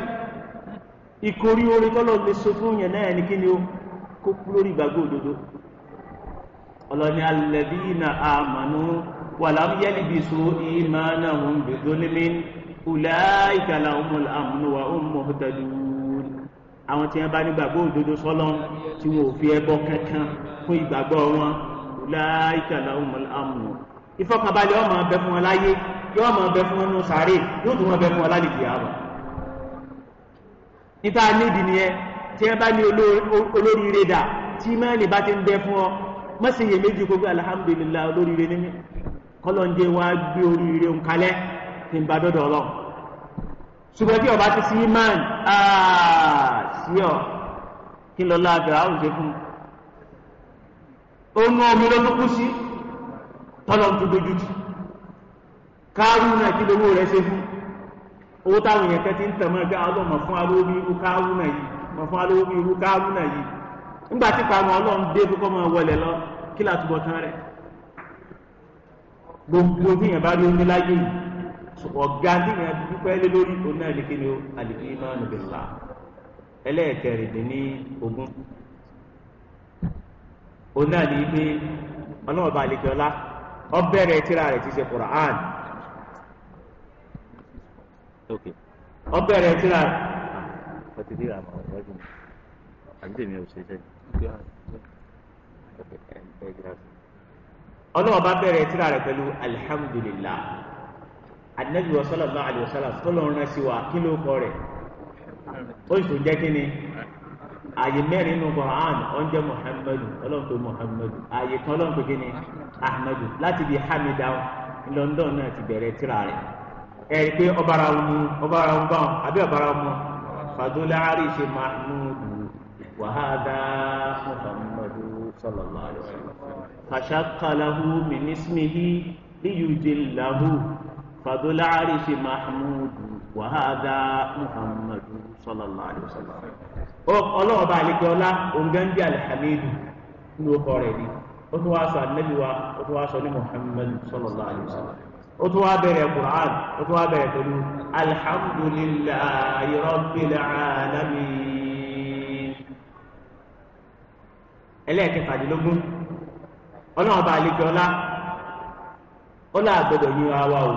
ìkórí orin tọ́lọ̀ lè so fún yẹn náà ní kí ni ó kó kú lórí ìgbàgbọ́ òdodo ọlọ́ni alẹ́bí na àmànú wàlám yẹlibisu ìmánà wọn bẹ̀dọ́lẹ́mí ùlà ìkàlà ọmọlá àmúnuwà ọmọ òtẹ́lú àwọn tí wọn bá nígbàgbọ́ òdodo sọlọ tí wọn ò fi ẹbọ kankan fún ìgbàgbọ́ wọn ùlà ìkàlà ọmọlá àmúnu ìfọkànbalẹ̀ ọmọ ọbẹ̀ fún wọn láyé yóò mọ ọbẹ̀ fún wọn nù sàárè yóò tún wọn ọbẹ̀ fún wọn lálẹ́ ìyàwó níta nídìí nìyẹn tí wọn bá ní olórí rẹ̀ tí mẹ́rin bá ti ń bẹ fún ọ mọ́sẹ̀yẹ méjì gbogbo alihamudulilayi olórí rẹ̀ ní kọ́lọ́njẹ wa gbé oríire ń kalẹ̀ tí ń ba dọ́dọ̀ ọlọ́run ṣùgbọ́n tí ọba ti sí imán ah, sí ọ kí lọ láàbẹ̀ àwọn òṣèlú fún un òun omi ló tó kú sí tọ́lọ̀ tó dojú jù kárùnà kí lówó rẹ̀ ṣe fún owó táwọn èèyàn kẹ́tí ń tẹ̀mọ́ ẹgbẹ́ ọlọ́mọ fún alówó irú kárùnà yìí mọ̀ fún alówó irú kárùnà yìí nígbà tí pàmò ọlọ́run dé kókó mọ́ wọlé lọ kí látúbọ̀ tán rẹ̀ gbogbo tí yẹn bá rí omi láyé ọ̀gá tí yẹn dúpẹ́ lé lórí oní àlekele àlekele máa nù bẹ̀rẹ̀ la ẹlẹ́ẹ̀kẹrìndínní ogún oní àlekele ọlọ́ọ̀bá tíra rẹ̀ ti ṣe tíra rẹ̀. ọlọ́wọ́ bá bẹ̀rẹ̀ tírà rẹ̀ pẹ̀lú alihamudulilá anabi wa sallallahu alayhi wa sallam sọlọ́run rẹ̀ sí wa kí ló kọ rẹ̀ ó sì tún jẹ́ kí ni ààyè mẹ́rin nínú Qur'an ọ̀njẹ́ muhammadu ọlọ́run tó muhammadu ààyè kan ọlọ́run tó kí ni ahmadu láti di hamida london náà ti bẹ̀rẹ̀ tírà rẹ̀ ẹ̀ rí pé ọbara ọmú ọbara ọmú báwọn àbí ọbara ọmú fàdúlẹ̀ àríṣe mahmudu wàhádà muhammadu sallallahu alayhi wa sallam fàṣàkàlàhù mínísímìhì líyùdìláhù fàdúláàrìṣì mahmudu wàhádà muhammadu sallallahu alayhi wa sallam. ọlọ́wọ́ bá àlejò ọlá òǹgàndí alhamidu ní orúkọ rẹ̀ ni ó tún wá sọ anabi wa ó tún wá sọ ní muhammadu sallallahu alayhi wa sallam ó tún wá bẹ̀rẹ̀ quran ó tún wá bẹ̀rẹ̀ pẹ̀lú alhamdulillahi rabbil alamin ẹlẹ́ẹ̀kẹfàdínlógún. ọlọ́run ọba àlejò ọlá ó là gbọdọ̀ yíra wa o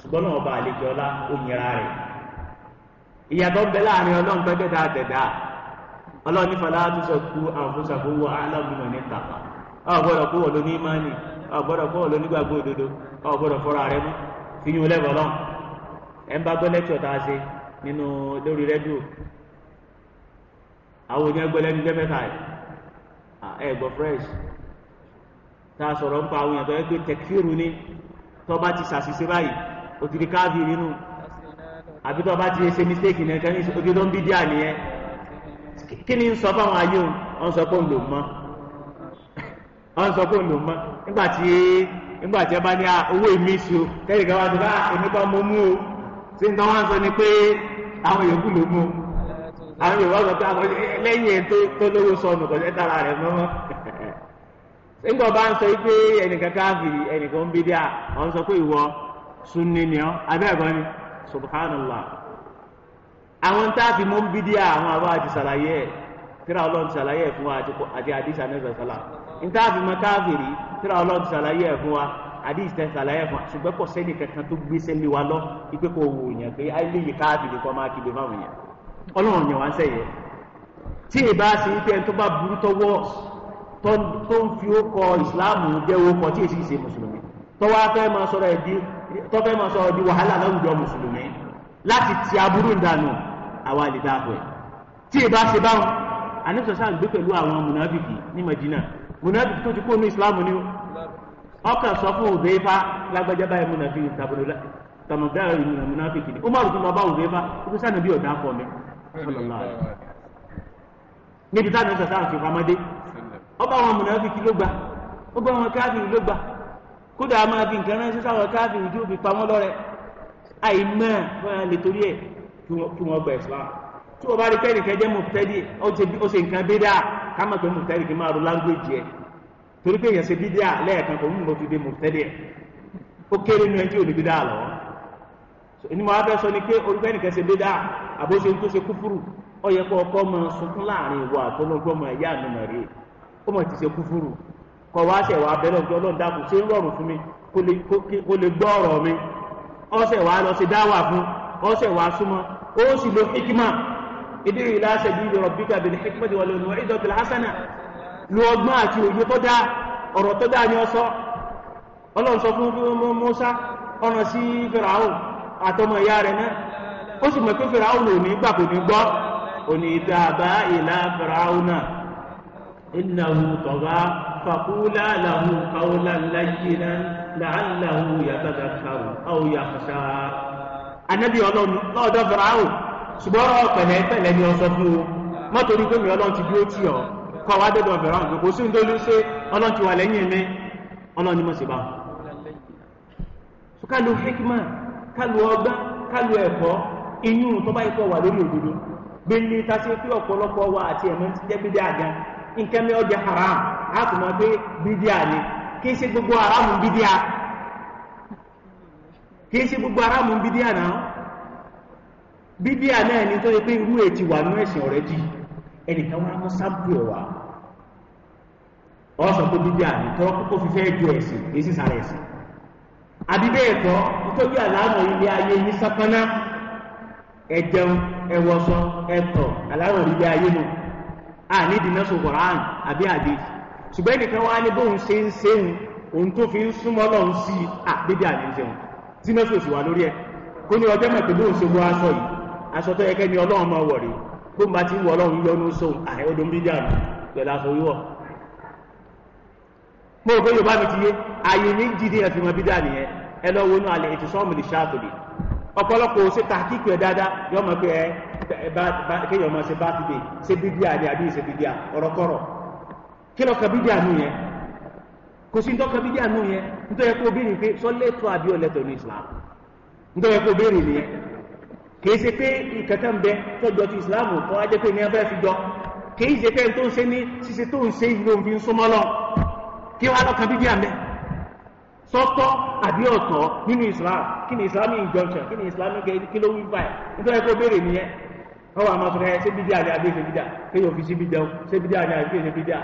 ṣùgbọ́n ọlọ́run bá àlejò rẹ̀ ìyàtọ̀ ń bẹ láàrin ọlọ́run àtẹ̀dá ọlọ́run tó sọ kú àwọn wọ ní tàpá ọ̀ gbọ́dọ̀ kó wọ̀ ọ̀ gbọ́dọ̀ kó wọ̀ òdodo ọ̀ gbọ́dọ̀ fọ́ra rẹ mú fi yín lẹ́bọ̀ lọ́n tá a sọ̀rọ̀ ń pa àwọn èèyàn tó yẹ pé tẹkfíìrù ni tó bá ti ṣàṣìṣe báyìí ó ti di káàbì nínú àbí tó bá ti ṣe mistake ní ẹ̀ka ní ojú tó ń bí díà nìyẹn kí ni ń sọ fáwọn ayé òun ọ̀n sọ pé òun lò mọ́ ọ̀n sọ pé òun lò mọ́ nígbà tí nígbà tí ẹ bá ní owó èmi sùn tẹ́lẹ̀ kan wá ti bá èmi kan mọ́ mú o ṣé nǹkan wá ń sọ ni pé àwọn yòókù ló mú àwọn yòókù wá sọ pé àwọn lẹ́yìn ẹ̀ tó lówó sọnù kọ̀ọ̀tẹ́ ńgbọ́ bá ń sọ pé ẹnìkan káfìrí ẹnìkan ń bídíà wọ́n sọ pé ìwọ sunni ni ọ́ abẹ́ẹ̀kọ́ ni subhanallah àwọn tá a fi mú bídíà àwọn àbá àti sàlàyé ẹ̀ tíra ọlọ́run sàlàyé ẹ̀ fún wa àti àdìsá nẹ́sẹ̀ sàlà ń tá a fi mọ káfìrí tíra ọlọ́run sàlàyé ẹ̀ fún wa àdìsí tẹ sàlàyé ẹ̀ fún wa ṣùgbọ́n kò sẹ́ni kankan tó gbéṣẹ́ lé wa lọ ipe kò wò yàn pé ayélujára káfìrí kọ́ máa kígbe fáwọn yàn ọlọ́run yàn wá ń sẹ́yẹ tí ì tó ń fi ókọ ìsìláàmù jẹ́ ókọ tí èsì ṣe mùsùlùmí tó wá fẹ́ máa sọ̀rọ̀ ẹ̀dí tó fẹ́ máa sọ̀rọ̀ di wàhálà láwùjọ mùsùlùmí láti ti aburú ìdànù àwa lè dáàbò ẹ̀ tí ì bá ṣe báwọn anẹ́sọ̀sá gbé pẹ̀lú àwọn mùnàbìkì ní Madina mùnàbìkì tó ti kó ní ìsìláàmù ni ọkàn sọ fún òbẹ́fà lágbájá báyìí mùnàbìkì tàbọ̀lọ́lá tọmọdára ìlú náà munafiki ni umaru tó lọ bá òwe ọba àwọn mùnàfíkì ló gbà ó ọ àwọn káfíìrì ló gba kódà a máa fi nǹkan ránṣẹ́ sáwọn káfíìrì tí ó fi pamọ́ lè torí ẹ̀ kí wọ́n gba Islam tí wọ́n bá rí kẹ́rì kẹ́jẹ́ mọ̀tẹ́dì ó ṣe nǹkan bídà ká mọ̀ pé mọ̀tẹ́dì kì máa ro ẹ̀ torí pé èèyàn ṣe bídà lẹ́ẹ̀kan kò fi dé ẹ̀ ó kéré nu lọ mo fẹ́ sọ ni pé orúkọ ẹnìkan ṣe bídà àbóṣe tó ṣe kúfúrú ó mọ̀ ti ṣe kúfúrú kọ̀ wá ṣẹ̀ wá bẹ́ẹ̀ lọ́jọ́ ọlọ́run dákun ṣé ń rọrùn fún mi kó lè gbọ́ ọ̀rọ̀ mi ọ̀sẹ̀ wá lọ sí dáwà fún ọ̀sẹ̀ wá súnmọ́ ó sì lo hikima ìdírí ìlàṣẹ bíi lè rabbika bil hikmati wal mau'izatil hasana lu ọgbọ́n àti òye tó dáa ọ̀rọ̀ tó dáa ni ọ sọ ọlọ́run sọ fún Musa ọ̀nà sí Fìràhùn àtọmọ ìyá rẹ̀ náà ó sì mọ̀ pé Fìràhùn ò ní gbà gbọ́ òní ìtàbá ìlà Fìràhùn náà إنه طغى فقولا له قولا لينا لعله يتذكر أو يخشى النبي ọlọ́run lọ́dọ̀ fìràwò ṣùgbọ́n ọ̀rọ̀ pẹ̀lẹ́pẹ̀lẹ́ ni ọsọ fún o má torí pé mi ọlọ́run ti dúró tì ọ́ kọ́ wa dọ́dọ̀ fìràwò pé kò sí ní lórí ṣe ọlọ́run ti wà lẹ́yìn mi ọlọ́run ni mo nǹkan mi ọjà haram a kò mọ̀ pé bídíà ni kì í ṣe gbogbo haramu bidia kì í ṣe gbogbo haramu bídíà náà bídíà náà ni tó yẹ pé irú ètí wà nínú ẹ̀sìn ọ̀rẹ́ jì ẹnìkan wá mú sábù ẹ̀ wá ọ sọ pé bídíà ni tọ́ kókó fífẹ́ ju ẹ̀sìn kì í sì sára ẹ̀sìn àbí bẹ́ẹ̀ nítorí àlànà ilé ayé yín sápáná ẹ̀jẹun ẹ̀wọ̀sọ ẹ̀tọ̀ àlànà ilé ayé náà a ah, ní dìnnà sọ Quran àbí àbí ṣùgbọ́n ẹnìkan wá ní bóun ṣe ń ṣeun òun tó fi ń súnmọ́ lọ́hún sí i àbíbí ah, àní ṣeun tí náà sòsì wà lórí ẹ̀ kó ní ọjọ́ mọ̀ pé bóun ṣe wọ aṣọ yìí aṣọ tó yẹ kẹ́ ni ọlọ́run máa wọ̀ rí bó ń bá ti wọ ọlọ́run yọnu sóun àyè odò ń bí dànù pẹ̀lú aṣọ wíwọ̀ mo rò pé Yorùbá mi ti yé àyè méjì ní ẹ̀fìn mọ́ bí dànù yẹn ẹ lọ inú alẹ́ ètò ọ̀pọ̀lọpọ̀ ò ṣe tàkìkì ẹ̀ dáadáa yọ ọmọ pé ẹ kéèyàn ọmọ ṣe bá ti dé ṣe bídíà ni àbí ṣe bídíà ọ̀rọ̀kọ̀rọ̀ kí lọ kan bídíà nù yẹn kò sí ntọ́ka bídíà nù yẹn nítorí kó béèrè pé sọ́lẹ́tọ̀ àbí ọ̀lẹ́tọ̀ ní Islam nítorí kó béèrè nìyẹn kìí ṣe pé ìkẹtẹ ń bẹ tọjọ ti Islam kọ ajẹ pé ní abẹ́ fi jọ kìí ṣe pé tó ń ṣe ní ṣíṣe tó ń ṣe ìlú òun fi ń súnmọ́ lọ kí wàá lọ́kàn bídíà mẹ́ẹ̀ sọ́tọ́ àbí ọtọ nínú islam kí ni islamic injunction kí ni islamic kí ló wí báyìí nítorí kó béèrè nìyẹn wọ́n wà sọrọ sọ ẹ eh, ṣé bídíà ni àbí ṣe bídíà kéèyàn fi ṣe bídíà ṣé bídíà ṣe bídíà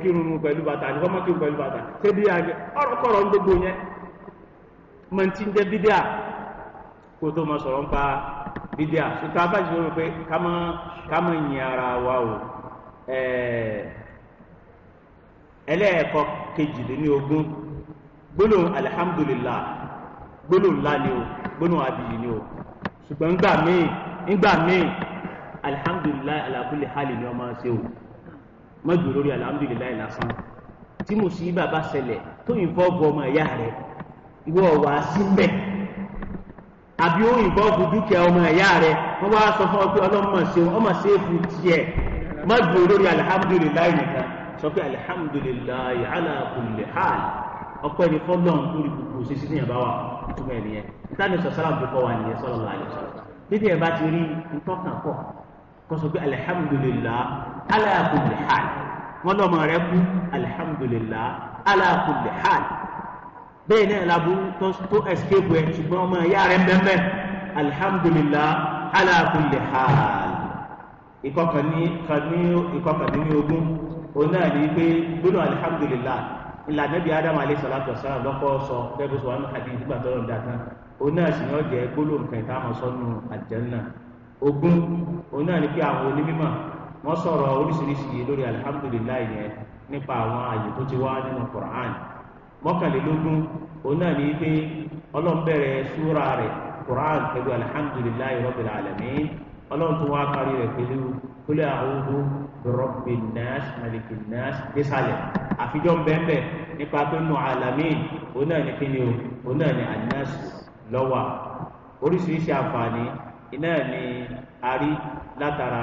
kí irun bàtà àti kọ́mọ́ kí irun bàtà ṣé bídíà ni ń gbogbo yẹn ti bídíà kó tó ń pa bídíà wa o eh, ẹlẹ́ẹ̀kọ́ gbólóhùn alihamudulilá gbólóhùn ni o gbólóhùn abiyì ni o ṣùgbọ́n ńgbà míì ńgbà míì alakuli hali ni ṣe o mọ́jú lórí alihamudulilá lásán tí mùsíbà bá ṣẹlẹ̀ tó ìfọ́gù ọmọ ẹ̀yà rẹ̀ ìwọ wà á sí mbẹ́ àbí ó ìfọ́gù dúkìá ọmọ ẹ̀yà rẹ wọ́n wá sọ fún ọ pé ọlọ́mọ ṣe ọmọ ṣe é fún tiẹ̀ mọ́jú lórí sọ pé ala ọpẹ́ ni fọlọ́n lórí gbogbo òṣèṣì ní ìyàbá wa ìtumọ̀ ẹ̀ nìyẹn ìtàn ìṣọ̀ sọ́lá tó kọ́ wa nìyẹn sọ́lá wa nìyẹn sọ́lá bíbí ẹ̀ bá ti rí ntọ́kàn pọ̀ kó sọ pé alihamudulilah ala kulli hal wọn lọ́mọ rẹ kú alihamudulilah ala kulli hal bẹ́ẹ̀ náà laburú tó tó escape ẹ̀ ṣùgbọ́n ọmọ ẹ̀yà rẹ̀ mbẹ́mbẹ́ alihamudulilah ala kulli hal ìkọkànní ìkọkànní ogún òun náà pé gbọ́dọ̀ alihamudulilah ìlànà bíi ádámù alẹ́ sàlátù ọ̀sán lọ́kọ́ sọ bẹ́ẹ̀ bó sọ wọn àti ìdígbà tó lọ́n da tán òun náà sì yàn jẹ́ gbólóhùn kan ìtààmú sọ́nù àjẹ́nà ogún òun náà ni pé àwọn onímọ̀ wọ́n sọ̀rọ̀ oríṣiríṣi lórí alihamudulilayi yẹn nípa àwọn àyè tó ti wá nínú Qur'an mọ́kànlélógún òun náà ni pé ọlọ́run súra rẹ̀ Qur'an pẹ̀lú alihamudulilayi rabbil alamin ọlọ́run tó wá parí rẹ̀ pẹ̀lú kúlẹ̀ àhóhó rọ́bì nọ́ọ̀sì mẹ́lìkì nọ́ọ̀sì désàlẹ̀ àfijọ́ bẹ́ẹ̀ nípa pé nù alamin òun náà ní kíni o òun náà ní anọ́ọ̀sì lọ́wọ́ oríṣiríṣi àǹfààní iná ní arí látara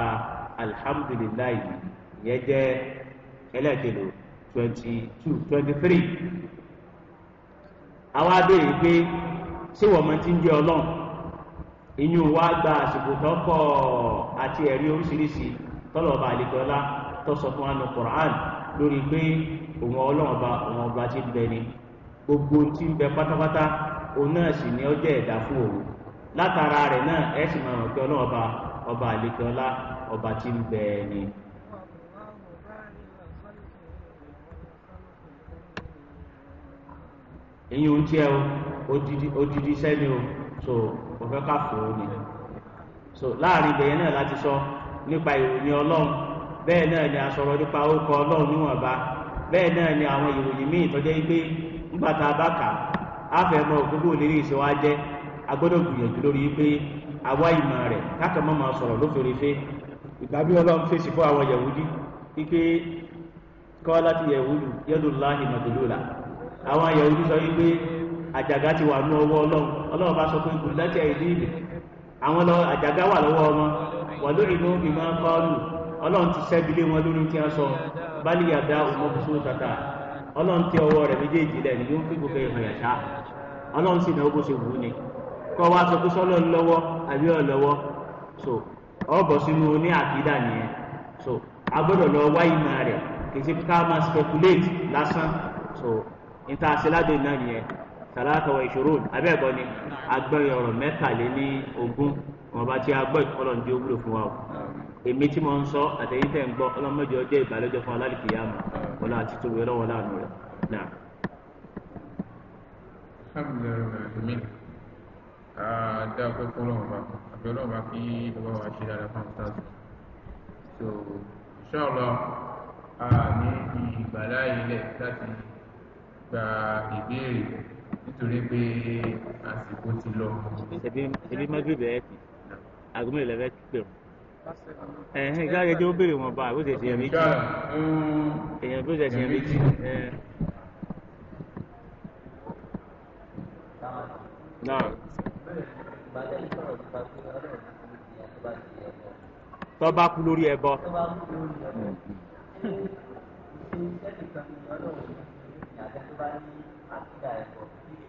alihamudulilayi ìyẹn jẹ́ ẹlẹ́kẹ̀lò twenty two twenty three àwa béèrè pé ṣé wọ́n máa ti ń jẹ́ ọlọ́run ìyún wa gba àsìkò tọ́kọ̀ àti ẹ̀rí oríṣiríṣi tọ́lọ̀ ọba àlekọ́lá tó sọ fún anu Qur'an lórí pé òun ọlọ́ọ̀ba òun ọba ti bẹ ni ti ń bẹ pátápátá òun náà sì ní ọjọ́ ẹ̀dá fún òun látara rẹ̀ náà sì ọba ọba ti ń bẹ ni. èyí ò ń o odidi sẹ́ni o so òfẹ́ ká ó ni so láàrin náà láti sọ. nípa ìròyìn ọlọ́run bẹ́ẹ̀ náà ni asọ̀rọ̀ nípa orúkọ ọlọ́run níwọ̀nba bẹ́ẹ̀ náà ni àwọn ìròyìn míì tọ́jẹ́ pé nígbà tá a bá kà á fẹ́ mọ òkúgbò lérí ìṣòwò ajẹ́ agbọ́dọ̀ gbìyànjú lórí pé àwa ìmọ̀ rẹ̀ káàkiri mọ́ máa sọ̀rọ̀ lófèrèfé ìgbàgbé ọlọ́run fèsì fún àwọn yahudi wípé àwọn yahudi sọ wípé àjàgà ti wà ní ọwọ́ ọlọ́run ọlọ́run bá sọ àwọn lọ àjàgá wà lọ́wọ́ wọn wàlú ìlú ìmọ̀ kọ́ọ̀lù ọlọ́run ti sẹ́bilé wọn lórí tí wọ́n sọ báyìí àdá òmòkùsù tata ọlọ́run tẹ ọwọ́ rẹ̀ méjèèjì lẹ́nu yóò fi gbogbo ìhàn yàtá ọlọ́run sì náà ó bó ṣe wù ú ni kọ́ wa sọ pé sọ́lọ́ lọ́wọ́ àbí ọ̀ lọ́wọ́ so ọ̀bọ̀ sínú ní àkídà nìyẹn so a gbọ́dọ̀ lọ wá ìmọ̀ rẹ̀ kì í ṣe ká máa speculate lásán so ìta àṣẹ ládé náà nìyẹn tàlàtà wa ìṣòro abẹ́ẹ̀kọ́ ni agbẹ́yìn ọ̀rọ̀ mẹ́tàléní ogún wọn bá ti agbọ́ ìkọlọ̀ ní ogúlò fún wa o èmi tí mo ń sọ àtẹ̀yìn tẹ̀ ń gbọ́ ọlọ́mọdé ọjọ́ ìbàlẹ́jọ́ fún alálìkì yá mi wọn láti tóbi ọlọ́wọ́ láàánú rẹ̀ náà. dá ọpẹ́ fún Ọlọ́run bá àbí Ọlọ́run bá kí ọba wa ṣe dára fún ọ̀tá so ṣọlọ a ní ìgbàláyé láti gba ìbéèrè nítorí pé àsìkò ti lọ. ṣèbí mẹ́gbẹ́ bẹ̀rẹ̀ kì aago mélòó lẹ́fẹ̀ẹ́ kí pèrò. ẹ̀hìn ìgbàgbé ó béèrè wọn bá àbó tẹ̀sí ẹ̀mí jù èèyàn bó tẹ̀sí ẹ̀mí jù. tọ́ bá kú lórí ẹbọ ẹnìkan ni ọlọ́run ní àgbẹ̀ tó bá ní àtúndà ẹ̀kọ́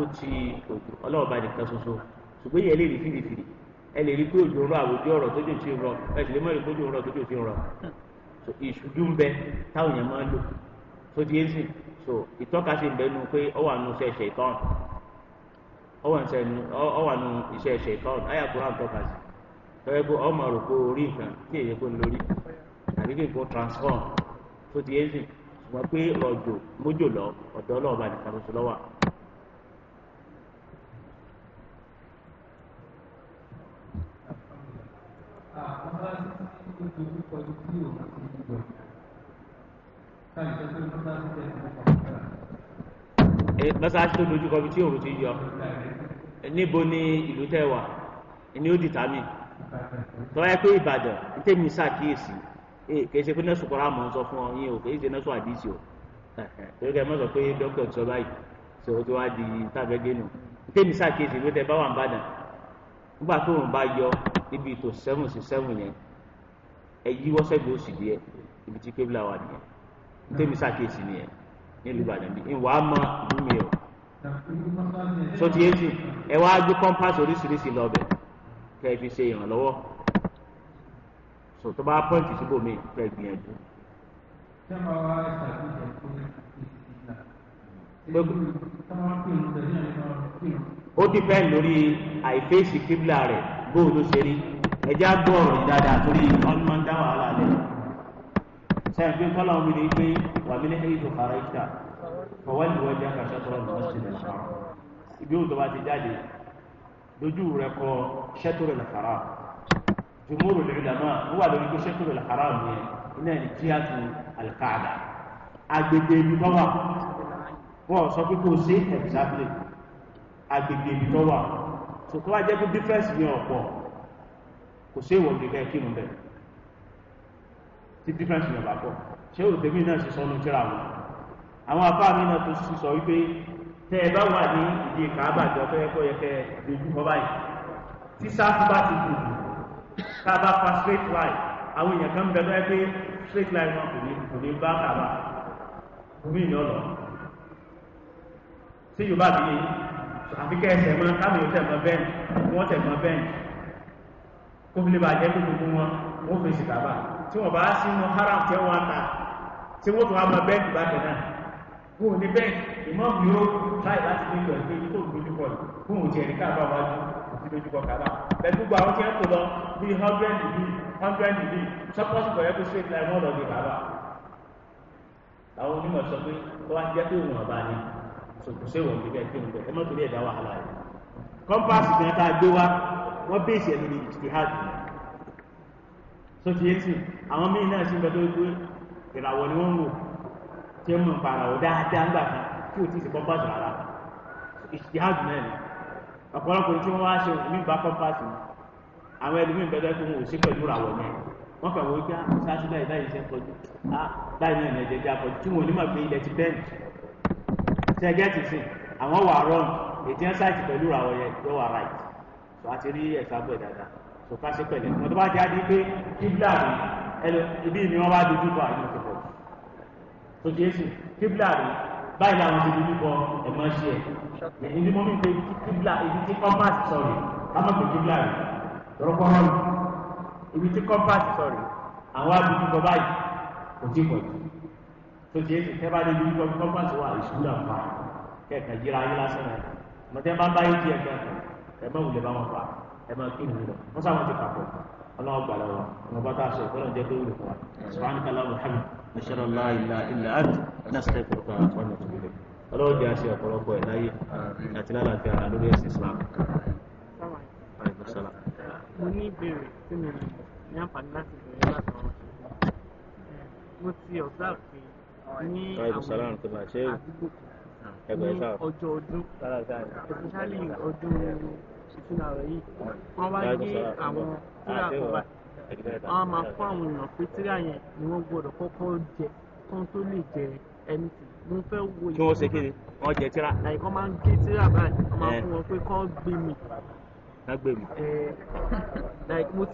kó ti òjò ọlọ́wọ́ bá nìkan ṣoṣo ṣùgbọ́n yẹn lè rí fìrìfìrì ẹ lè rí pé òjò ń rọ àwòjọ ọ̀rọ̀ tójò ti ń rọ ẹ sì lè mọ̀ rí pé òjò ń rọ tójò ti ń rọ ìṣújú ń bẹ táwọn èèyàn máa ń lò tó di èsì so ìtọ́ka sì ń bẹ nu pé ọwọ́ àánú iṣẹ́ ṣe ìtọ́n ọwọ́ àánú iṣẹ́ ṣe ìtọ́n ayé àkùrọ̀ àtọ́ka sí tọ́wọ́ pé ọmọ rò pé orí nǹkan tí èyí kò ń lórí àbí kí nǹkan transform tó di èsì ṣùgbọ́n pé ọjọ́ mójò lọ ọ̀dọ́ ọlọ́ọ̀bá nìkan tuntun lọ́wọ́ ta eh, mọ́sálásí tó dojú kọ ibi tí òun ti ń lọ. Káyọ̀ sọ pé mọ́sálásí tẹ̀ ní ọ̀pọ̀lọpọ̀. Mọ́sálásí tó dojú kọ ibi tí òun ti yọ. Eh, níbo ni ìlú tẹ̀ wà? Ni ó dìtámì. Tọ́ ẹ pé Ìbàdàn, tèmi ṣàkíyèsí. Eh, kìí ṣe pé nọ́ọ̀sì kọ́ra mọ̀ ń sọ fún ọ yín o, kìí ṣe nọ́ọ̀sì àdìsí o. Torí kẹ́ mọ́ sọ pé dókítà ti sọ báyìí, sọ tó wá di tábẹ́gẹ́nu. Tèmi ṣàkíyèsí ló tẹ bá wà nígbà tó òun bá yọ níbi ètò seven sí seven yẹn ẹ yíwọ́ sẹ́gbẹ̀ẹ́ òsì díẹ̀ ibi tí kébìlà wà nìyẹn ntẹ́mi sàkíyèsí nìyẹn nílùú Ìbàdàn bíi ìwà á mọ ìlú mi o sọtí èsì ẹ wá gbé compass oríṣiríṣi lọ́bẹ̀ kẹ́ ẹ fi ṣe ìrànlọ́wọ́ sọ tó bá pọ́ǹtì síbòmíì kẹ́ ẹ gbìyànjú pé ó dìpẹ́ǹ lórí àìfẹ́sì kíbla rẹ̀ bóun ló ṣe rí ẹjẹ́ àgbọ̀ ọ̀rọ̀ dáadáa torí ọlọ́run dá wàhálà lẹ̀ sẹ́yìn pé tọ́lá omi ni pé wà mí lẹ́yìn ètò kàrà ìta fọwọ́lì wọ́jà kàṣà tọ́lá lọ́wọ́ sí ilẹ̀ kàrà ibi òun bá ti jáde lójú rẹ kọ ṣẹ́tùrù lẹ̀ kàrà jùmúrù lẹ́yìnlámà ó wà lórí pé ṣẹ́tùrù lẹ̀ kàrà òun yẹn iná ní tíyàtù àlùkàdà agbègbè ìlú bá wà wọ́n sọ pé kó o ṣe ẹ̀gbẹ́sáfìlẹ̀ agbègbè ibi tó wà tó tó wá jẹ́ pé difference ní ọ̀pọ̀ kò sí ìwọ̀n gẹ́gẹ́ kí nù bẹ́ẹ̀ tí difference ní ọ̀bà pọ̀ ṣé òtẹ́mí náà ṣe sọnù tíra wọn àwọn afá mi náà tó sọ wípé tẹ ẹ bá wà ní ìdí kàábà jọ pé ẹkọ yẹ kẹ dojú kọ báyìí tí sáfù bá ti dùn tá bá fa straight line àwọn èèyàn kan bẹ lọ́yẹ́ pé straight line náà kò ní kò ní bá kàábà omi ìyọ́ lọ sí yorùbá mi àfi kẹ́ ẹsẹ̀ mọ́ káwọn ẹsẹ̀ mọ́ bẹ́ẹ̀ wọ́n tẹ̀ mọ́ bẹ́ẹ̀ kó fi lè bàjẹ́ kó gbogbo wọn wọ́n fi sì kàbà tí wọ́n bá sí inú haram tẹ́ wọn ta tí wọ́n tún wá mọ bẹ́ẹ̀ tó bá tẹ̀ náà kó o ní bẹ́ẹ̀ ìmọ̀ọ́bù yóò láì láti ní ìgbà pé tó dojú kọ kó o jẹ́ ẹ̀ríkà bá wájú òfin dojú kọ kàbà bẹ́ẹ̀ gbogbo àwọn tí wọ́n kò lọ bíi hundred bíi hundred bíi sọ́pọ́sì kọ̀ yẹ kó straight line wọ́n lọ bí kàbà àwọn onímọ̀ sọ pé wọ́n á jẹ́ pé òun ọ̀bá ni kò séwọ̀n níbi ẹ̀ kírun bẹ́ẹ̀ ẹ má torí ẹ̀dá wàhálà rẹ̀ kọ́mpáàsì kan tá a gbé wá wọ́n ni wọ́n ń tí ń mú ìpàrà ọ̀ dáadáa ńgbà kan tí ni ọ̀pọ̀lọpọ̀ tí wọ́n wá ṣe mí bá kọ́mpáàsì ni àwọn ẹlòmíì bẹ́ẹ̀ bẹ́ẹ̀ tó ń wò sí pẹ̀lú ìràwọ̀ náà wọ́n kà wọ́n gbé àmì báyìí báyìí ṣe báyìí tẹ́gẹ́tì sí àwọn wà rọ́ọ̀n ètí ẹ̀ sáìtì pẹ̀lú ìràwọ̀ yẹn yóò wà ráìtì tó a ti rí ẹ̀sàbọ̀ dáadáa tó ká sí pẹ̀lẹ́ wọn tó bá jáde pé kíbla rí ẹlò ibi ni wọn bá dojú kọ àyè tó pọ̀ tó ti èsì kíbla rí báyìí làwọn ti dojú kọ ẹ̀mọ́ ṣe ẹ̀ ìdí mọ́mí pé kíbla ibi tí compass sọ̀rọ̀ kámọ́ pé kíbla rí tọ́rọ́kọ́ ibi tí compass sọ̀rọ̀ àwọn àdójú kọ báyìí kò tí pọ̀ tó ti tẹ bá débi wípé kọ́mpáàsì wà ìṣúná fa kẹ̀kẹ́ yíra ayé lásán rẹ̀ mọ̀tẹ́ bá bá yé tiẹ̀ kẹ́ ẹ má wulẹ̀ bá wọn fa ẹ má kí nìyí lọ wọ́n sábà ti kàpọ̀ ọlọ́wọ́ gbà lọ́wọ́ ọmọ bá tá a sọ ìkọ́lọ̀ ń jẹ́ tó wúlò fún wa subhanahu wa allah illa illa ant nasara kurkun akwa na islam. mo ní ìbéèrè tí mi ní àǹfààní láti bẹ̀rẹ̀ láti ọ̀rọ̀ ṣe mo ti observe pé ní àwọn àdúgbò ní ọjọ́ ọdún especially ọdún ìtúná rẹ̀ yìí wọ́n wá gbé àwọn ah, tíra kan bá wọ́n máa fún àwọn èèyàn pé tíra yẹn ni wọ́n gbọ́dọ̀ kọ́kọ́ jẹ kó tó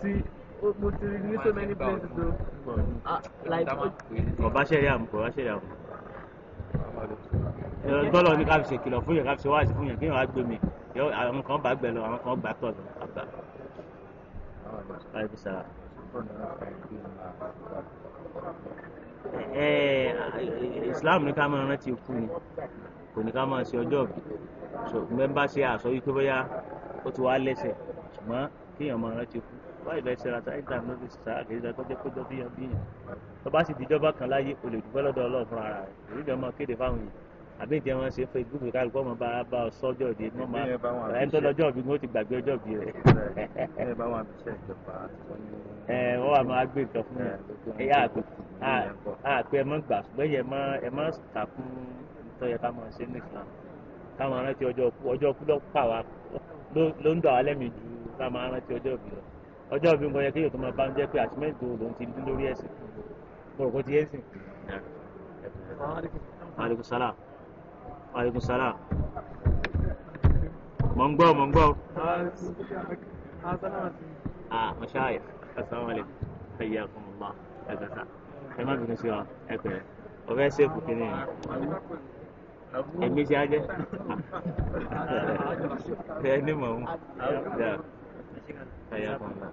lè mo ti rí ní so many places o ah, like. ọbaṣẹ́rì àmú ọbaṣẹ́rì àmú tọ́lọ̀ ní káfí ṣe kìlọ̀ fún yẹn káfí ṣe wáàsí fún yẹn kí yẹn wá gbé mi àwọn kan bá gbẹ lọ àwọn kan bá tọ̀ lọ àgbà. Islam ní ká máa rántí ikú ni kò ní ká máa ṣe ọjọ́ òbí so mẹ́mbà ṣe àsọyí tó bóyá ó ti wá lẹ́sẹ̀ ṣùgbọ́n kéèyàn máa rántí ikú wáyé bẹ́ẹ̀ ṣe rata anytime ló fi ṣe àkèjọ tó jẹ́ kójọ́ bíyàn bíyàn tó bá sì dìjọba kan láyé o lè dúpẹ́ lọ́dọ̀ ọlọ́run fúnra rẹ̀ èyí ni ọmọ kéde fáwọn yìí àbí ìdí ẹ̀wọ̀n ṣe fẹ́ gúgbì kálukọ́ ọmọ bá bá ọ sọ́jọ́ ìdí mọ́ máa ẹni tó lọ́jọ́ ìbí ó ti gbàgbé ọjọ́ ìbí rẹ̀. *laughs* ẹ wọ́n wà máa gbé nǹkan fún yẹn àpè ẹ̀mọ́ gbà ṣùgbọ́n yẹn ẹ̀mọ́ kà fún ìtọ́yẹ ká máa ṣe ní Islam káwọn arántí ọjọ́ ìbí nǹkan yẹ kéèyàn tó máa bá ń jẹ́ pé àtìmẹ́ǹtì tó lòun ti dín lórí ẹ̀sìn mo rò kó ti ẹ̀sìn. aleykum salaam aleykum salaam mo ń gbọ́ mo ń gbọ́. ah mashaayikh asalaamu aleykum hayyakum allah ẹgbẹta ẹ má bínú sí wa ẹ pẹ̀lẹ́ ọbẹ ṣèkù kínní ẹmí ṣe ajẹ ẹ ní mọ̀ ọ́n. エアコンだ。